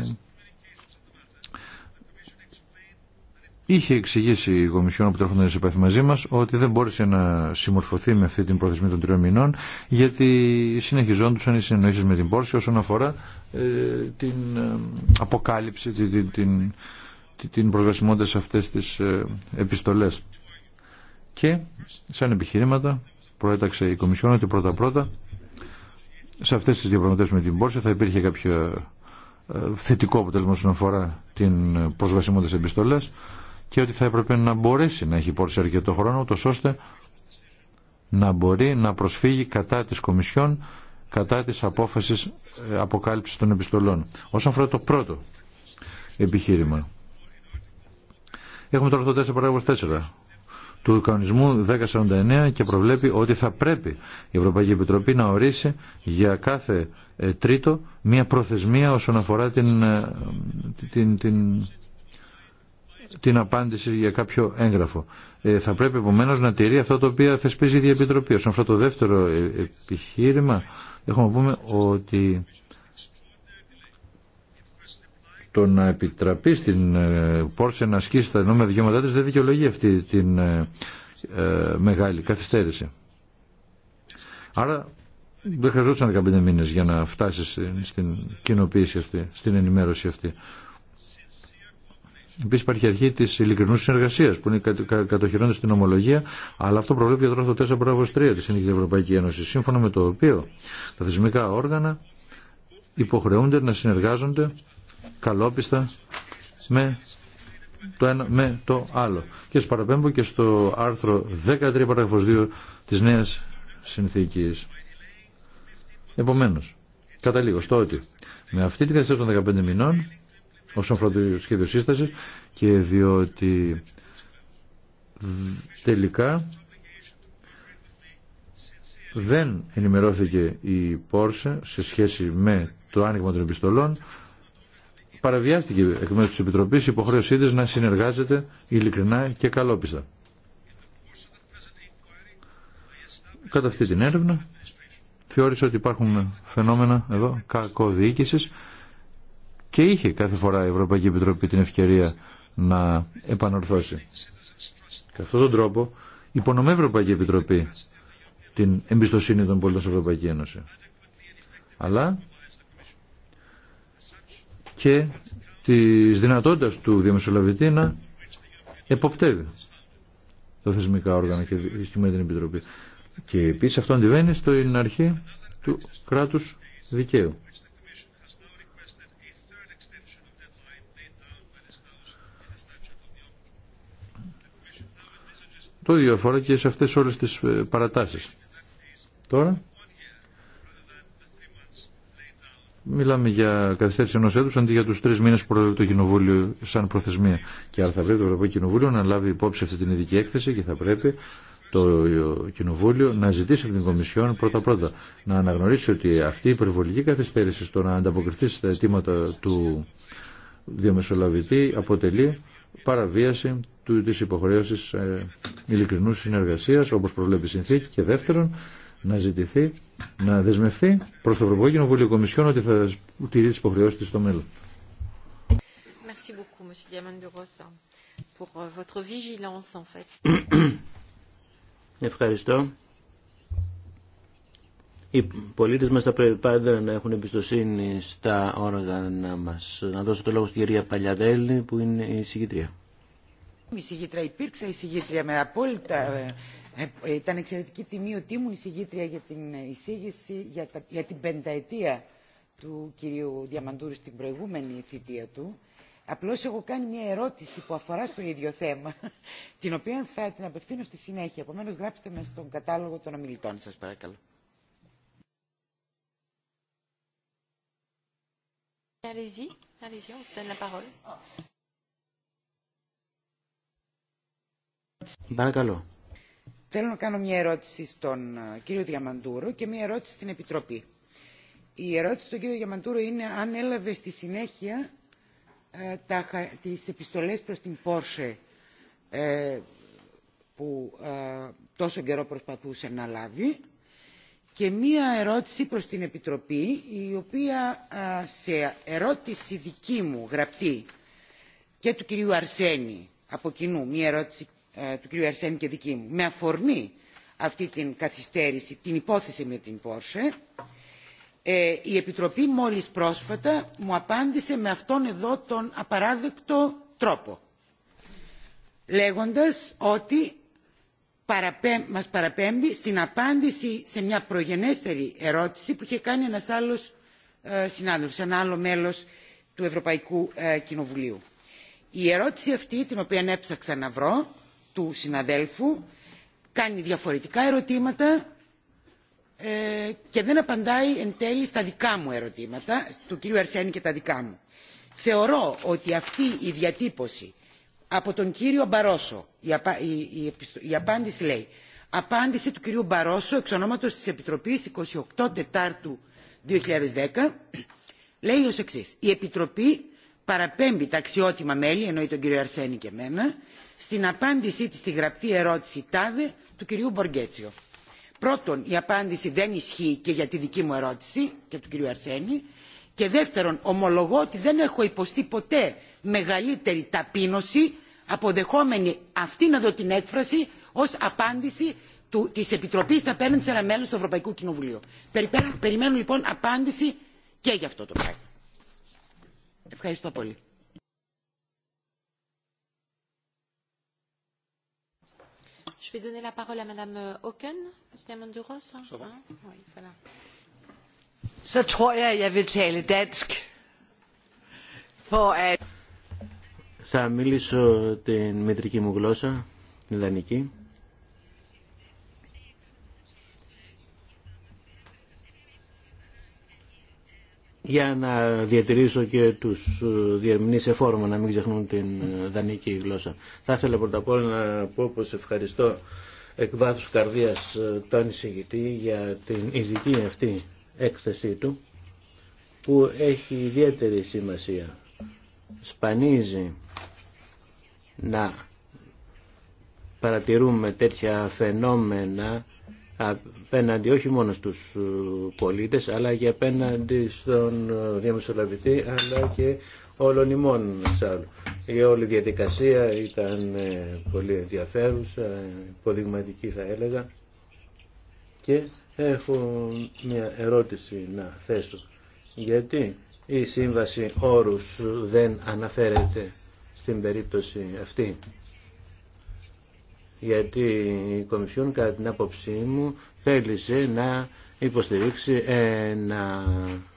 Είχε εξηγήσει η Κομισιόν που τρέχονταν σε επαφή μαζί μα ότι δεν μπόρεσε να συμμορφωθεί με αυτή την προθεσμία των τριών μηνών γιατί συνεχιζόντουσαν οι συνεννοήσει με την Πόρση όσον αφορά ε, την ε, αποκάλυψη, την, την, την προσβασιμότητα σε αυτέ τι ε, επιστολέ. Και σαν επιχειρήματα προέταξε η Κομισιόν ότι πρώτα-πρώτα σε αυτέ τι διαπραγματεύσει με την Πόρση θα υπήρχε κάποιο ε, θετικό αποτέλεσμα όσον αφορά την προσβασιμότητα σε επιστολές και ότι θα έπρεπε να μπορέσει να έχει υπόψη αρκετό χρόνο, ούτως ώστε να μπορεί να προσφύγει κατά της Κομισιόν, κατά της απόφασης ε, αποκάλυψης των επιστολών. Όσον αφορά το πρώτο επιχείρημα. Έχουμε τώρα το 4 παράγωγος 4 του κανονισμού 1049 και προβλέπει ότι θα πρέπει η Ευρωπαϊκή Επιτροπή να ορίσει για κάθε ε, τρίτο μία προθεσμία όσον αφορά την, ε, την, την την απάντηση για κάποιο έγγραφο. Ε, θα πρέπει επομένω να τηρεί αυτό το οποίο θεσπίζει η Διεπιτροπή. Σε αυτό το δεύτερο ε, επιχείρημα, έχουμε να πούμε ότι το να επιτραπεί στην ε, Πόρσε να ασκήσει τα νόμια δικαιώματά τη δεν δικαιολογεί αυτή την μεγάλη καθυστέρηση. Άρα δεν χρειαζόταν 15 μήνες για να φτάσει στην κοινοποίηση αυτή, στην ενημέρωση αυτή. Επίση υπάρχει αρχή τη ειλικρινού συνεργασία που είναι κατοχυρώνεται στην ομολογία, αλλά αυτό προβλέπει τώρα το 4 3 τη Συνήθεια Ευρωπαϊκή Ένωση, σύμφωνα με το οποίο τα θεσμικά όργανα υποχρεούνται να συνεργάζονται καλόπιστα με το ένα με το άλλο. Και σας παραπέμπω και στο άρθρο 13 παράγραφος 2 της νέας συνθήκης. Επομένως, καταλήγω στο ότι με αυτή τη καθυστέρηση των 15 μηνών όσον αφορά το σχέδιο σύσταση και διότι τελικά δεν ενημερώθηκε η Πόρσε σε σχέση με το άνοιγμα των επιστολών παραβιάστηκε εκ μέρους της Επιτροπής η υποχρέωσή της να συνεργάζεται ειλικρινά και καλόπιστα. Κατά αυτή την έρευνα θεώρησε ότι υπάρχουν φαινόμενα εδώ κακοδιοίκησης και είχε κάθε φορά η Ευρωπαϊκή Επιτροπή την ευκαιρία να επανορθώσει. Και αυτόν τον τρόπο υπονομεύει η Ευρωπαϊκή Επιτροπή την εμπιστοσύνη των πολιτών στην Ευρωπαϊκή Ένωση. Αλλά και τη δυνατότητας του Διαμεσολαβητή να εποπτεύει το θεσμικά όργανα και τη την Επιτροπή. Και επίσης αυτό αντιβαίνει στην αρχή του κράτους δικαίου. Το ίδιο αφορά και σε αυτές όλες τις ε, παρατάσεις. Τώρα μιλάμε για καθυστέρηση ενό έτου αντί για του τρει μήνε που προβλέπει το Κοινοβούλιο σαν προθεσμία. Και άρα θα πρέπει το Ευρωπαϊκό Κοινοβούλιο να λάβει υπόψη αυτή την ειδική έκθεση και θα πρέπει το Κοινοβούλιο να ζητήσει από την Κομισιόν πρώτα-πρώτα να αναγνωρίσει ότι αυτή η υπερβολική καθυστέρηση στο να ανταποκριθεί στα αιτήματα του διαμεσολαβητή αποτελεί παραβίαση του, της υποχρέωσης ε, ειλικρινούς συνεργασίας όπως προβλέπει η συνθήκη και δεύτερον να ζητηθεί, να δεσμευθεί προς το Ευρωπαϊκό Κοινοβούλιο Κομισιόν ότι θα τηρεί τις υποχρεώσεις της στο μέλλον.
Euh,
Ευχαριστώ. Οι πολίτες μας θα πρέπει πάντα να έχουν εμπιστοσύνη στα όργανα μας. Να δώσω το λόγο στην κυρία Παλιαδέλη που είναι η συγκητρία
εισηγήτρια, υπήρξα εισηγήτρια με απόλυτα... Ε, ε, ήταν εξαιρετική τιμή ότι ήμουν εισηγήτρια για την εισήγηση για, την πενταετία του κυρίου Διαμαντούρη στην προηγούμενη θητεία του. Απλώς έχω κάνει μια ερώτηση που αφορά στο ίδιο θέμα, [LAUGHS] την οποία θα την απευθύνω στη συνέχεια. Επομένω, γράψτε με στον κατάλογο των ομιλητών σα παρακαλω Θέλω να κάνω μια ερώτηση στον ε, κύριο Διαμαντούρο και μια ερώτηση στην Επιτροπή. Η ερώτηση στον κύριο Διαμαντούρο είναι αν έλαβε στη συνέχεια ε, τα, τις επιστολές προς την Πόρσε ε, που τόσο καιρό προσπαθούσε να λάβει και μία ερώτηση προς την Επιτροπή η οποία σε ερώτηση δική μου γραπτή και του κυρίου Αρσένη από κοινού, μία ερώτηση ε, του κ. Αρσένη και δική μου, με αφορμή αυτή την καθυστέρηση, την υπόθεση με την Πόρσε, η Επιτροπή μόλις πρόσφατα μου απάντησε με αυτόν εδώ τον απαράδεκτο τρόπο, λέγοντας ότι μας παραπέμπει στην απάντηση σε μια προγενέστερη ερώτηση που είχε κάνει ένας άλλος ε, συνάδελφος, ένα άλλο μέλος του Ευρωπαϊκού ε, Κοινοβουλίου. Η ερώτηση αυτή, την οποία έψαξα να βρω, του συναδέλφου κάνει διαφορετικά ερωτήματα ε, και δεν απαντάει εν τέλει στα δικά μου ερωτήματα, του κύριου Αρσένη και τα δικά μου. Θεωρώ ότι αυτή η διατύπωση από τον κύριο Μπαρόσο, η, η, απάντηση λέει, απάντηση του κυρίου Μπαρόσο εξ ονόματος της Επιτροπής 28 Τετάρτου 2010, λέει ως εξής. Η Επιτροπή παραπέμπει τα αξιότιμα μέλη, εννοεί τον κύριο Αρσένη και εμένα, στην απάντησή της στη γραπτή ερώτηση τάδε του κυρίου Μποργκέτσιο. Πρώτον, η απάντηση δεν ισχύει και για τη δική μου ερώτηση και του κυρίου Αρσένη. Και δεύτερον, ομολογώ ότι δεν έχω υποστεί ποτέ μεγαλύτερη ταπείνωση αποδεχόμενη αυτήν εδώ την έκφραση ως απάντηση του, της Επιτροπής απέναντι σε ένα μέλος του Ευρωπαϊκού Κοινοβουλίου. Περιμένω λοιπόν απάντηση και για αυτό το πράγμα. Ευχαριστώ πολύ. Je vais donner la parole à Madame Auken. Så tror jeg, jeg vil tale dansk. For at...
Θα μιλήσω την μητρική μου γλώσσα, την δανική. για να διατηρήσω και τους ε, διερμηνείς εφόρμα να μην ξεχνούν την ε, δανεική γλώσσα. Θα ήθελα πρώτα απ' όλα να πω πως ευχαριστώ εκ βάθους καρδίας ε, τον εισηγητή για την ειδική αυτή έκθεσή του που έχει ιδιαίτερη σημασία. Σπανίζει να παρατηρούμε τέτοια φαινόμενα απέναντι όχι μόνο στους ε, πολίτες αλλά και απέναντι στον ε, διαμεσολαβητή αλλά και όλων ημών εξάλλου. Η όλη διαδικασία ήταν ε, πολύ ενδιαφέρουσα, υποδειγματική θα έλεγα και έχω μια ερώτηση να θέσω. Γιατί η σύμβαση όρους δεν αναφέρεται στην περίπτωση αυτή γιατί η Κομισιόν κατά την άποψή μου θέλησε να υποστηρίξει ένα,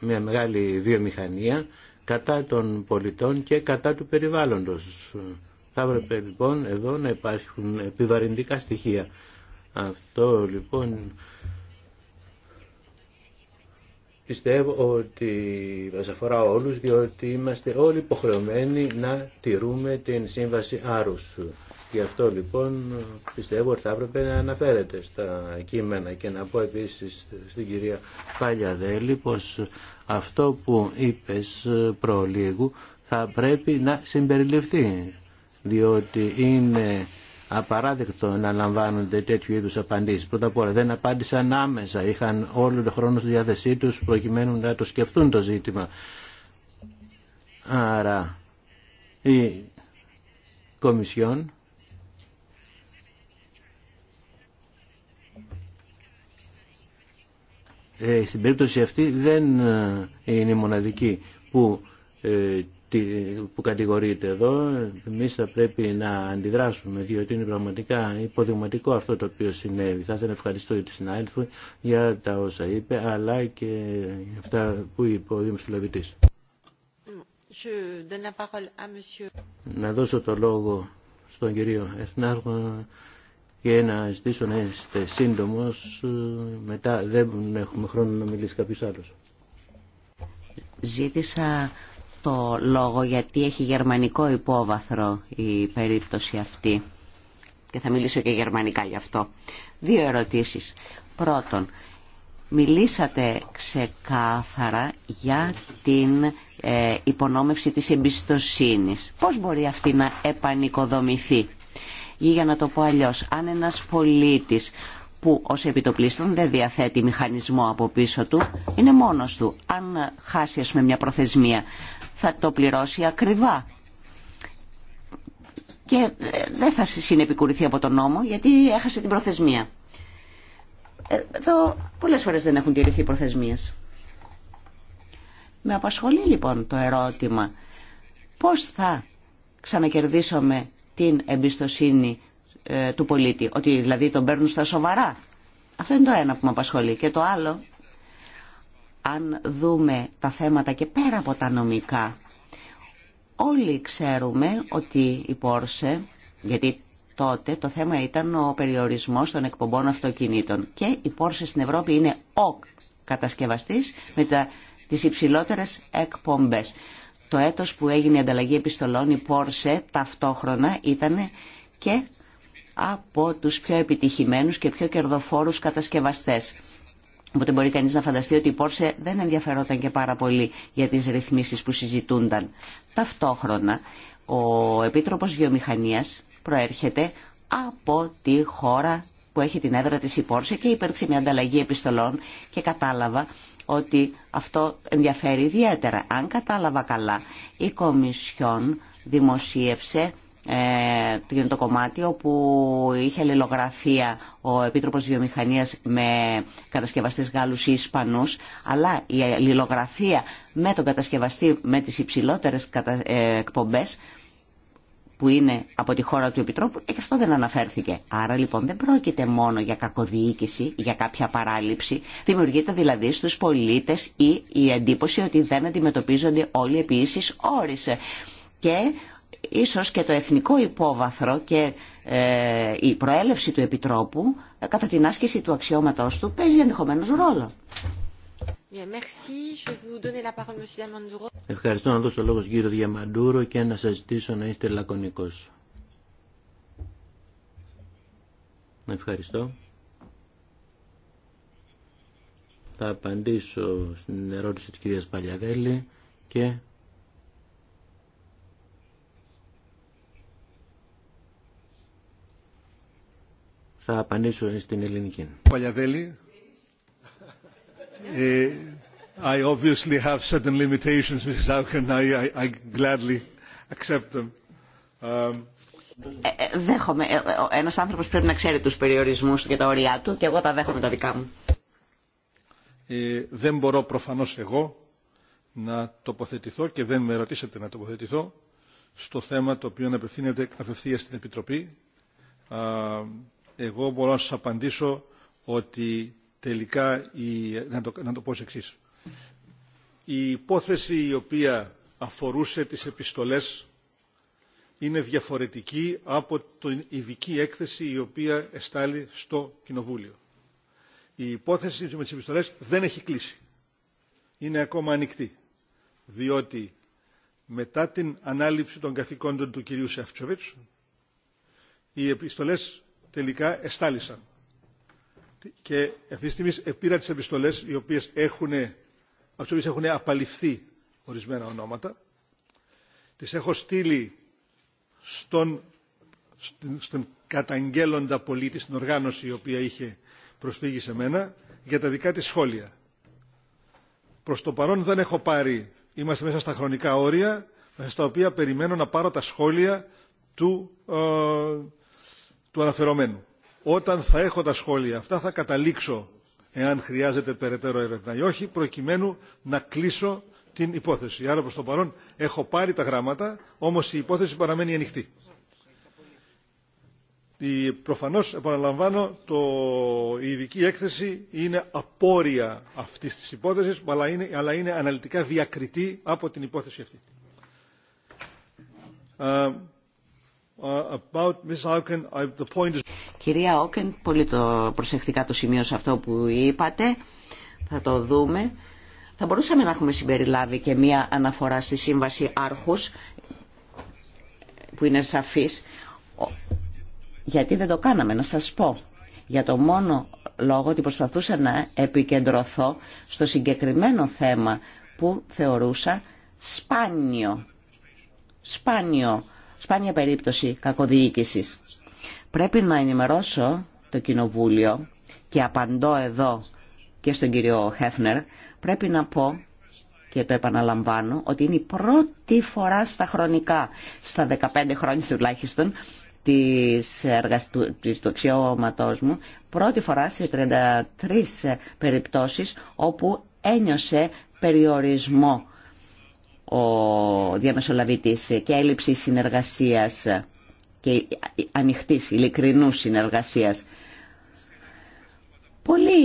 μια μεγάλη βιομηχανία κατά των πολιτών και κατά του περιβάλλοντος. Θα έπρεπε λοιπόν εδώ να υπάρχουν επιβαρυντικά στοιχεία. Αυτό λοιπόν πιστεύω ότι μας αφορά όλους διότι είμαστε όλοι υποχρεωμένοι να τηρούμε την σύμβαση Άρους. Γι' αυτό λοιπόν πιστεύω ότι θα έπρεπε να αναφέρεται στα κείμενα και να πω επίσης στην κυρία Παλιαδέλη πως αυτό που είπες προλίγου θα πρέπει να συμπεριληφθεί διότι είναι απαράδεκτο να λαμβάνονται τέτοιου είδους απαντήσεις. Πρώτα απ' όλα δεν απάντησαν άμεσα, είχαν όλο τον χρόνο στη διάθεσή τους προκειμένου να το σκεφτούν το ζήτημα. Άρα η Κομισιόν Ε, στην περίπτωση αυτή δεν ε, είναι η μοναδική που, ε, που κατηγορείται εδώ. Εμεί θα πρέπει να αντιδράσουμε, διότι είναι πραγματικά υποδειγματικό αυτό το οποίο συνέβη. Θα ήθελα να ευχαριστώ τη συνάδελφο για τα όσα είπε, αλλά και αυτά που είπε ο Δημοσιολογητή. Να δώσω το λόγο στον κύριο Εθνάρχο και να ζητήσω να είστε ε, Μετά δεν έχουμε χρόνο να μιλήσει κάποιος άλλος.
Ζήτησα το λόγο γιατί έχει γερμανικό υπόβαθρο η περίπτωση αυτή και θα μιλήσω και γερμανικά γι' αυτό. Δύο ερωτήσεις. Πρώτον, μιλήσατε ξεκάθαρα για την ε, υπονόμευση της εμπιστοσύνης. Πώς μπορεί αυτή να επανικοδομηθεί ή για να το πω αλλιώ, αν ένα πολίτη που ως επιτοπλίστων δεν διαθέτει μηχανισμό από πίσω του, είναι μόνος του. Αν χάσει α πούμε, μια προθεσμία θα το πληρώσει ακριβά. Και ε, δεν θα συνεπικουρηθεί από τον νόμο γιατί έχασε την προθεσμία. Ε, εδώ πολλές φορές δεν έχουν τηρηθεί προθεσμίες. Με απασχολεί λοιπόν το ερώτημα πώς θα ξανακερδίσουμε την εμπιστοσύνη ε, του πολίτη, ότι δηλαδή τον παίρνουν στα σοβαρά. Αυτό είναι το ένα που με απασχολεί. Και το άλλο, αν δούμε τα θέματα και πέρα από τα νομικά, όλοι ξέρουμε ότι η Πόρσε, γιατί τότε το θέμα ήταν ο περιορισμός των εκπομπών αυτοκινήτων και η Πόρσε στην Ευρώπη είναι ο κατασκευαστής με τα, τις υψηλότερες εκπομπές. Το έτος που έγινε η ανταλλαγή επιστολών, η Πόρσε ταυτόχρονα ήταν και από τους πιο επιτυχημένους και πιο κερδοφόρους κατασκευαστές. Οπότε μπορεί κανείς να φανταστεί ότι η Πόρσε δεν ενδιαφερόταν και πάρα πολύ για τις ρυθμίσεις που συζητούνταν. Ταυτόχρονα, ο Επίτροπος Βιομηχανίας προέρχεται από τη χώρα που έχει την έδρα της η Πόρσε και υπήρξε μια ανταλλαγή επιστολών και κατάλαβα ότι αυτό ενδιαφέρει ιδιαίτερα. Αν κατάλαβα καλά, η Κομισιόν δημοσίευσε ε, το το κομμάτι όπου είχε αλληλογραφία ο Επίτροπος Βιομηχανίας με κατασκευαστές Γάλλους ή Ισπανούς, αλλά η αλληλογραφία με τον κατασκευαστή με τις υψηλότερες ε, εκπομπές που είναι από τη χώρα του Επιτρόπου ε, και αυτό δεν αναφέρθηκε. Άρα λοιπόν δεν πρόκειται μόνο για κακοδιοίκηση, για κάποια παράληψη. Δημιουργείται δηλαδή στους πολίτες ή η εντύπωση ότι δεν αντιμετωπίζονται όλοι επίσης όρισε. Και ίσως και το εθνικό υπόβαθρο και ε, η προέλευση του Επιτρόπου ε, κατά την άσκηση του αξιώματός του παίζει ενδεχομένως ρόλο.
Ευχαριστώ να δώσω λόγο κύριο Διαμαντούρο και να σας ζητήσω να είστε λακωνικός. Ευχαριστώ. Θα απαντήσω στην ερώτηση της κυρίας Παλιαδέλη και θα απαντήσω στην ελληνική.
Παλιαδέλη, I obviously have certain limitations, I, gladly accept them.
Um, ε, ε, δέχομαι. Ε, ένας άνθρωπος πρέπει να ξέρει τους περιορισμούς και τα όρια του και εγώ τα δέχομαι τα δικά μου. δεν μπορώ προφανώς
εγώ να τοποθετηθώ και δεν με ρωτήσατε να τοποθετηθώ στο θέμα το οποίο απευθύνεται απευθείας στην Επιτροπή. εγώ μπορώ να σας απαντήσω ότι τελικά, η, να, το, να το πω ως Η υπόθεση η οποία αφορούσε τις επιστολές είναι διαφορετική από την ειδική έκθεση η οποία εστάλει στο Κοινοβούλιο. Η υπόθεση με τις επιστολές δεν έχει κλείσει. Είναι ακόμα ανοιχτή. Διότι μετά την ανάληψη των καθηκόντων του κυρίου Σεφτσοβίτς, οι επιστολές τελικά εστάλησαν και αυτή τη στιγμή πήρα τις επιστολές οι οποίες έχουν, από έχουν απαλληφθεί ορισμένα ονόματα. Τις έχω στείλει στον, στον καταγγέλλοντα πολίτη, στην οργάνωση η οποία είχε προσφύγει σε μένα, για τα δικά της σχόλια. Προς το παρόν δεν έχω πάρει, είμαστε μέσα στα χρονικά όρια, μέσα στα οποία περιμένω να πάρω τα σχόλια του, ε, του αναφερομένου όταν θα έχω τα σχόλια αυτά θα καταλήξω εάν χρειάζεται περαιτέρω έρευνα ή όχι, προκειμένου να κλείσω την υπόθεση. Άρα προς το παρόν έχω πάρει τα γράμματα, όμως η υπόθεση παραμένει ανοιχτή. Η, προφανώς, επαναλαμβάνω, το, η ειδική έκθεση είναι απόρρια αυτής της υπόθεσης, αλλά είναι, αλλά είναι αναλυτικά διακριτή από την υπόθεση αυτή.
Uh, Κυρία Όκεν, πολύ το προσεκτικά το σημείο σε αυτό που είπατε. Θα το δούμε. Θα μπορούσαμε να έχουμε συμπεριλάβει και μία αναφορά στη Σύμβαση Άρχους, που είναι σαφής. Γιατί δεν το κάναμε, να σας πω. Για το μόνο λόγο ότι προσπαθούσα να επικεντρωθώ στο συγκεκριμένο θέμα που θεωρούσα σπάνιο. Σπάνιο σπάνια περίπτωση κακοδιοίκησης. Πρέπει να ενημερώσω το Κοινοβούλιο και απαντώ εδώ και στον κύριο Χέφνερ, πρέπει να πω και το επαναλαμβάνω ότι είναι η πρώτη φορά στα χρονικά, στα 15 χρόνια τουλάχιστον, της εργασ... του, του μου, πρώτη φορά σε 33 περιπτώσεις όπου ένιωσε περιορισμό ο διαμεσολαβητής και έλλειψη συνεργασίας και ανοιχτής, ειλικρινούς συνεργασίας. Πολύ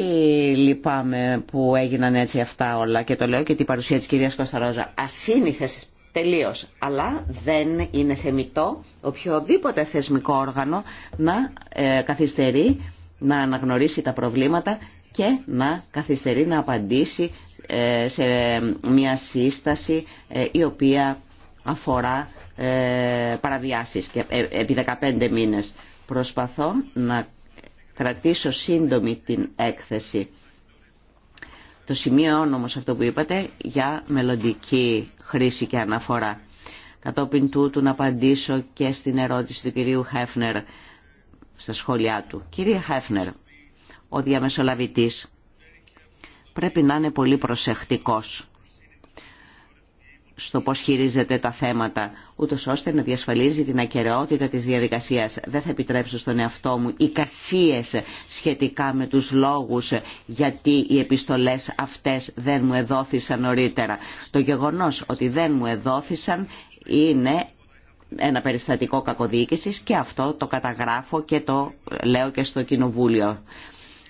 λυπάμαι που έγιναν έτσι αυτά όλα και το λέω και την παρουσία της κυρίας Κωνσταρόζα. Ασύνηθες τελείως, αλλά δεν είναι θεμητό οποιοδήποτε θεσμικό όργανο να ε, καθυστερεί, να αναγνωρίσει τα προβλήματα και να καθυστερεί να απαντήσει ε, σε μια σύσταση ε, η οποία αφορά ε, παραδιάσεις και επί 15 μήνες. Προσπαθώ να κρατήσω σύντομη την έκθεση. Το σημείο όμως αυτό που είπατε για μελλοντική χρήση και αναφορά. Κατόπιν τούτου να απαντήσω και στην ερώτηση του κυρίου Χέφνερ στα σχόλιά του. Κύριε Χέφνερ, ο διαμεσολαβητής πρέπει να είναι πολύ προσεκτικός στο πώς χειρίζεται τα θέματα, ούτω ώστε να διασφαλίζει την ακαιρεότητα της διαδικασίας. Δεν θα επιτρέψω στον εαυτό μου εικασίες σχετικά με τους λόγους γιατί οι επιστολές αυτές δεν μου εδόθησαν νωρίτερα. Το γεγονός ότι δεν μου εδόθησαν είναι ένα περιστατικό κακοδιοίκησης και αυτό το καταγράφω και το λέω και στο Κοινοβούλιο.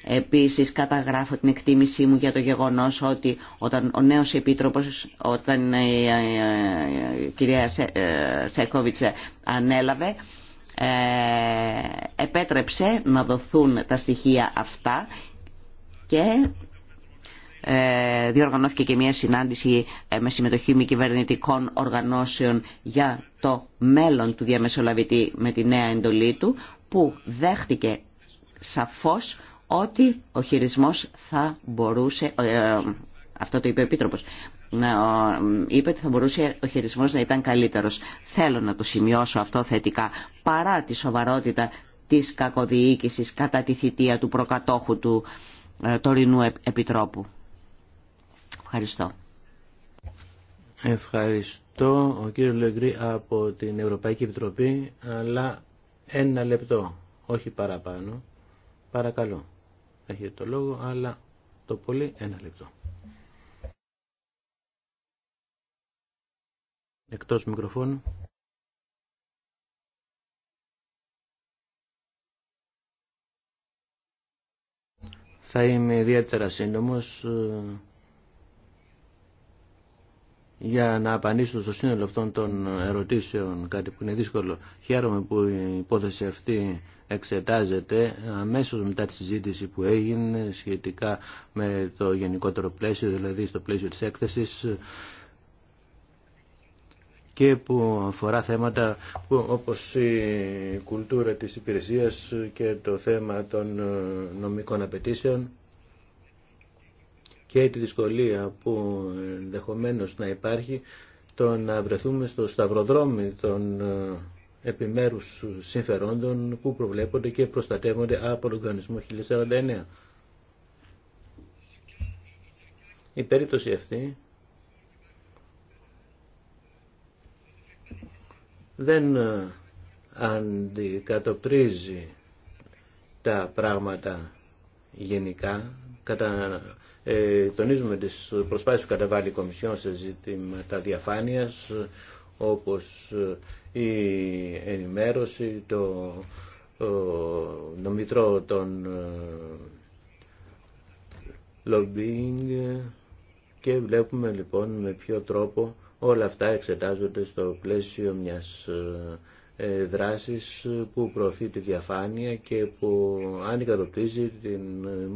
Επίσης καταγράφω την εκτίμησή μου για το γεγονός ότι όταν ο νέος επίτροπος, όταν η ε, ε, ε, κυρία Σέκοβιτς ανέλαβε, επέτρεψε να δοθούν τα στοιχεία αυτά και διοργανώθηκε και μια συνάντηση με συμμετοχή μη κυβερνητικών οργανώσεων για το μέλλον του διαμεσολαβητή με τη νέα εντολή του που δέχτηκε σαφώς ότι ο χειρισμός θα μπορούσε, ε, αυτό το είπε ο Επίτροπος, είπε ότι θα μπορούσε ο χειρισμός να ήταν καλύτερος. Θέλω να το σημειώσω αυτό θετικά, παρά τη σοβαρότητα της κακοδιοίκησης κατά τη θητεία του προκατόχου του ε, τωρινού Επιτρόπου. Ευχαριστώ. Ευχαριστώ
ο κύριο Λεγκρή από την Ευρωπαϊκή Επιτροπή, αλλά ένα λεπτό, όχι παραπάνω. Παρακαλώ έχετε το λόγο, αλλά το πολύ ένα λεπτό. Εκτός μικροφώνου. Θα είμαι ιδιαίτερα σύντομος ε, για να απαντήσω στο σύνολο αυτών των ερωτήσεων, κάτι που είναι δύσκολο. Χαίρομαι που η υπόθεση αυτή εξετάζεται αμέσως μετά τη συζήτηση που έγινε σχετικά με το γενικότερο πλαίσιο, δηλαδή στο πλαίσιο της έκθεσης και που αφορά θέματα που, όπως η κουλτούρα της υπηρεσίας και το θέμα των νομικών απαιτήσεων και τη δυσκολία που ενδεχομένως να υπάρχει το να βρεθούμε στο σταυροδρόμι των επιμέρους συμφερόντων που προβλέπονται και προστατεύονται από τον οργανισμό 1049. Η περίπτωση αυτή δεν ε, αντικατοπτρίζει τα πράγματα γενικά. Κατα... Ε, τονίζουμε τις προσπάθειες που καταβάλει η Κομισιόν σε ζητήματα διαφάνειας, όπως ε, η ενημέρωση, το, το μητρό των ε, lobbying και βλέπουμε λοιπόν με ποιο τρόπο όλα αυτά εξετάζονται στο πλαίσιο μιας ε, δράσης που προωθεί τη διαφάνεια και που ανικατοπτρίζει την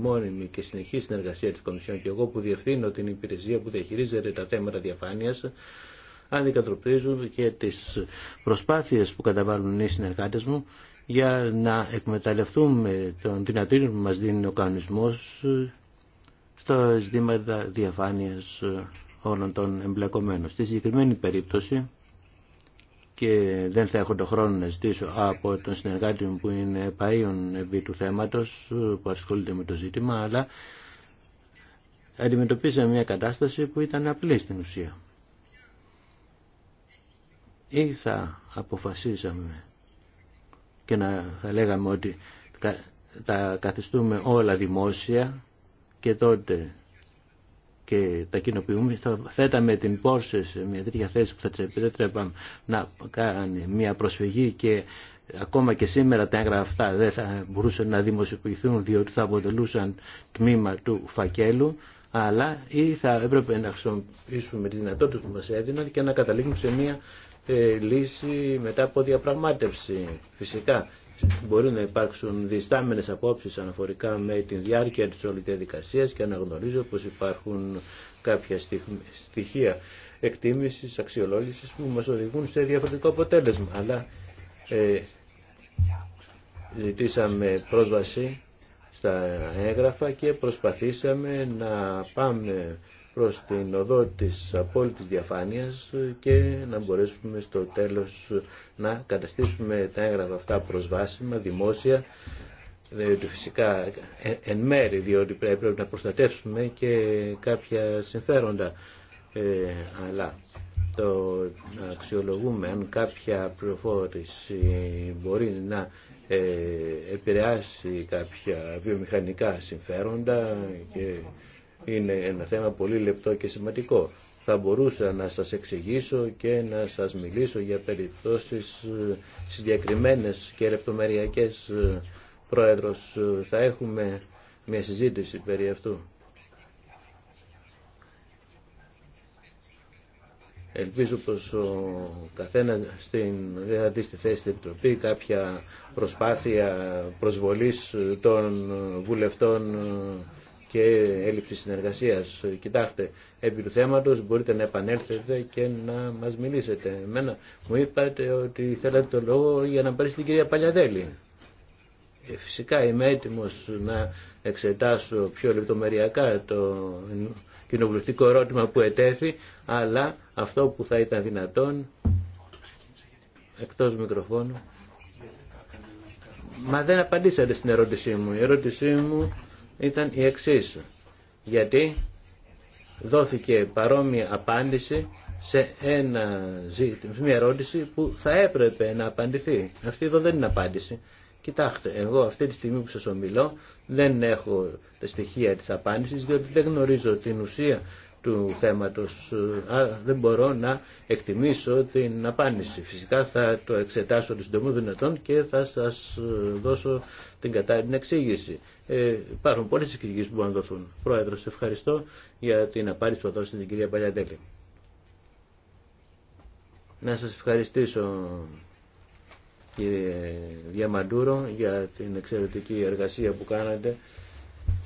μόνιμη και συνεχή συνεργασία της Κομισιόν και εγώ που διευθύνω την υπηρεσία που διαχειρίζεται τα θέματα διαφάνειας αντικατοπτρίζουν και τις προσπάθειες που καταβάλουν οι συνεργάτες μου για να εκμεταλλευτούμε τον δυνατήριο που μας δίνει ο κανονισμός στα ζητήματα διαφάνειας όλων των εμπλεκομένων. Στη συγκεκριμένη περίπτωση και δεν θα έχω τον χρόνο να ζητήσω από τον συνεργάτη μου που είναι παίων επί του θέματος που ασχολείται με το ζήτημα αλλά αντιμετωπίσαμε μια κατάσταση που ήταν απλή στην ουσία ή θα αποφασίζαμε και να θα λέγαμε ότι θα καθιστούμε όλα δημόσια και τότε και τα κοινοποιούμε, θα θέταμε την πόρση σε μια τέτοια θέση που θα τη επιτρέπαμε να κάνει μια προσφυγή και ακόμα και σήμερα τα έγγραφα αυτά δεν θα μπορούσαν να δημοσιοποιηθούν διότι θα αποτελούσαν τμήμα του φακέλου αλλά ή θα έπρεπε να χρησιμοποιήσουμε τις δυνατότητες που μας έδιναν και να καταλήγουμε σε μια ε, λύση μετά από διαπραγμάτευση. Φυσικά μπορεί να υπάρξουν διστάμενες απόψεις αναφορικά με τη διάρκεια της όλη διαδικασία και αναγνωρίζω πως υπάρχουν κάποια στοιχεία εκτίμησης, αξιολόγησης που μας οδηγούν σε διαφορετικό αποτέλεσμα. Αλλά ε, ζητήσαμε πρόσβαση στα έγγραφα και προσπαθήσαμε να πάμε προς την οδό της απόλυτης διαφάνειας και να μπορέσουμε στο τέλος να καταστήσουμε τα έγγραφα αυτά προσβάσιμα, δημόσια, διότι φυσικά εν μέρη, διότι πρέπει να προστατεύσουμε και κάποια συμφέροντα, ε, αλλά το να αξιολογούμε αν κάποια πληροφόρηση μπορεί να ε, επηρεάσει κάποια βιομηχανικά συμφέροντα είναι ένα θέμα πολύ λεπτό και σημαντικό. Θα μπορούσα να σας εξηγήσω και να σας μιλήσω για περιπτώσεις ε, συγκεκριμένες και λεπτομεριακές ε, πρόεδρος. Ε, θα έχουμε μια συζήτηση περί αυτού. Ελπίζω πως ο καθένα στην, θα δηλαδή δει στη θέση της Επιτροπή κάποια προσπάθεια προσβολής των βουλευτών και έλλειψη συνεργασίας. Κοιτάξτε, επί του θέματος μπορείτε να επανέλθετε και να μας μιλήσετε. Εμένα μου είπατε ότι θέλατε το λόγο για να πάρει την κυρία Παλιαδέλη. Ε, φυσικά είμαι έτοιμος να εξετάσω πιο λεπτομεριακά το κοινοβουλευτικό ερώτημα που ετέθη, αλλά αυτό που θα ήταν δυνατόν, εκτός μικροφώνου, μα δεν απαντήσατε στην ερώτησή μου. Η ερώτησή μου ήταν η εξή. Γιατί δόθηκε παρόμοια απάντηση σε ένα μια ερώτηση που θα έπρεπε να απαντηθεί. Αυτή εδώ δεν είναι απάντηση. Κοιτάξτε, εγώ αυτή τη στιγμή που σας ομιλώ δεν έχω τα στοιχεία της απάντησης διότι δεν γνωρίζω την ουσία του θέματος. Άρα δεν μπορώ να εκτιμήσω την απάντηση. Φυσικά θα το εξετάσω το συντομό δυνατόν και θα σας δώσω την κατάλληλη εξήγηση. Ε, υπάρχουν πολλές εκκλησίες που μπορούν να δοθούν. Πρόεδρος, ευχαριστώ για την απάντηση που δώσετε την κυρία Παλιατέλη. Να σας ευχαριστήσω κύριε Διαμαντούρο για την εξαιρετική εργασία που κάνατε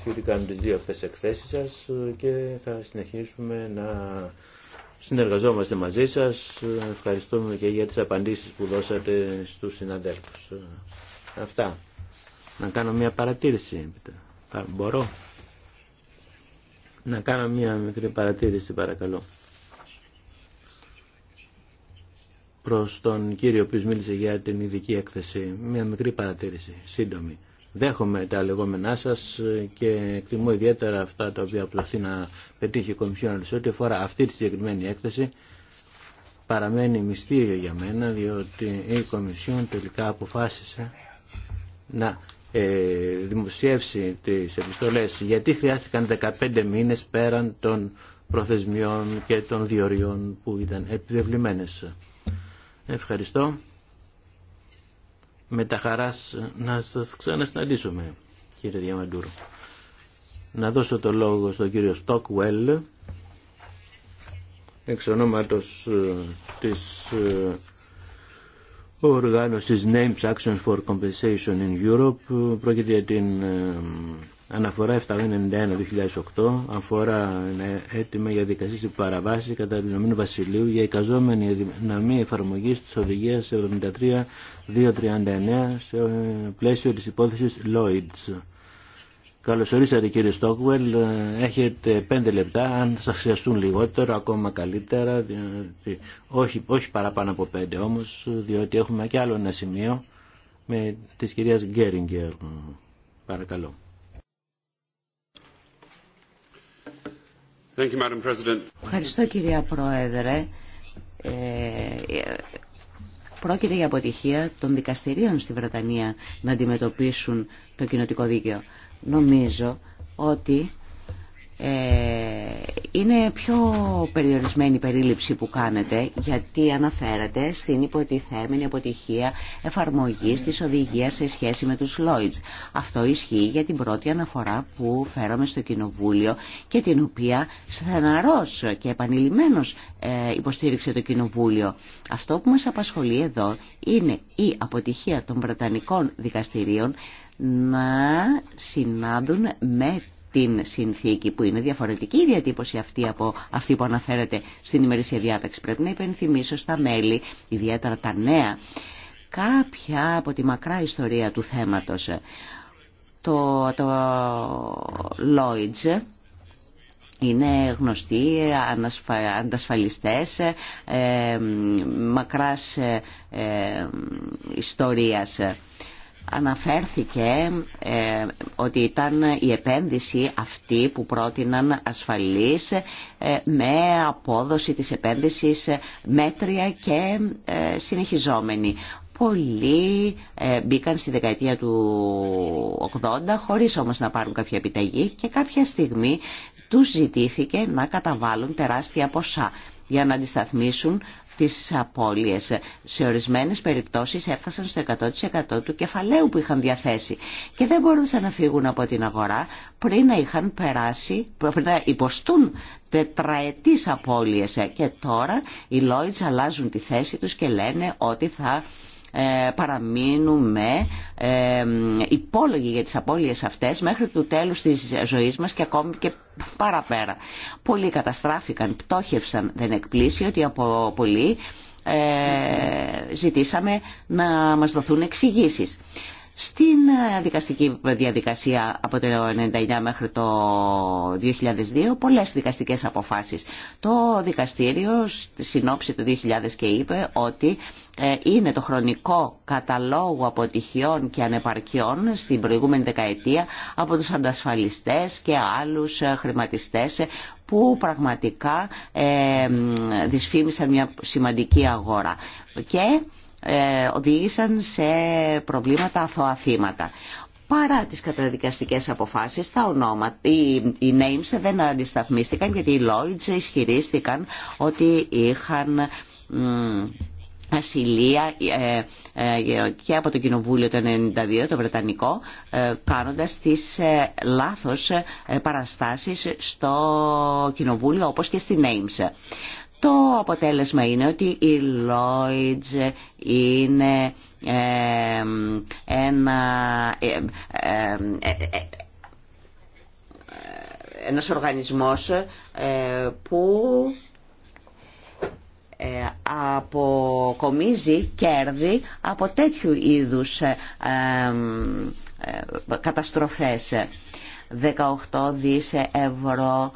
ότι κάνουν τις δύο αυτές εκθέσεις σας και θα συνεχίσουμε να συνεργαζόμαστε μαζί σας. Ευχαριστούμε και για τις απαντήσεις που δώσατε στους συναντέλφου. Αυτά να κάνω μια παρατήρηση. Μπορώ να κάνω μια μικρή παρατήρηση παρακαλώ. Προς τον κύριο που μίλησε για την ειδική έκθεση, μια μικρή παρατήρηση, σύντομη. Δέχομαι τα λεγόμενά σας και εκτιμώ ιδιαίτερα αυτά τα οποία απλωθεί να πετύχει η Κομισιόν σε ό,τι αφορά αυτή τη συγκεκριμένη έκθεση. Παραμένει μυστήριο για μένα διότι η Κομισιόν τελικά αποφάσισε να ε, δημοσιεύσει τι επιστολές γιατί χρειάστηκαν 15 μήνες πέραν των προθεσμιών και των διοριών που ήταν επιβεβλημένες. Ευχαριστώ. Με τα χαράς να σας ξανασυναντήσουμε κύριε Διαμαντούρο. Να δώσω το λόγο στον κύριο Στόκουελ εξ ονόματος ε, της ε, ο οργάνωσης Names Action for Compensation in Europe πρόκειται για την ε, αναφορά 791-2008 αφορά ε, ένα αίτημα για δικασία στην κατά την Ηνωμένου Βασιλείου για εικαζόμενη δυναμή εφαρμογής της οδηγίας 73-239 σε ε, πλαίσιο της υπόθεσης Lloyds. Καλώς κύριε Στόκουελ. Ε, έχετε πέντε λεπτά. Αν σας χρειαστούν λιγότερο, ακόμα καλύτερα. Όχι, όχι παραπάνω από πέντε όμως, διότι έχουμε και άλλο ένα σημείο με της κυρίας Γκέριγκερ. Παρακαλώ.
Thank you, Madam President.
Ευχαριστώ κυρία Πρόεδρε. Ε, πρόκειται για αποτυχία των δικαστηρίων στη Βρετανία να αντιμετωπίσουν το κοινοτικό δίκαιο νομίζω ότι ε, είναι πιο περιορισμένη η περίληψη που κάνετε γιατί αναφέρατε στην υποτιθέμενη αποτυχία εφαρμογής της οδηγίας σε σχέση με τους Lloyds. Αυτό ισχύει για την πρώτη αναφορά που φέραμε στο Κοινοβούλιο και την οποία στεναρός και επανειλημμένος ε, υποστήριξε το Κοινοβούλιο. Αυτό που μας απασχολεί εδώ είναι η αποτυχία των Βρετανικών δικαστηρίων να συνάδουν με την συνθήκη που είναι διαφορετική η διατύπωση αυτή από αυτή που αναφέρεται στην ημερήσια διάταξη. Πρέπει να υπενθυμίσω στα μέλη, ιδιαίτερα τα νέα, κάποια από τη μακρά ιστορία του θέματος. Το, το Lloyds είναι γνωστοί αντασφαλιστές ε, μακράς ε, ε, ιστορίας. Αναφέρθηκε ε, ότι ήταν η επένδυση αυτή που πρότειναν ασφαλής ε, με απόδοση της επένδυσης ε, μέτρια και συνεχιζόμενη. Πολλοί μπήκαν στη δεκαετία του 80 χωρίς όμως να πάρουν κάποια επιταγή και κάποια στιγμή τους ζητήθηκε να καταβάλουν τεράστια ποσά για να αντισταθμίσουν τις απώλειες. Σε ορισμένες περιπτώσεις έφτασαν στο 100% του κεφαλαίου που είχαν διαθέσει και δεν μπορούσαν να φύγουν από την αγορά πριν να περάσει, πριν να υποστούν τετραετής απώλειες. Και τώρα οι Lloyds αλλάζουν τη θέση τους και λένε ότι θα ε, παραμείνουμε ε, υπόλογοι για τις απώλειες αυτές μέχρι το τέλος της ζωής μας και ακόμη και παραπέρα. Πολλοί καταστράφηκαν, πτώχευσαν, δεν εκπλήσει ότι από πολλοί ε, ζητήσαμε να μας δοθούν εξηγήσει. Στην ε, δικαστική διαδικασία από το 1999 μέχρι το 2002 πολλές δικαστικές αποφάσεις. Το δικαστήριο συνόψη το 2000 και είπε ότι ε, είναι το χρονικό καταλόγου αποτυχιών και ανεπαρκιών στην προηγούμενη δεκαετία από τους αντασφαλιστές και άλλους ε, χρηματιστές που πραγματικά δυσφήμισαν μια σημαντική αγορά. Και ε, οδήγησαν σε προβλήματα αθωαθήματα. Παρά τις καταδικαστικές αποφάσεις, τα ονόματα, οι, οι names δεν αντισταθμίστηκαν γιατί οι Lloyds ισχυρίστηκαν ότι είχαν ασυλία ε, ε, και από το Κοινοβούλιο το 1992, το Βρετανικό, κάνοντας τις λάθος παραστάσεις στο Κοινοβούλιο όπως και στη Names. Το αποτέλεσμα είναι ότι η Lloyds είναι ένα, ε, ε, ε, ένας οργανισμός που αποκομίζει κέρδη από τέτοιου είδους καταστροφές. 18 δις ευρώ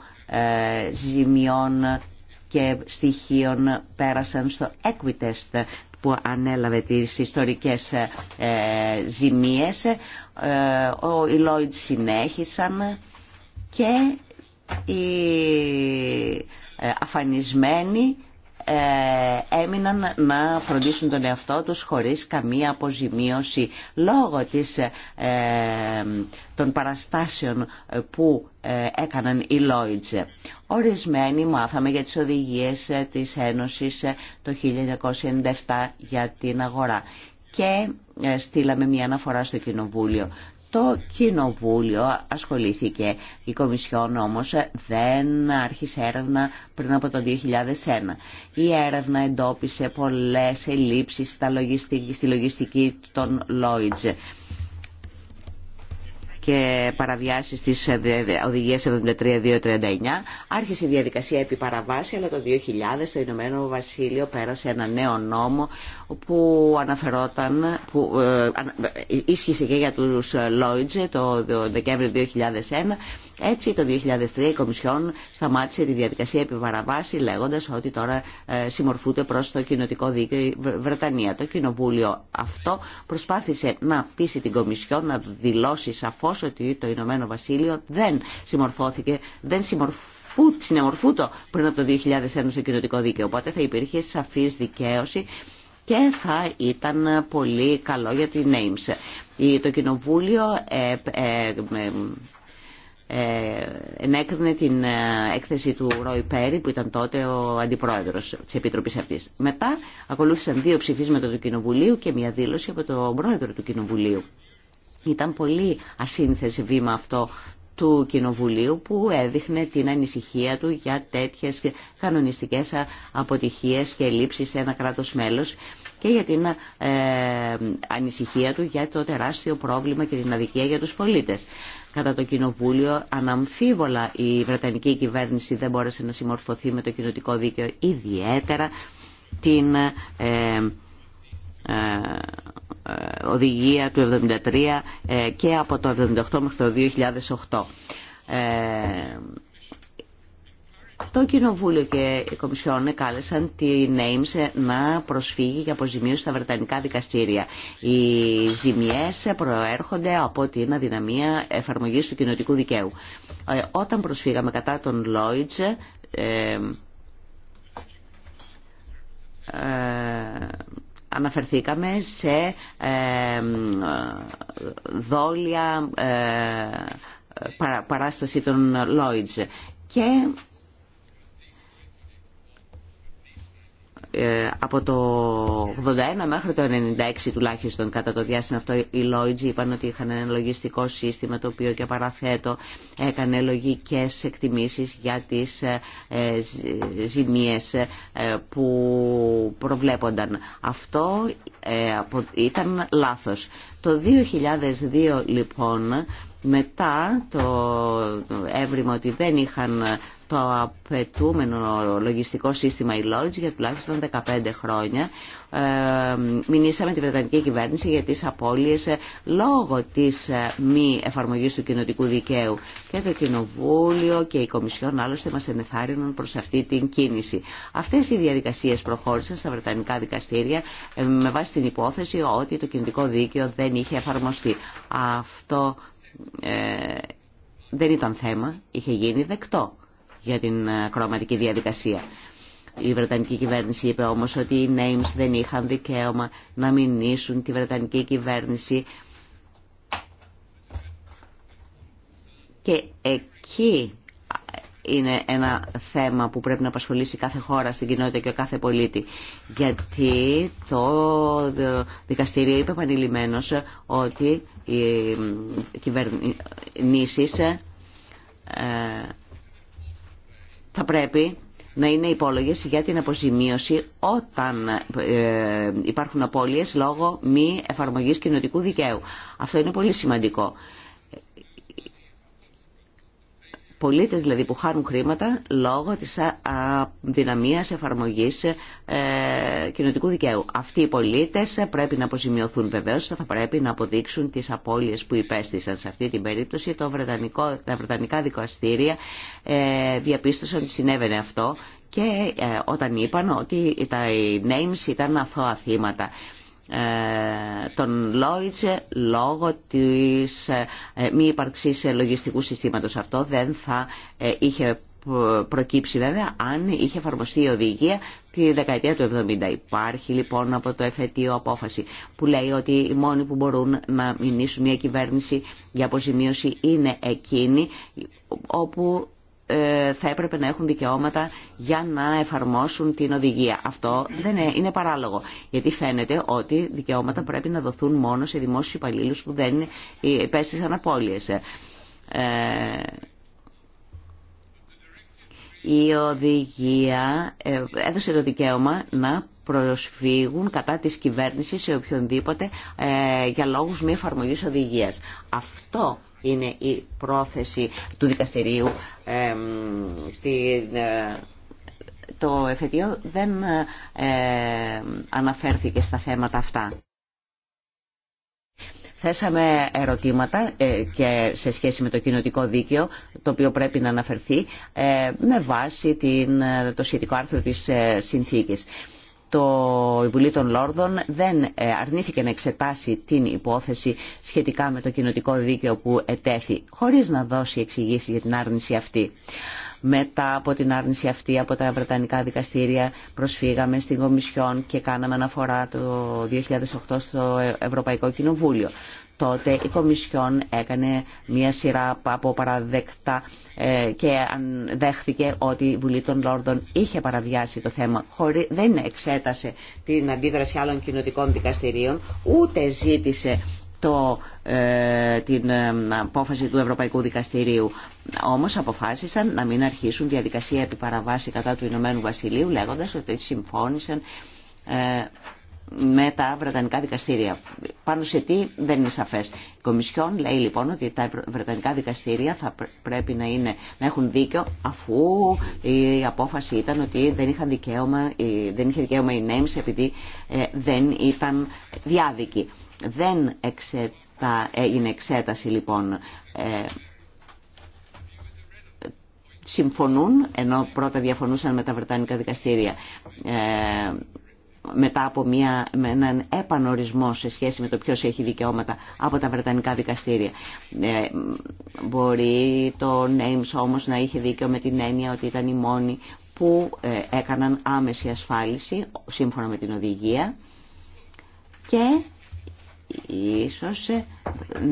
ζημιών και στοιχείων πέρασαν στο Equitest που ανέλαβε τις ιστορικές ε, ζημίες. Ε, οι Lloyd συνέχισαν και οι ε, αφανισμένοι έμειναν να φροντίσουν τον εαυτό τους χωρίς καμία αποζημίωση λόγω της, των παραστάσεων που έκαναν οι Λόιτζε. Ορισμένοι μάθαμε για τις οδηγίες ε, της Ένωσης ε, το 1997 για την αγορά και ε, στείλαμε μια αναφορά στο Κοινοβούλιο. Το Κοινοβούλιο ασχολήθηκε, η Κομισιόν όμως δεν άρχισε έρευνα πριν από το 2001. Η έρευνα εντόπισε πολλές ελλείψεις στη λογιστική των Λόιτζ και παραβιάσεις της οδηγίας 73-239. άρχισε η διαδικασία επί παραβάση αλλά το 2000 το Ηνωμένο Βασίλειο πέρασε ένα νέο νόμο που αναφερόταν που ε, ε, ίσχυσε και για τους το, το Δεκέμβριο 2001 έτσι το 2003 η Κομισιόν σταμάτησε τη διαδικασία επιβαραβάση λέγοντας ότι τώρα ε, συμμορφούνται προς το κοινοτικό δίκαιο η Βρετανία. Το κοινοβούλιο αυτό προσπάθησε να πείσει την Κομισιόν να δηλώσει σαφώς ότι το Ηνωμένο Βασίλειο δεν συμμορφώθηκε, δεν συμμορφώθηκε το πριν από το 2001 στο κοινωτικό δίκαιο. Οπότε θα υπήρχε σαφής δικαίωση και θα ήταν πολύ καλό για την Names. Το Κοινοβούλιο ε, ε, ε, ενέκρινε την ε, έκθεση του Ρόι Πέρι που ήταν τότε ο αντιπρόεδρος της Επιτροπής αυτής. Μετά ακολούθησαν δύο ψηφίσματα του Κοινοβουλίου και μια δήλωση από τον πρόεδρο του Κοινοβουλίου. Ήταν πολύ ασύνθεση βήμα αυτό του Κοινοβουλίου που έδειχνε την ανησυχία του για τέτοιες κανονιστικές αποτυχίες και λήψεις σε ένα κράτος μέλος και για την ε, ανησυχία του για το τεράστιο πρόβλημα και την αδικία για τους πολίτες κατά το Κοινοβούλιο. Αναμφίβολα η Βρετανική κυβέρνηση δεν μπόρεσε να συμμορφωθεί με το κοινοτικό δίκαιο, ιδιαίτερα την ε, ε, ε, οδηγία του 1973 και από το 1978 μέχρι το 2008. Το Κοινοβούλιο και η Κομισιόν κάλεσαν τη ΝΕΙΜΣ να προσφύγει για αποζημίωση στα Βρετανικά δικαστήρια. Οι ζημιές προέρχονται από την αδυναμία εφαρμογής του κοινοτικού δικαίου. Ε, όταν προσφύγαμε κατά τον Λόιτζ ε, ε αναφερθήκαμε σε ε, δόλια ε, παράσταση των Λόιτζ. και Ε, από το 81 μέχρι το 96 τουλάχιστον κατά το διάστημα αυτό οι Λόιτζοι είπαν ότι είχαν ένα λογιστικό σύστημα το οποίο και παραθέτω έκανε λογικές εκτιμήσεις για τις ε, ε, ζημίες που προβλέπονταν. Αυτό ήταν λάθος. Το 2002 λοιπόν μετά το έβριμα ότι δεν είχαν το απαιτούμενο λογιστικό σύστημα η Lodge για τουλάχιστον 15 χρόνια. Ε, μηνύσαμε τη Βρετανική κυβέρνηση για τις απώλειες ε, λόγω της ε, μη εφαρμογής του κοινοτικού δικαίου. Και το Κοινοβούλιο και η Κομισιόν άλλωστε μας ενεθάρρυναν προς αυτή την κίνηση. Αυτές οι διαδικασίες προχώρησαν στα Βρετανικά δικαστήρια ε, με βάση την υπόθεση ότι το κοινοτικό δίκαιο δεν είχε εφαρμοστεί. Αυτό ε, δεν ήταν θέμα, είχε γίνει δεκτό για την ε, κροματική διαδικασία. Η Βρετανική κυβέρνηση είπε όμως ότι οι names δεν είχαν δικαίωμα να μηνύσουν τη Βρετανική κυβέρνηση και εκεί είναι ένα θέμα που πρέπει να απασχολήσει κάθε χώρα στην κοινότητα και ο κάθε πολίτη. Γιατί το δικαστήριο είπε επανειλημμένως ότι κυβερνήσεις ε, θα πρέπει να είναι υπόλογες για την αποζημίωση όταν ε, υπάρχουν απώλειες λόγω μη εφαρμογής κοινωτικού δικαίου. Αυτό είναι πολύ σημαντικό πολίτες δηλαδή που χάνουν χρήματα λόγω της ε, δυναμίας εφαρμογής ε, κοινωτικού δικαίου. Αυτοί οι πολίτες ε, πρέπει να αποζημιωθούν βεβαίως, θα πρέπει να αποδείξουν τις απώλειες που υπέστησαν σε αυτή την περίπτωση. Το Βρετανικό, τα Βρετανικά δικαστήρια ε, διαπίστωσαν ότι συνέβαινε αυτό και όταν είπαν ότι τα names ήταν αθώα θύματα. Ε, τον Λόιτσε λόγω της ε, μη υπαρξής λογιστικού συστήματος. Αυτό δεν θα ε, είχε προκύψει βέβαια αν είχε εφαρμοστεί η οδηγία τη δεκαετία του 70. Υπάρχει λοιπόν από το εφετείο απόφαση που λέει ότι οι μόνοι που μπορούν να μηνύσουν μια κυβέρνηση για αποζημίωση είναι εκείνοι όπου ε, θα έπρεπε να έχουν δικαιώματα για να εφαρμόσουν την οδηγία. Αυτό δεν είναι παράλογο, γιατί φαίνεται ότι δικαιώματα πρέπει να δοθούν μόνο σε δημόσιους υπαλλήλους που δεν ε, υπέστησαν απώλειες. Ε, η οδηγία έδωσε το δικαίωμα να προσφύγουν κατά της κυβέρνησης σε οποιονδήποτε για λόγους μη εφαρμογής οδηγίας. Αυτό είναι η πρόθεση του δικαστηρίου στη, ε, το εφετείο δεν ε, αναφέρθηκε στα θέματα αυτά. Θέσαμε ερωτήματα ε, και σε σχέση με το κοινοτικό δίκαιο, το οποίο πρέπει να αναφερθεί με βάση την, το σχετικό άρθρο της συνθήκης το Υπουργείο των Λόρδων δεν ε, αρνήθηκε να εξετάσει την υπόθεση σχετικά με το κοινοτικό δίκαιο που ετέθη, χωρίς να δώσει εξηγήσει για την άρνηση αυτή. Μετά από την άρνηση αυτή από τα Βρετανικά δικαστήρια προσφύγαμε στην Κομισιόν και κάναμε αναφορά το 2008 στο Ευρωπαϊκό Κοινοβούλιο τότε η Κομισιόν έκανε μια σειρά από παραδεκτά ε, και δέχθηκε ότι η Βουλή των Λόρδων είχε παραβιάσει το θέμα. Δεν εξέτασε την αντίδραση άλλων κοινοτικών δικαστηρίων, ούτε ζήτησε το, ε, την ε, απόφαση του Ευρωπαϊκού Δικαστηρίου. Όμως αποφάσισαν να μην αρχίσουν διαδικασία επί παραβάση κατά του Ηνωμένου Βασιλείου λέγοντας ότι συμφώνησαν με τα βρετανικά δικαστήρια. Πάνω σε τι δεν είναι σαφέ. Η Κομισιόν λέει λοιπόν ότι τα βρετανικά δικαστήρια θα πρέπει να, είναι, να έχουν δίκιο αφού η απόφαση ήταν ότι δεν, είχαν δικαίωμα, δεν είχε δικαίωμα η Names επειδή ε, δεν ήταν διάδικη. Δεν ε, είναι έγινε εξέταση λοιπόν. Ε, συμφωνούν, ενώ πρώτα διαφωνούσαν με τα βρετανικά δικαστήρια μετά από μια, με έναν επανορισμό σε σχέση με το ποιος έχει δικαιώματα από τα Βρετανικά δικαστήρια. Ε, μπορεί το Names όμως να είχε δίκαιο με την έννοια ότι ήταν οι μόνοι που ε, έκαναν άμεση ασφάλιση σύμφωνα με την οδηγία και ίσως ε,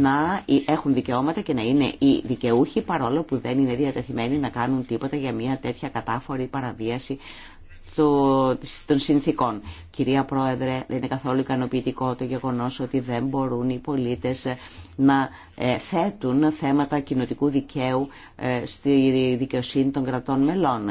να έχουν δικαιώματα και να είναι οι δικαιούχοι παρόλο που δεν είναι διατεθειμένοι να κάνουν τίποτα για μια τέτοια κατάφορη παραβίαση των συνθήκων. Κυρία Πρόεδρε, δεν είναι καθόλου ικανοποιητικό το γεγονός ότι δεν μπορούν οι πολίτες να ε, θέτουν θέματα κοινοτικού δικαίου ε, στη δικαιοσύνη των κρατών μελών.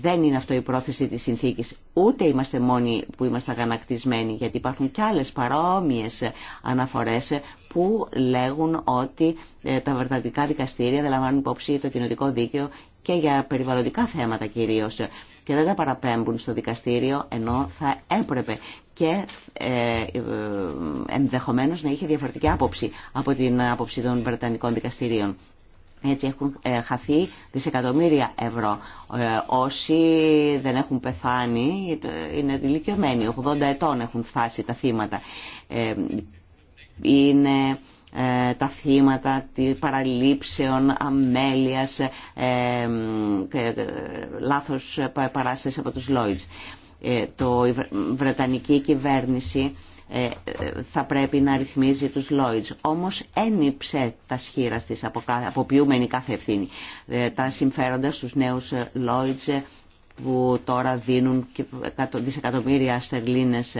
Δεν είναι αυτό η πρόθεση της συνθήκης. Ούτε είμαστε μόνοι που είμαστε αγανακτισμένοι, γιατί υπάρχουν και άλλες παρόμοιες αναφορές που λέγουν ότι ε, τα βερτατικά δικαστήρια δεν λαμβάνουν υπόψη το κοινοτικό δίκαιο και για περιβαλλοντικά θέματα κυρίως και δεν τα παραπέμπουν στο δικαστήριο ενώ θα έπρεπε και ε, ε, ενδεχομένως να είχε διαφορετική άποψη από την άποψη των Βρετανικών δικαστηρίων. Έτσι έχουν ε, χαθεί δισεκατομμύρια ευρώ. Όσοι δεν έχουν πεθάνει είναι δηλικιωμένοι. 80 ετών έχουν φτάσει τα θύματα είναι ε, τα θύματα παραλήψεων, αμέλειας, ε, ε, λάθος παράστασης από τους Λόιτς. Το η Βρετανική κυβέρνηση θα πρέπει να ρυθμίζει τους Λόιτς. Όμως ένιψε τα σχήρα της αποποιούμενη κάθε ευθύνη. Τα συμφέροντα στους νέους Λόιτς που τώρα δίνουν δισεκατομμύρια στερλίνες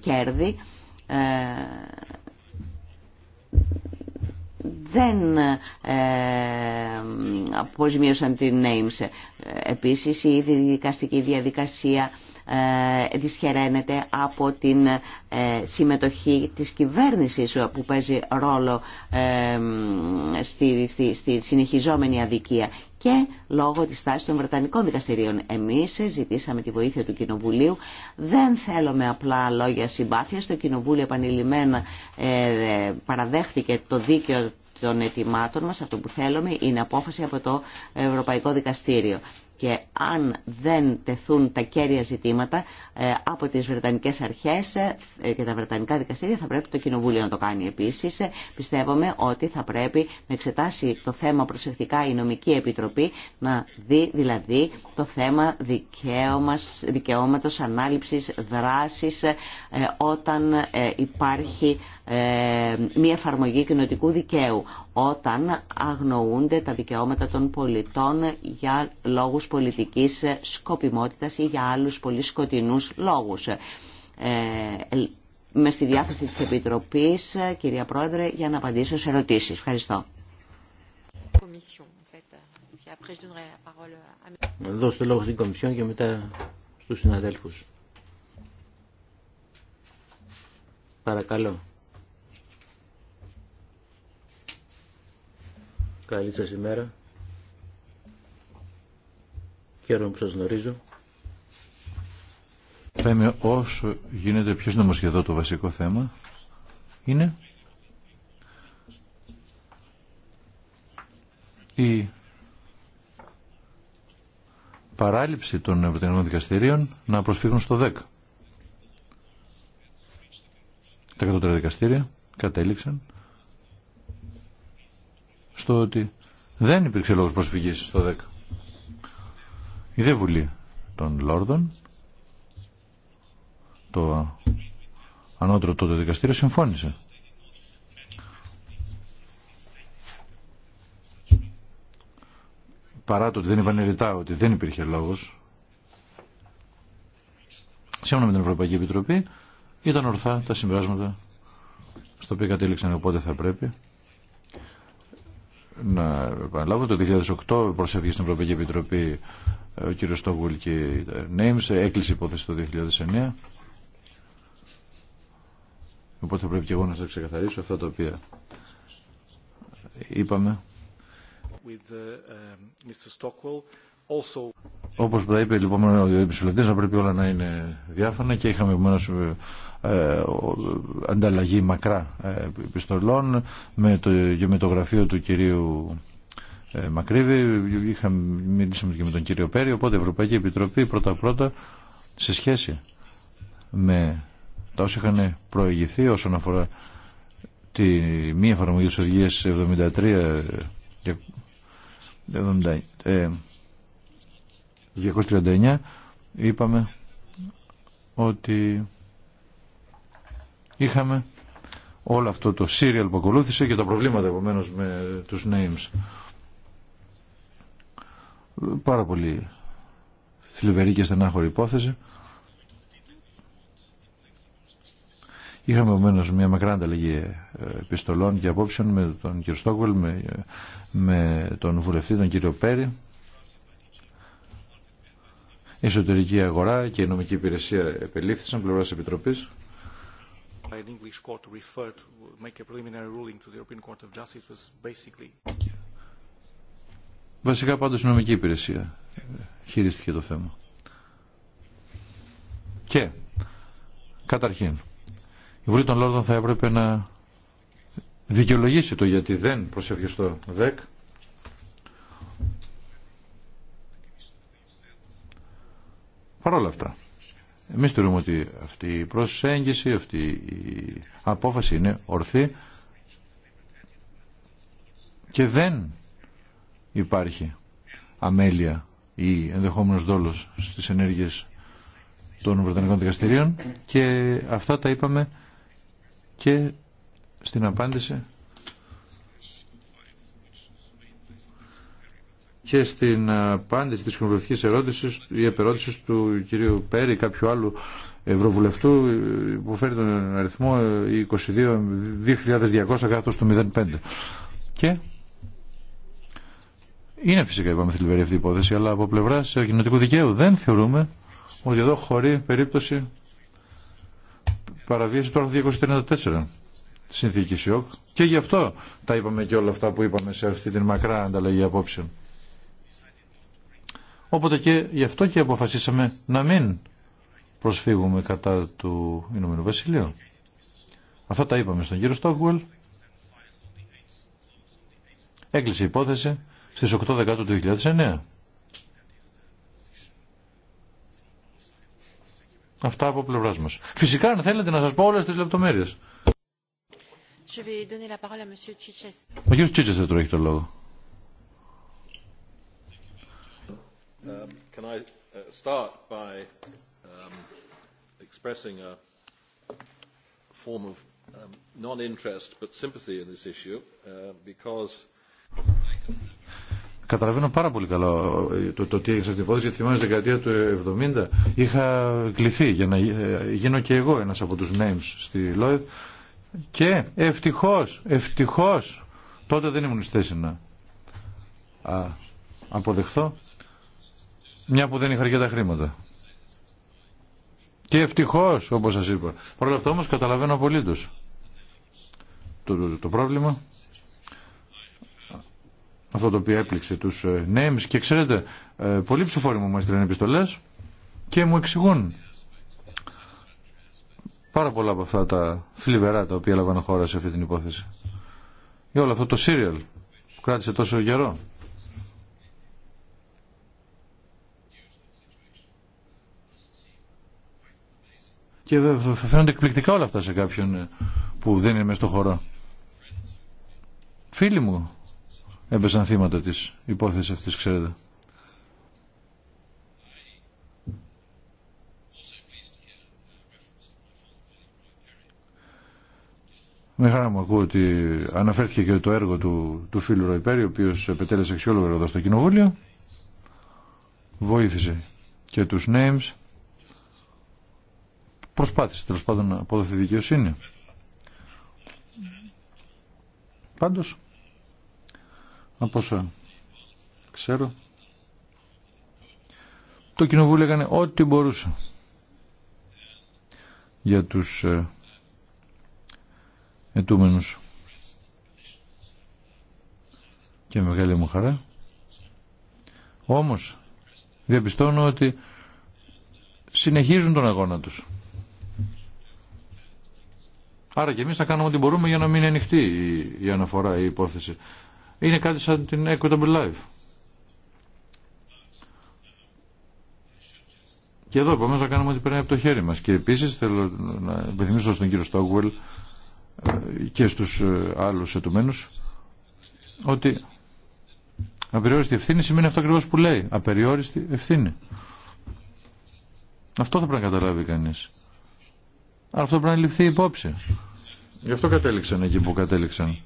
κέρδη δεν ε, αποζημίωσαν την Names. Επίσης η δικαστική διαδικασία ε, δυσχεραίνεται από την ε, συμμετοχή της κυβέρνησης που παίζει ρόλο ε, στη, στη, στη συνεχιζόμενη αδικία και λόγω της τάσης των Βρετανικών δικαστηρίων. Εμείς ζητήσαμε τη βοήθεια του Κοινοβουλίου. Δεν θέλουμε απλά λόγια συμπάθεια. Το Κοινοβούλιο επανειλημμένα ε, παραδέχθηκε το δίκαιο των ετοιμάτων μας. Αυτό που θέλουμε είναι απόφαση από το Ευρωπαϊκό Δικαστήριο και αν δεν τεθούν τα κέρια ζητήματα ε, από τις Βρετανικές αρχές ε, και τα Βρετανικά δικαστήρια θα πρέπει το Κοινοβούλιο να το κάνει επίσης. Ε, Πιστεύουμε ότι θα πρέπει να εξετάσει το θέμα προσεκτικά η Νομική Επιτροπή να δει δηλαδή το θέμα δικαίωματος ανάληψης δράσης όταν υπάρχει ε, μια εφαρμογή κοινοτικού δικαίου όταν αγνοούνται τα δικαιώματα των πολιτών για λόγους πολιτικής σκοπιμότητας ή για άλλους πολύ σκοτεινούς λόγους. Ε, ε, με στη διάθεση της Επιτροπής, κυρία Πρόεδρε, για να απαντήσω σε ερωτήσεις. Ευχαριστώ. Δώστε λόγο στην Κομισιόν και
μετά στους συναδέλφους. Παρακαλώ. Καλή σας ημέρα. Χαίρομαι που σας γνωρίζω.
Θα είμαι όσο γίνεται πιο σύντομο το βασικό θέμα είναι η παράληψη των ευρωτερικών δικαστηρίων να προσφύγουν στο 10. Τα κατώτερα δικαστήρια κατέληξαν στο ότι δεν υπήρξε λόγος προσφυγής στο 10. Η δε βουλή των Λόρδων, το ανώτερο τότε δικαστήριο, συμφώνησε. Παρά το ότι δεν είπαν ρητά ότι δεν υπήρχε λόγος, σύμφωνα με την Ευρωπαϊκή Επιτροπή, ήταν ορθά τα συμπεράσματα στο οποίο κατέληξαν οπότε θα πρέπει να επαναλάβω, το 2008 προσέφηκε στην Ευρωπαϊκή Επιτροπή ε, ο κύριος Στόγουλ και Νέιμς, έκλεισε υπόθεση το 2009. Οπότε πρέπει και εγώ να σας ξεκαθαρίσω αυτά τα οποία είπαμε.
With ε, ε,
Όπω τα είπε λοιπόν ο επισυλλογητή, θα πρέπει όλα να είναι διάφανα και είχαμε επομένω ε, ε, ανταλλαγή μακρά ε, επιστολών με το, και του κυρίου ε, Μακρύβη. Είχαμε, μιλήσαμε και με τον κύριο Πέρι. Οπότε η Ευρωπαϊκή Επιτροπή πρώτα-πρώτα σε σχέση με τα όσα είχαν προηγηθεί όσον αφορά τη μη εφαρμογή τη οδηγία 73 και 79. 239 είπαμε ότι είχαμε όλο αυτό το serial που ακολούθησε και τα προβλήματα επομένω με τους names. Πάρα πολύ θλιβερή και στενάχωρη υπόθεση. Είχαμε επομένω μια μακρά ανταλλαγή ε, επιστολών και απόψεων με τον κύριο Στόκουελ, με, ε, με τον βουλευτή, τον κύριο Πέρι η εσωτερική αγορά και η νομική υπηρεσία επελήφθησαν πλευράς Επιτροπής. Βασικά πάντως η νομική υπηρεσία χειρίστηκε το θέμα. Και, καταρχήν, η Βουλή των Λόρδων θα έπρεπε να δικαιολογήσει το γιατί δεν προσευχηστό ΔΕΚ Παρ' όλα αυτά, εμείς θεωρούμε ότι αυτή η προσέγγιση, αυτή η απόφαση είναι ορθή και δεν υπάρχει αμέλεια ή ενδεχόμενος δόλος στις ενέργειες των Βρετανικών Δικαστηρίων και αυτά τα είπαμε και στην απάντηση και στην ε, απάντηση της κοινοβουλευτικής ερώτησης ή επερώτησης του κυρίου Πέρη κάποιου άλλου ευρωβουλευτού ε, που φέρει τον αριθμό 22.200 ε, κάτω στο 05. Και είναι φυσικά είπαμε θλιβερή αυτή η υπόθεση, αλλά από πλευρά κοινωτικού δικαίου δεν θεωρούμε ότι εδώ χωρεί περίπτωση παραβίαση του άρθρου 234 συνθήκη ΙΟΚ και γι' αυτό τα είπαμε και όλα αυτά που είπαμε σε αυτή την μακρά ανταλλαγή απόψεων. Οπότε και γι' αυτό και αποφασίσαμε να μην προσφύγουμε κατά του Ηνωμένου Βασιλείου. Αυτά τα είπαμε στον κύριο Στόκουελ. Έκλεισε η υπόθεση στις 8 Δεκάτου του 2009. Αυτά από πλευρά μα. Φυσικά, αν θέλετε να σα πω όλε τι λεπτομέρειε. Ο κύριο Τσίτσεστερ του έχει το λόγο.
Um, can I uh, start by um, expressing a form of um, non-interest but sympathy in this issue uh, because
Καταλαβαίνω πάρα πολύ καλά ε, το, το τι έγινε στην υπόθεση. Θυμάμαι στην δεκαετία του 70 είχα κληθεί για να ε, γίνω και εγώ ένας από τους names στη Λόιδ και ευτυχώς, ευτυχώς τότε δεν ήμουν στη να α, αποδεχθώ μια που δεν είχα αρκετά χρήματα. Και ευτυχώ, όπω σα είπα. Παρ' όλα αυτά όμω καταλαβαίνω απολύτω το, το, πρόβλημα. Αυτό το οποίο έπληξε του νέου. Ε, και ξέρετε, ε, πολλοί ψηφοφόροι μου μου έστειλαν επιστολέ και μου εξηγούν πάρα πολλά από αυτά τα φλιβερά τα οποία έλαβαν χώρα σε αυτή την υπόθεση. Για όλο αυτό το σύριαλ που κράτησε τόσο καιρό. Και φαίνονται εκπληκτικά όλα αυτά σε κάποιον ε, που δεν είναι μέσα στο χώρο. Φίλοι μου έπεσαν θύματα της υπόθεσης αυτής, ξέρετε. Με χαρά μου ακούω ότι αναφέρθηκε και το έργο του, του φίλου Ροϊπέρη, ο οποίος επετέλεσε αξιόλογο εδώ στο κοινοβούλιο. Βοήθησε και τους names προσπάθησε τέλο πάντων να αποδοθεί δικαιοσύνη. Πάντω. από ξέρω, το κοινοβούλιο έκανε ό,τι μπορούσε για τους ε, ετούμενους. Και μεγάλη μου χαρά. Όμως, διαπιστώνω ότι συνεχίζουν τον αγώνα τους. Άρα και εμείς θα κάνουμε ό,τι μπορούμε για να μην είναι ανοιχτή η, αναφορά, η υπόθεση. Είναι κάτι σαν την Equitable Life. Και εδώ επομένω θα κάνουμε ό,τι περνάει από το χέρι μας. Και επίσης θέλω να επιθυμίσω στον κύριο Στόγουελ ε, και στου ε, άλλου ετουμένου ότι απεριόριστη ευθύνη σημαίνει αυτό ακριβώ που λέει. Απεριόριστη ευθύνη. Αυτό θα πρέπει να καταλάβει κανείς αυτό πρέπει να ληφθεί υπόψη. Γι' αυτό κατέληξαν εκεί που κατέληξαν.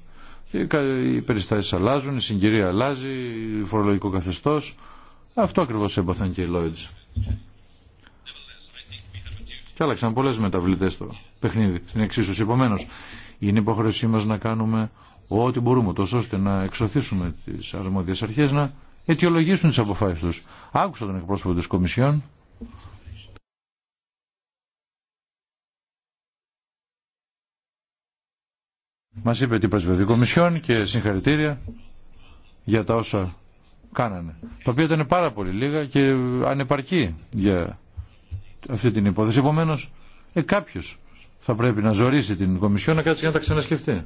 Οι περιστάσει αλλάζουν, η συγκυρία αλλάζει, η φορολογικό καθεστώ, Αυτό ακριβώ έμπαθαν και οι Lloyds. Και άλλαξαν πολλέ μεταβλητέ στο παιχνίδι, στην εξίσωση. επομένω, είναι υποχρεωσή μας να κάνουμε ό,τι μπορούμε, τόσο ώστε να εξωθήσουμε τι αρμόδιες αρχέ να αιτιολογήσουν τι αποφάσεις τους. Άκουσα τον εκπρόσωπο τη Κομισιόν Μα είπε την Πρεσβευτική κομισιόν και συγχαρητήρια για τα όσα κάνανε. Το οποίο ήταν πάρα πολύ λίγα και ανεπαρκή για αυτή την υπόθεση. Επομένω, ε, κάποιο θα πρέπει να ζωρίσει την Κομισιόν να κάτσει για να τα ξανασκεφτεί.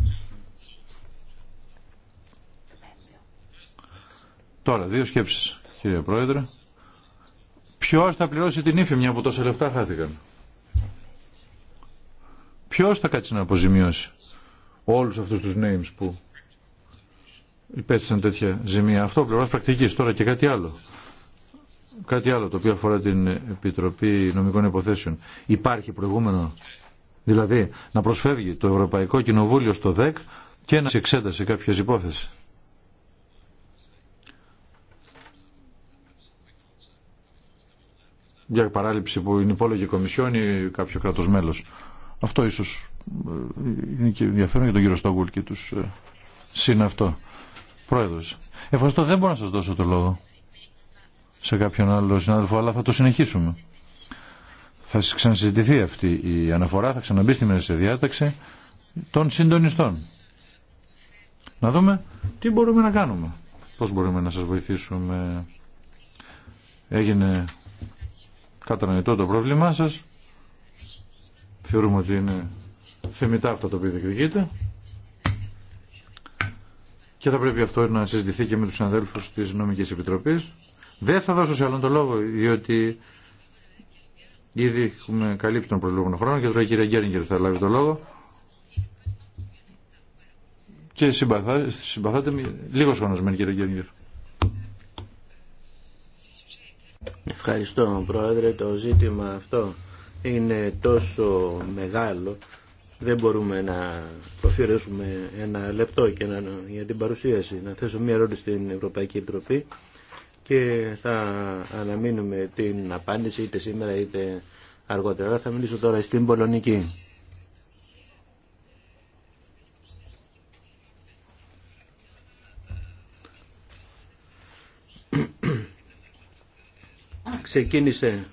Τώρα, δύο σκέψεις, κύριε Πρόεδρε. Ποιο θα πληρώσει την ύφη μια από τόσα λεφτά χάθηκαν. Ποιο θα κάτσει να αποζημιώσει όλους αυτούς τους names που υπέστησαν τέτοια ζημία. Αυτό πλευράς πρακτικής. Τώρα και κάτι άλλο. Κάτι άλλο το οποίο αφορά την Επιτροπή Νομικών Υποθέσεων. Υπάρχει προηγούμενο. Δηλαδή να προσφεύγει το Ευρωπαϊκό Κοινοβούλιο στο ΔΕΚ και να εξέτασε κάποιες υπόθεσεις. Για παράληψη που είναι υπόλογη κομισιόν ή κάποιο κράτος μέλος. Αυτό ίσως ε, είναι και ενδιαφέρον για τον κύριο Στόγκουλ και τους ε, συναυτό. Πρόεδρος, εφόσον δεν μπορώ να σας δώσω το λόγο σε κάποιον άλλο συνάδελφο, αλλά θα το συνεχίσουμε. Θα ξανασυζητηθεί αυτή η αναφορά, θα ξαναμπεί στη μέση διάταξη των συντονιστών. Να δούμε τι μπορούμε να κάνουμε, πώς μπορούμε να σας βοηθήσουμε. Έγινε κατανοητό το πρόβλημά σας. Θεωρούμε ότι είναι θεμητά αυτά το οποίο διεκδικείται και θα πρέπει αυτό να συζητηθεί και με τους συναδέλφους της Νομικής Επιτροπής. Δεν θα δώσω σε άλλον το λόγο, διότι ήδη έχουμε καλύψει τον προηγούμενο χρόνο και τώρα η κυρία Γκέρνγκερ θα λάβει το λόγο. Και συμπαθά, συμπαθάτε λίγο σχονοσμένη κύριε Γκέρνγκερ. Ευχαριστώ Πρόεδρε.
Το ζήτημα αυτό είναι τόσο μεγάλο δεν μπορούμε να προφύρεσουμε ένα λεπτό και να, για την παρουσίαση. Να θέσω μία ερώτηση στην Ευρωπαϊκή Επιτροπή και θα αναμείνουμε την απάντηση είτε σήμερα είτε αργότερα. Θα μιλήσω τώρα στην Πολωνική. Ξεκίνησε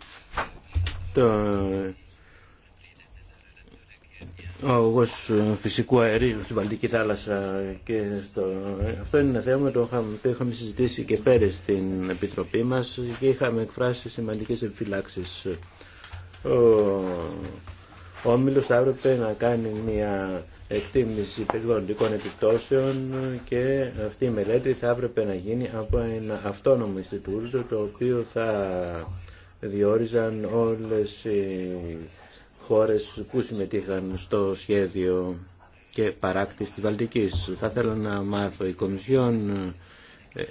ο αγωγό φυσικού αερίου στην Βαλτική θάλασσα και στο... αυτό είναι ένα θέμα το είχαμε συζητήσει και πέρυσι στην Επιτροπή μας και είχαμε εκφράσει σημαντικέ επιφυλάξει. Ο, Όμιλος θα έπρεπε να κάνει μια εκτίμηση περιβαλλοντικών επιπτώσεων και αυτή η μελέτη θα έπρεπε να γίνει από ένα αυτόνομο Ινστιτούτο το οποίο θα διόριζαν όλες οι χώρες που συμμετείχαν στο σχέδιο και παράκτηση της Βαλτικής. Θα θέλω να μάθω η Κομισιόν ε,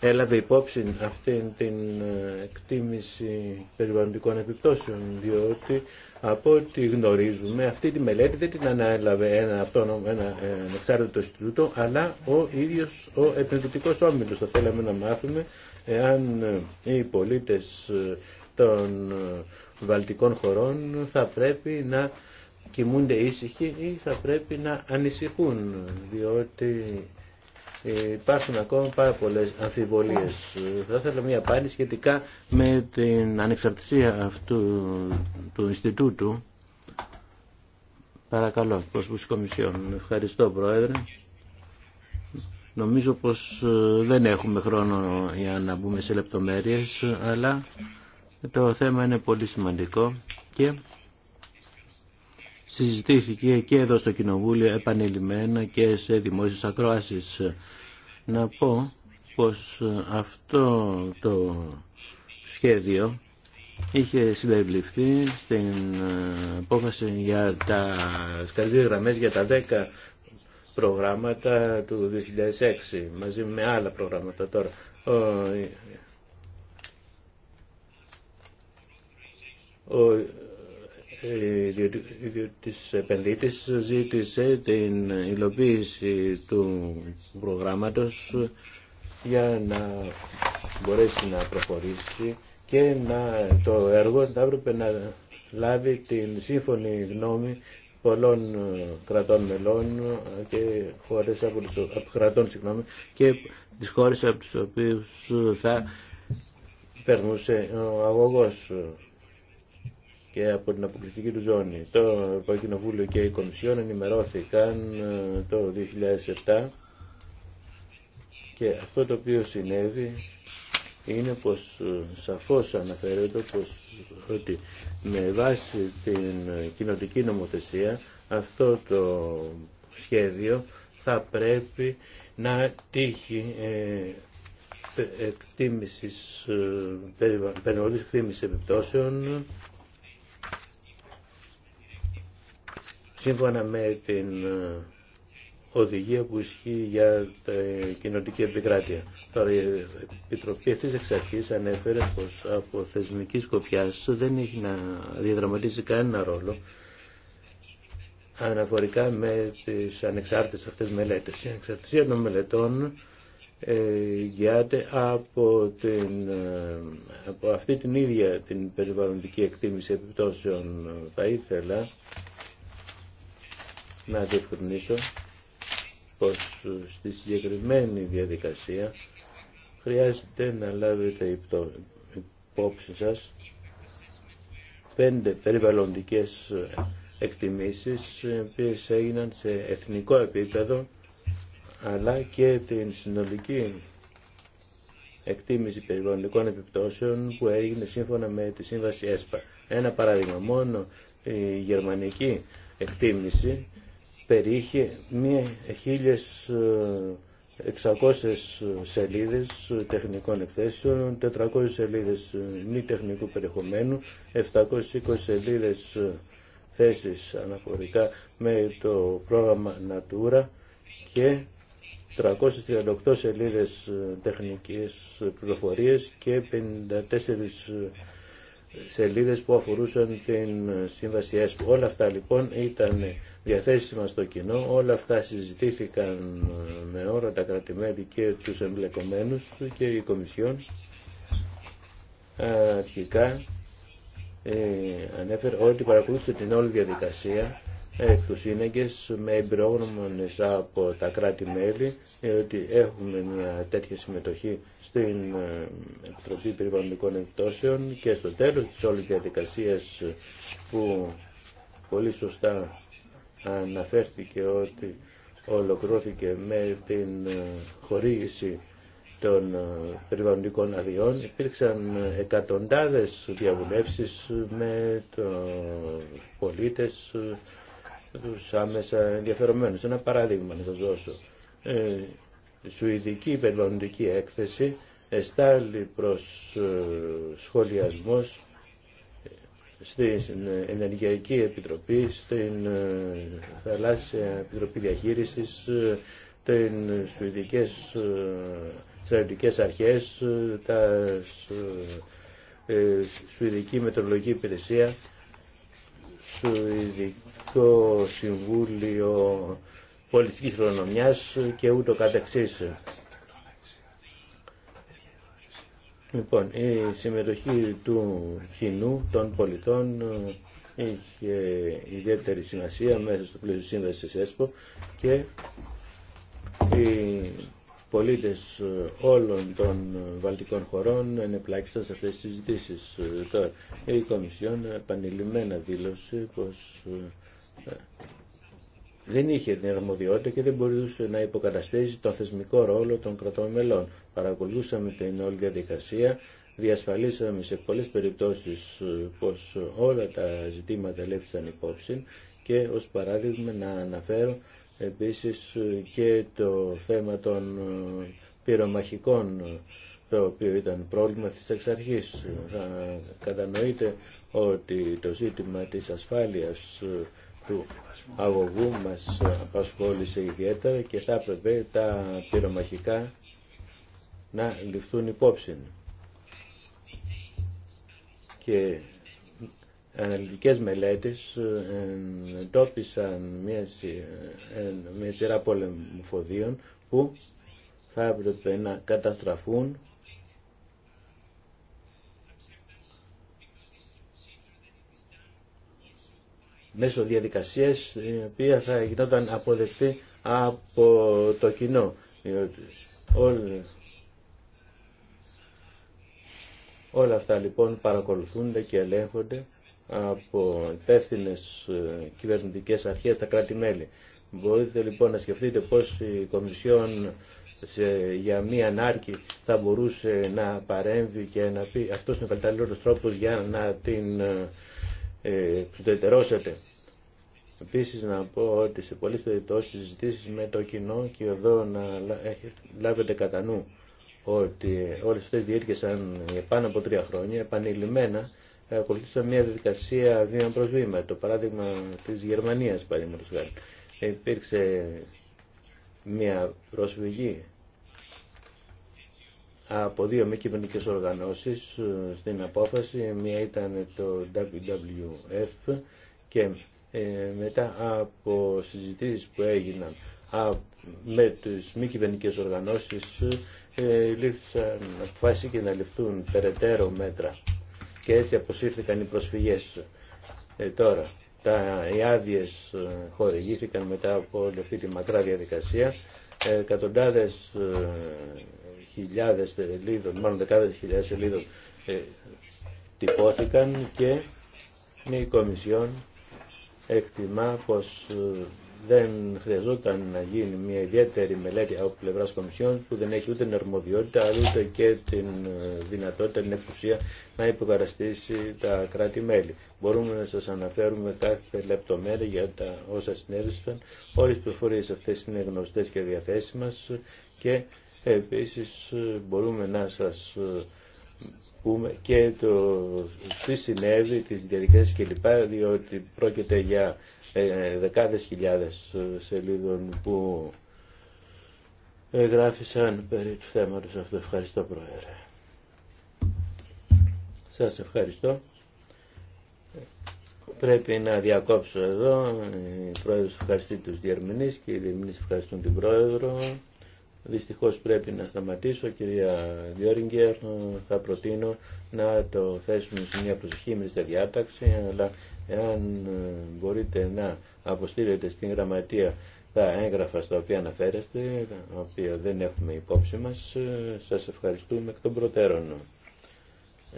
έλαβε υπόψη αυτή την ε, εκτίμηση περιβαλλοντικών επιπτώσεων, διότι από ό,τι γνωρίζουμε αυτή τη μελέτη δεν την ανέλαβε ένα αυτόνομο, ένα ε, εξάρτητο Ινστιτούτο, αλλά ο ίδιος ο επενδυτικός όμιλος. Θα θέλαμε να μάθουμε εάν ε, οι πολίτες ε, των ε, βαλτικών χωρών θα πρέπει να κοιμούνται ήσυχοι ή θα πρέπει να ανησυχούν, διότι υπάρχουν ακόμα πάρα πολλές αμφιβολίες. Θα ήθελα μια απάντηση σχετικά με την ανεξαρτησία αυτού του Ινστιτούτου. Παρακαλώ, προς Κομισιόν. Ευχαριστώ, Πρόεδρε. Νομίζω πως ε, δεν έχουμε χρόνο για να μπούμε σε λεπτομέρειες, αλλά το θέμα είναι πολύ σημαντικό και συζητήθηκε και εδώ στο Κοινοβούλιο επανειλημμένα και σε δημόσιες ακροάσεις. Να πω πως ε, αυτό το σχέδιο είχε συμπεριληφθεί στην ε, απόφαση για τα σκαλτήρια γραμμές για τα 10 προγράμματα του 2006 μαζί με άλλα προγράμματα τώρα. Ο, ιδιώτης επενδύτης ζήτησε την υλοποίηση του προγράμματος για να μπορέσει να προχωρήσει και να το έργο θα έπρεπε να λάβει την σύμφωνη γνώμη πολλών ε, κρατών μελών ε, και χώρες από τις, από κρατών, συγγνώμη, και τις χώρες από τις οποίες ε, θα περνούσε ο αγωγός και από την αποκλειστική του ζώνη. Το Ευρωκοινοβούλιο και η Κομισιόν ενημερώθηκαν το 2007 και αυτό το οποίο συνέβη είναι πως σαφώς αναφέρεται πως, ότι με βάση την κοινοτική νομοθεσία αυτό το σχέδιο θα πρέπει να τύχει ε, εκτίμησης, ε, περιβαλλοντικής εκτίμησης επιπτώσεων σύμφωνα με την ε, οδηγία που ισχύει για την κοινοτική επικράτεια. Τώρα η Επιτροπή αυτή εξ αρχή ανέφερε πω από θεσμική σκοπιά δεν έχει να διαδραματίσει κανένα ρόλο αναφορικά με τις ανεξάρτητες αυτές μελέτες. Η ανεξαρτησία των μελετών ε, γιάται από, την, ε, από αυτή την ίδια την περιβαλλοντική εκτίμηση επιπτώσεων. Θα ήθελα να διευκρινίσω πως στη συγκεκριμένη διαδικασία χρειάζεται να λάβετε υπόψη σας πέντε περιβαλλοντικές εκτιμήσεις οι οποίε έγιναν σε εθνικό επίπεδο αλλά και την συνολική εκτίμηση περιβαλλοντικών επιπτώσεων που έγινε σύμφωνα με τη σύμβαση ΕΣΠΑ. Ένα παράδειγμα μόνο η γερμανική εκτίμηση περιείχε μία χίλιες ε, 600 σελίδες τεχνικών εκθέσεων, 400 σελίδες μη τεχνικού περιεχομένου, 720 σελίδες θέσεις αναφορικά με το πρόγραμμα Natura και 338 σελίδες τεχνικές πληροφορίες και 54 σελίδες που αφορούσαν την σύμβαση ΕΣΠ. Όλα αυτά λοιπόν ήταν διαθέσιμα στο κοινό. Όλα αυτά συζητήθηκαν με όλα τα κρατημέλη και τους εμπλεκομένους και η Κομισιόν αρχικά ε, ανέφερε ότι παρακολούθησε την όλη διαδικασία εκ του σύναγκες με εμπειρόγνωμονες από τα κράτη-μέλη ε, ότι έχουμε μια τέτοια συμμετοχή στην ε, Επιτροπή Περιβαλλοντικών εκτώσεων και στο τέλος της όλης διαδικασίας που πολύ σωστά αναφέρθηκε ότι ολοκληρώθηκε με την ε, χορήγηση των ε, περιβαλλοντικών αδειών. Υπήρξαν εκατοντάδες διαβουλεύσεις με τους πολίτες, ε, τους άμεσα ενδιαφερομένους. Ένα παράδειγμα να σας δώσω. Η Σουηδική περιβαλλοντική έκθεση εστάλει προς σχολιασμός στην ε, Ενεργειακή Επιτροπή, στην ε, Θαλάσσια Επιτροπή Διαχείρισης, στις ε, Σουηδικές Στρατιωτικές Αρχές, τα Σουηδική Μετρολογική Υπηρεσία, Σουηδικό Συμβούλιο Πολιτικής Χρονομιάς και ούτω καταξής. Λοιπόν, η συμμετοχή του κοινού των πολιτών ε, είχε ιδιαίτερη σημασία μέσα στο πλαίσιο της ΕΣΠΟ και οι πολίτες ε, όλων των βαλτικών χωρών ενεπλάκησαν σε αυτές τις συζητήσεις. Ε, τώρα, η Κομισιόν επανειλημμένα δήλωσε πως δεν είχε την αρμοδιότητα και δεν μπορούσε να υποκαταστήσει το θεσμικό ρόλο των κρατών μελών. Παρακολούσαμε την όλη διαδικασία, διασφαλίσαμε σε πολλές περιπτώσεις ε, πως όλα τα ζητήματα λέφθησαν υπόψη και ως παράδειγμα να αναφέρω επίσης ε, και το θέμα των ε, πυρομαχικών το οποίο ήταν πρόβλημα της εξαρχής. Κατανοείται ότι το ζήτημα της ασφάλειας του αγωγού μας απασχόλησε ιδιαίτερα και θα έπρεπε τα πυρομαχικά να ληφθούν υπόψη. Και αναλυτικές μελέτες εντόπισαν μια, μια σειρά πολεμφοδίων που θα έπρεπε να καταστραφούν μέσω διαδικασίες η οποία θα γινόταν αποδεκτή από το κοινό. Όλα αυτά λοιπόν παρακολουθούνται και ελέγχονται από υπεύθυνε ε, κυβερνητικές αρχές στα κράτη-μέλη. Μπορείτε λοιπόν να σκεφτείτε πώς η Κομισιόν για μία ανάρκη θα μπορούσε να παρέμβει και να πει αυτός είναι ο καλύτερος τρόπος για να την ε, εξουδετερώσετε. Επίσης να πω ότι σε πολλές περιπτώσεις συζητήσεις με το κοινό και εδώ να λάβετε κατά νου ότι όλες αυτές διήρκεσαν πάνω από τρία χρόνια επανειλημμένα ακολουθήσαν μια διαδικασία βήμα προς βήμα. Το παράδειγμα της Γερμανίας παραδείγματος χάρη. Υπήρξε μια προσφυγή από δύο μη κυβερνητικέ οργανώσεις ε, στην απόφαση. Μία ήταν το WWF και ε, μετά από συζητήσεις που έγιναν με τις μη κυβερνητικέ οργανώσεις ε, λήφθησαν αποφάσει και να ληφθούν περαιτέρω μέτρα και έτσι αποσύρθηκαν οι προσφυγές. τώρα, τα, οι άδειε χορηγήθηκαν μετά από όλη αυτή τη μακρά διαδικασία. Εκατοντάδες χιλιάδες σελίδων, μάλλον δεκάδες χιλιάδες σελίδων ε, τυπώθηκαν και η Κομισιόν εκτιμά πως ε, δεν χρειαζόταν να γίνει μια ιδιαίτερη μελέτη από πλευράς Κομισιόν που δεν έχει ούτε την αρμοδιότητα αλλά ούτε και την ε, δυνατότητα, την εξουσία να υποκαταστήσει τα κράτη-μέλη. Μπορούμε να σας αναφέρουμε κάθε λεπτομέρεια για τα όσα συνέβησαν. Όλες οι πληροφορίες αυτές είναι γνωστές και διαθέσιμες και Επίσης μπορούμε να σας ε, πούμε και το τι συνέβη, τις και κλπ. διότι πρόκειται για ε, δεκάδες χιλιάδες ε, σελίδων που γράφησαν περί του θέματος αυτού. Ευχαριστώ Πρόεδρε. Σας ευχαριστώ. Πρέπει να διακόψω εδώ. Η Πρόεδρος ευχαριστεί τους διερμηνείς και οι διερμηνείς ευχαριστούν την Πρόεδρο. Δυστυχώς πρέπει να σταματήσω, κυρία Διόριγκερ, θα προτείνω να το θέσουμε σε μια προσοχή με διάταξη, αλλά εάν ε, μπορείτε να αποστείλετε στην γραμματεία τα έγγραφα στα οποία αναφέρεστε, τα οποία δεν έχουμε υπόψη μας, ε, σας ευχαριστούμε εκ των προτέρων.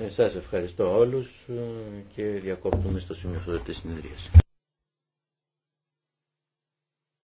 Ε, σας ευχαριστώ όλους
και διακόπτουμε στο σημείο της συνεδρίας.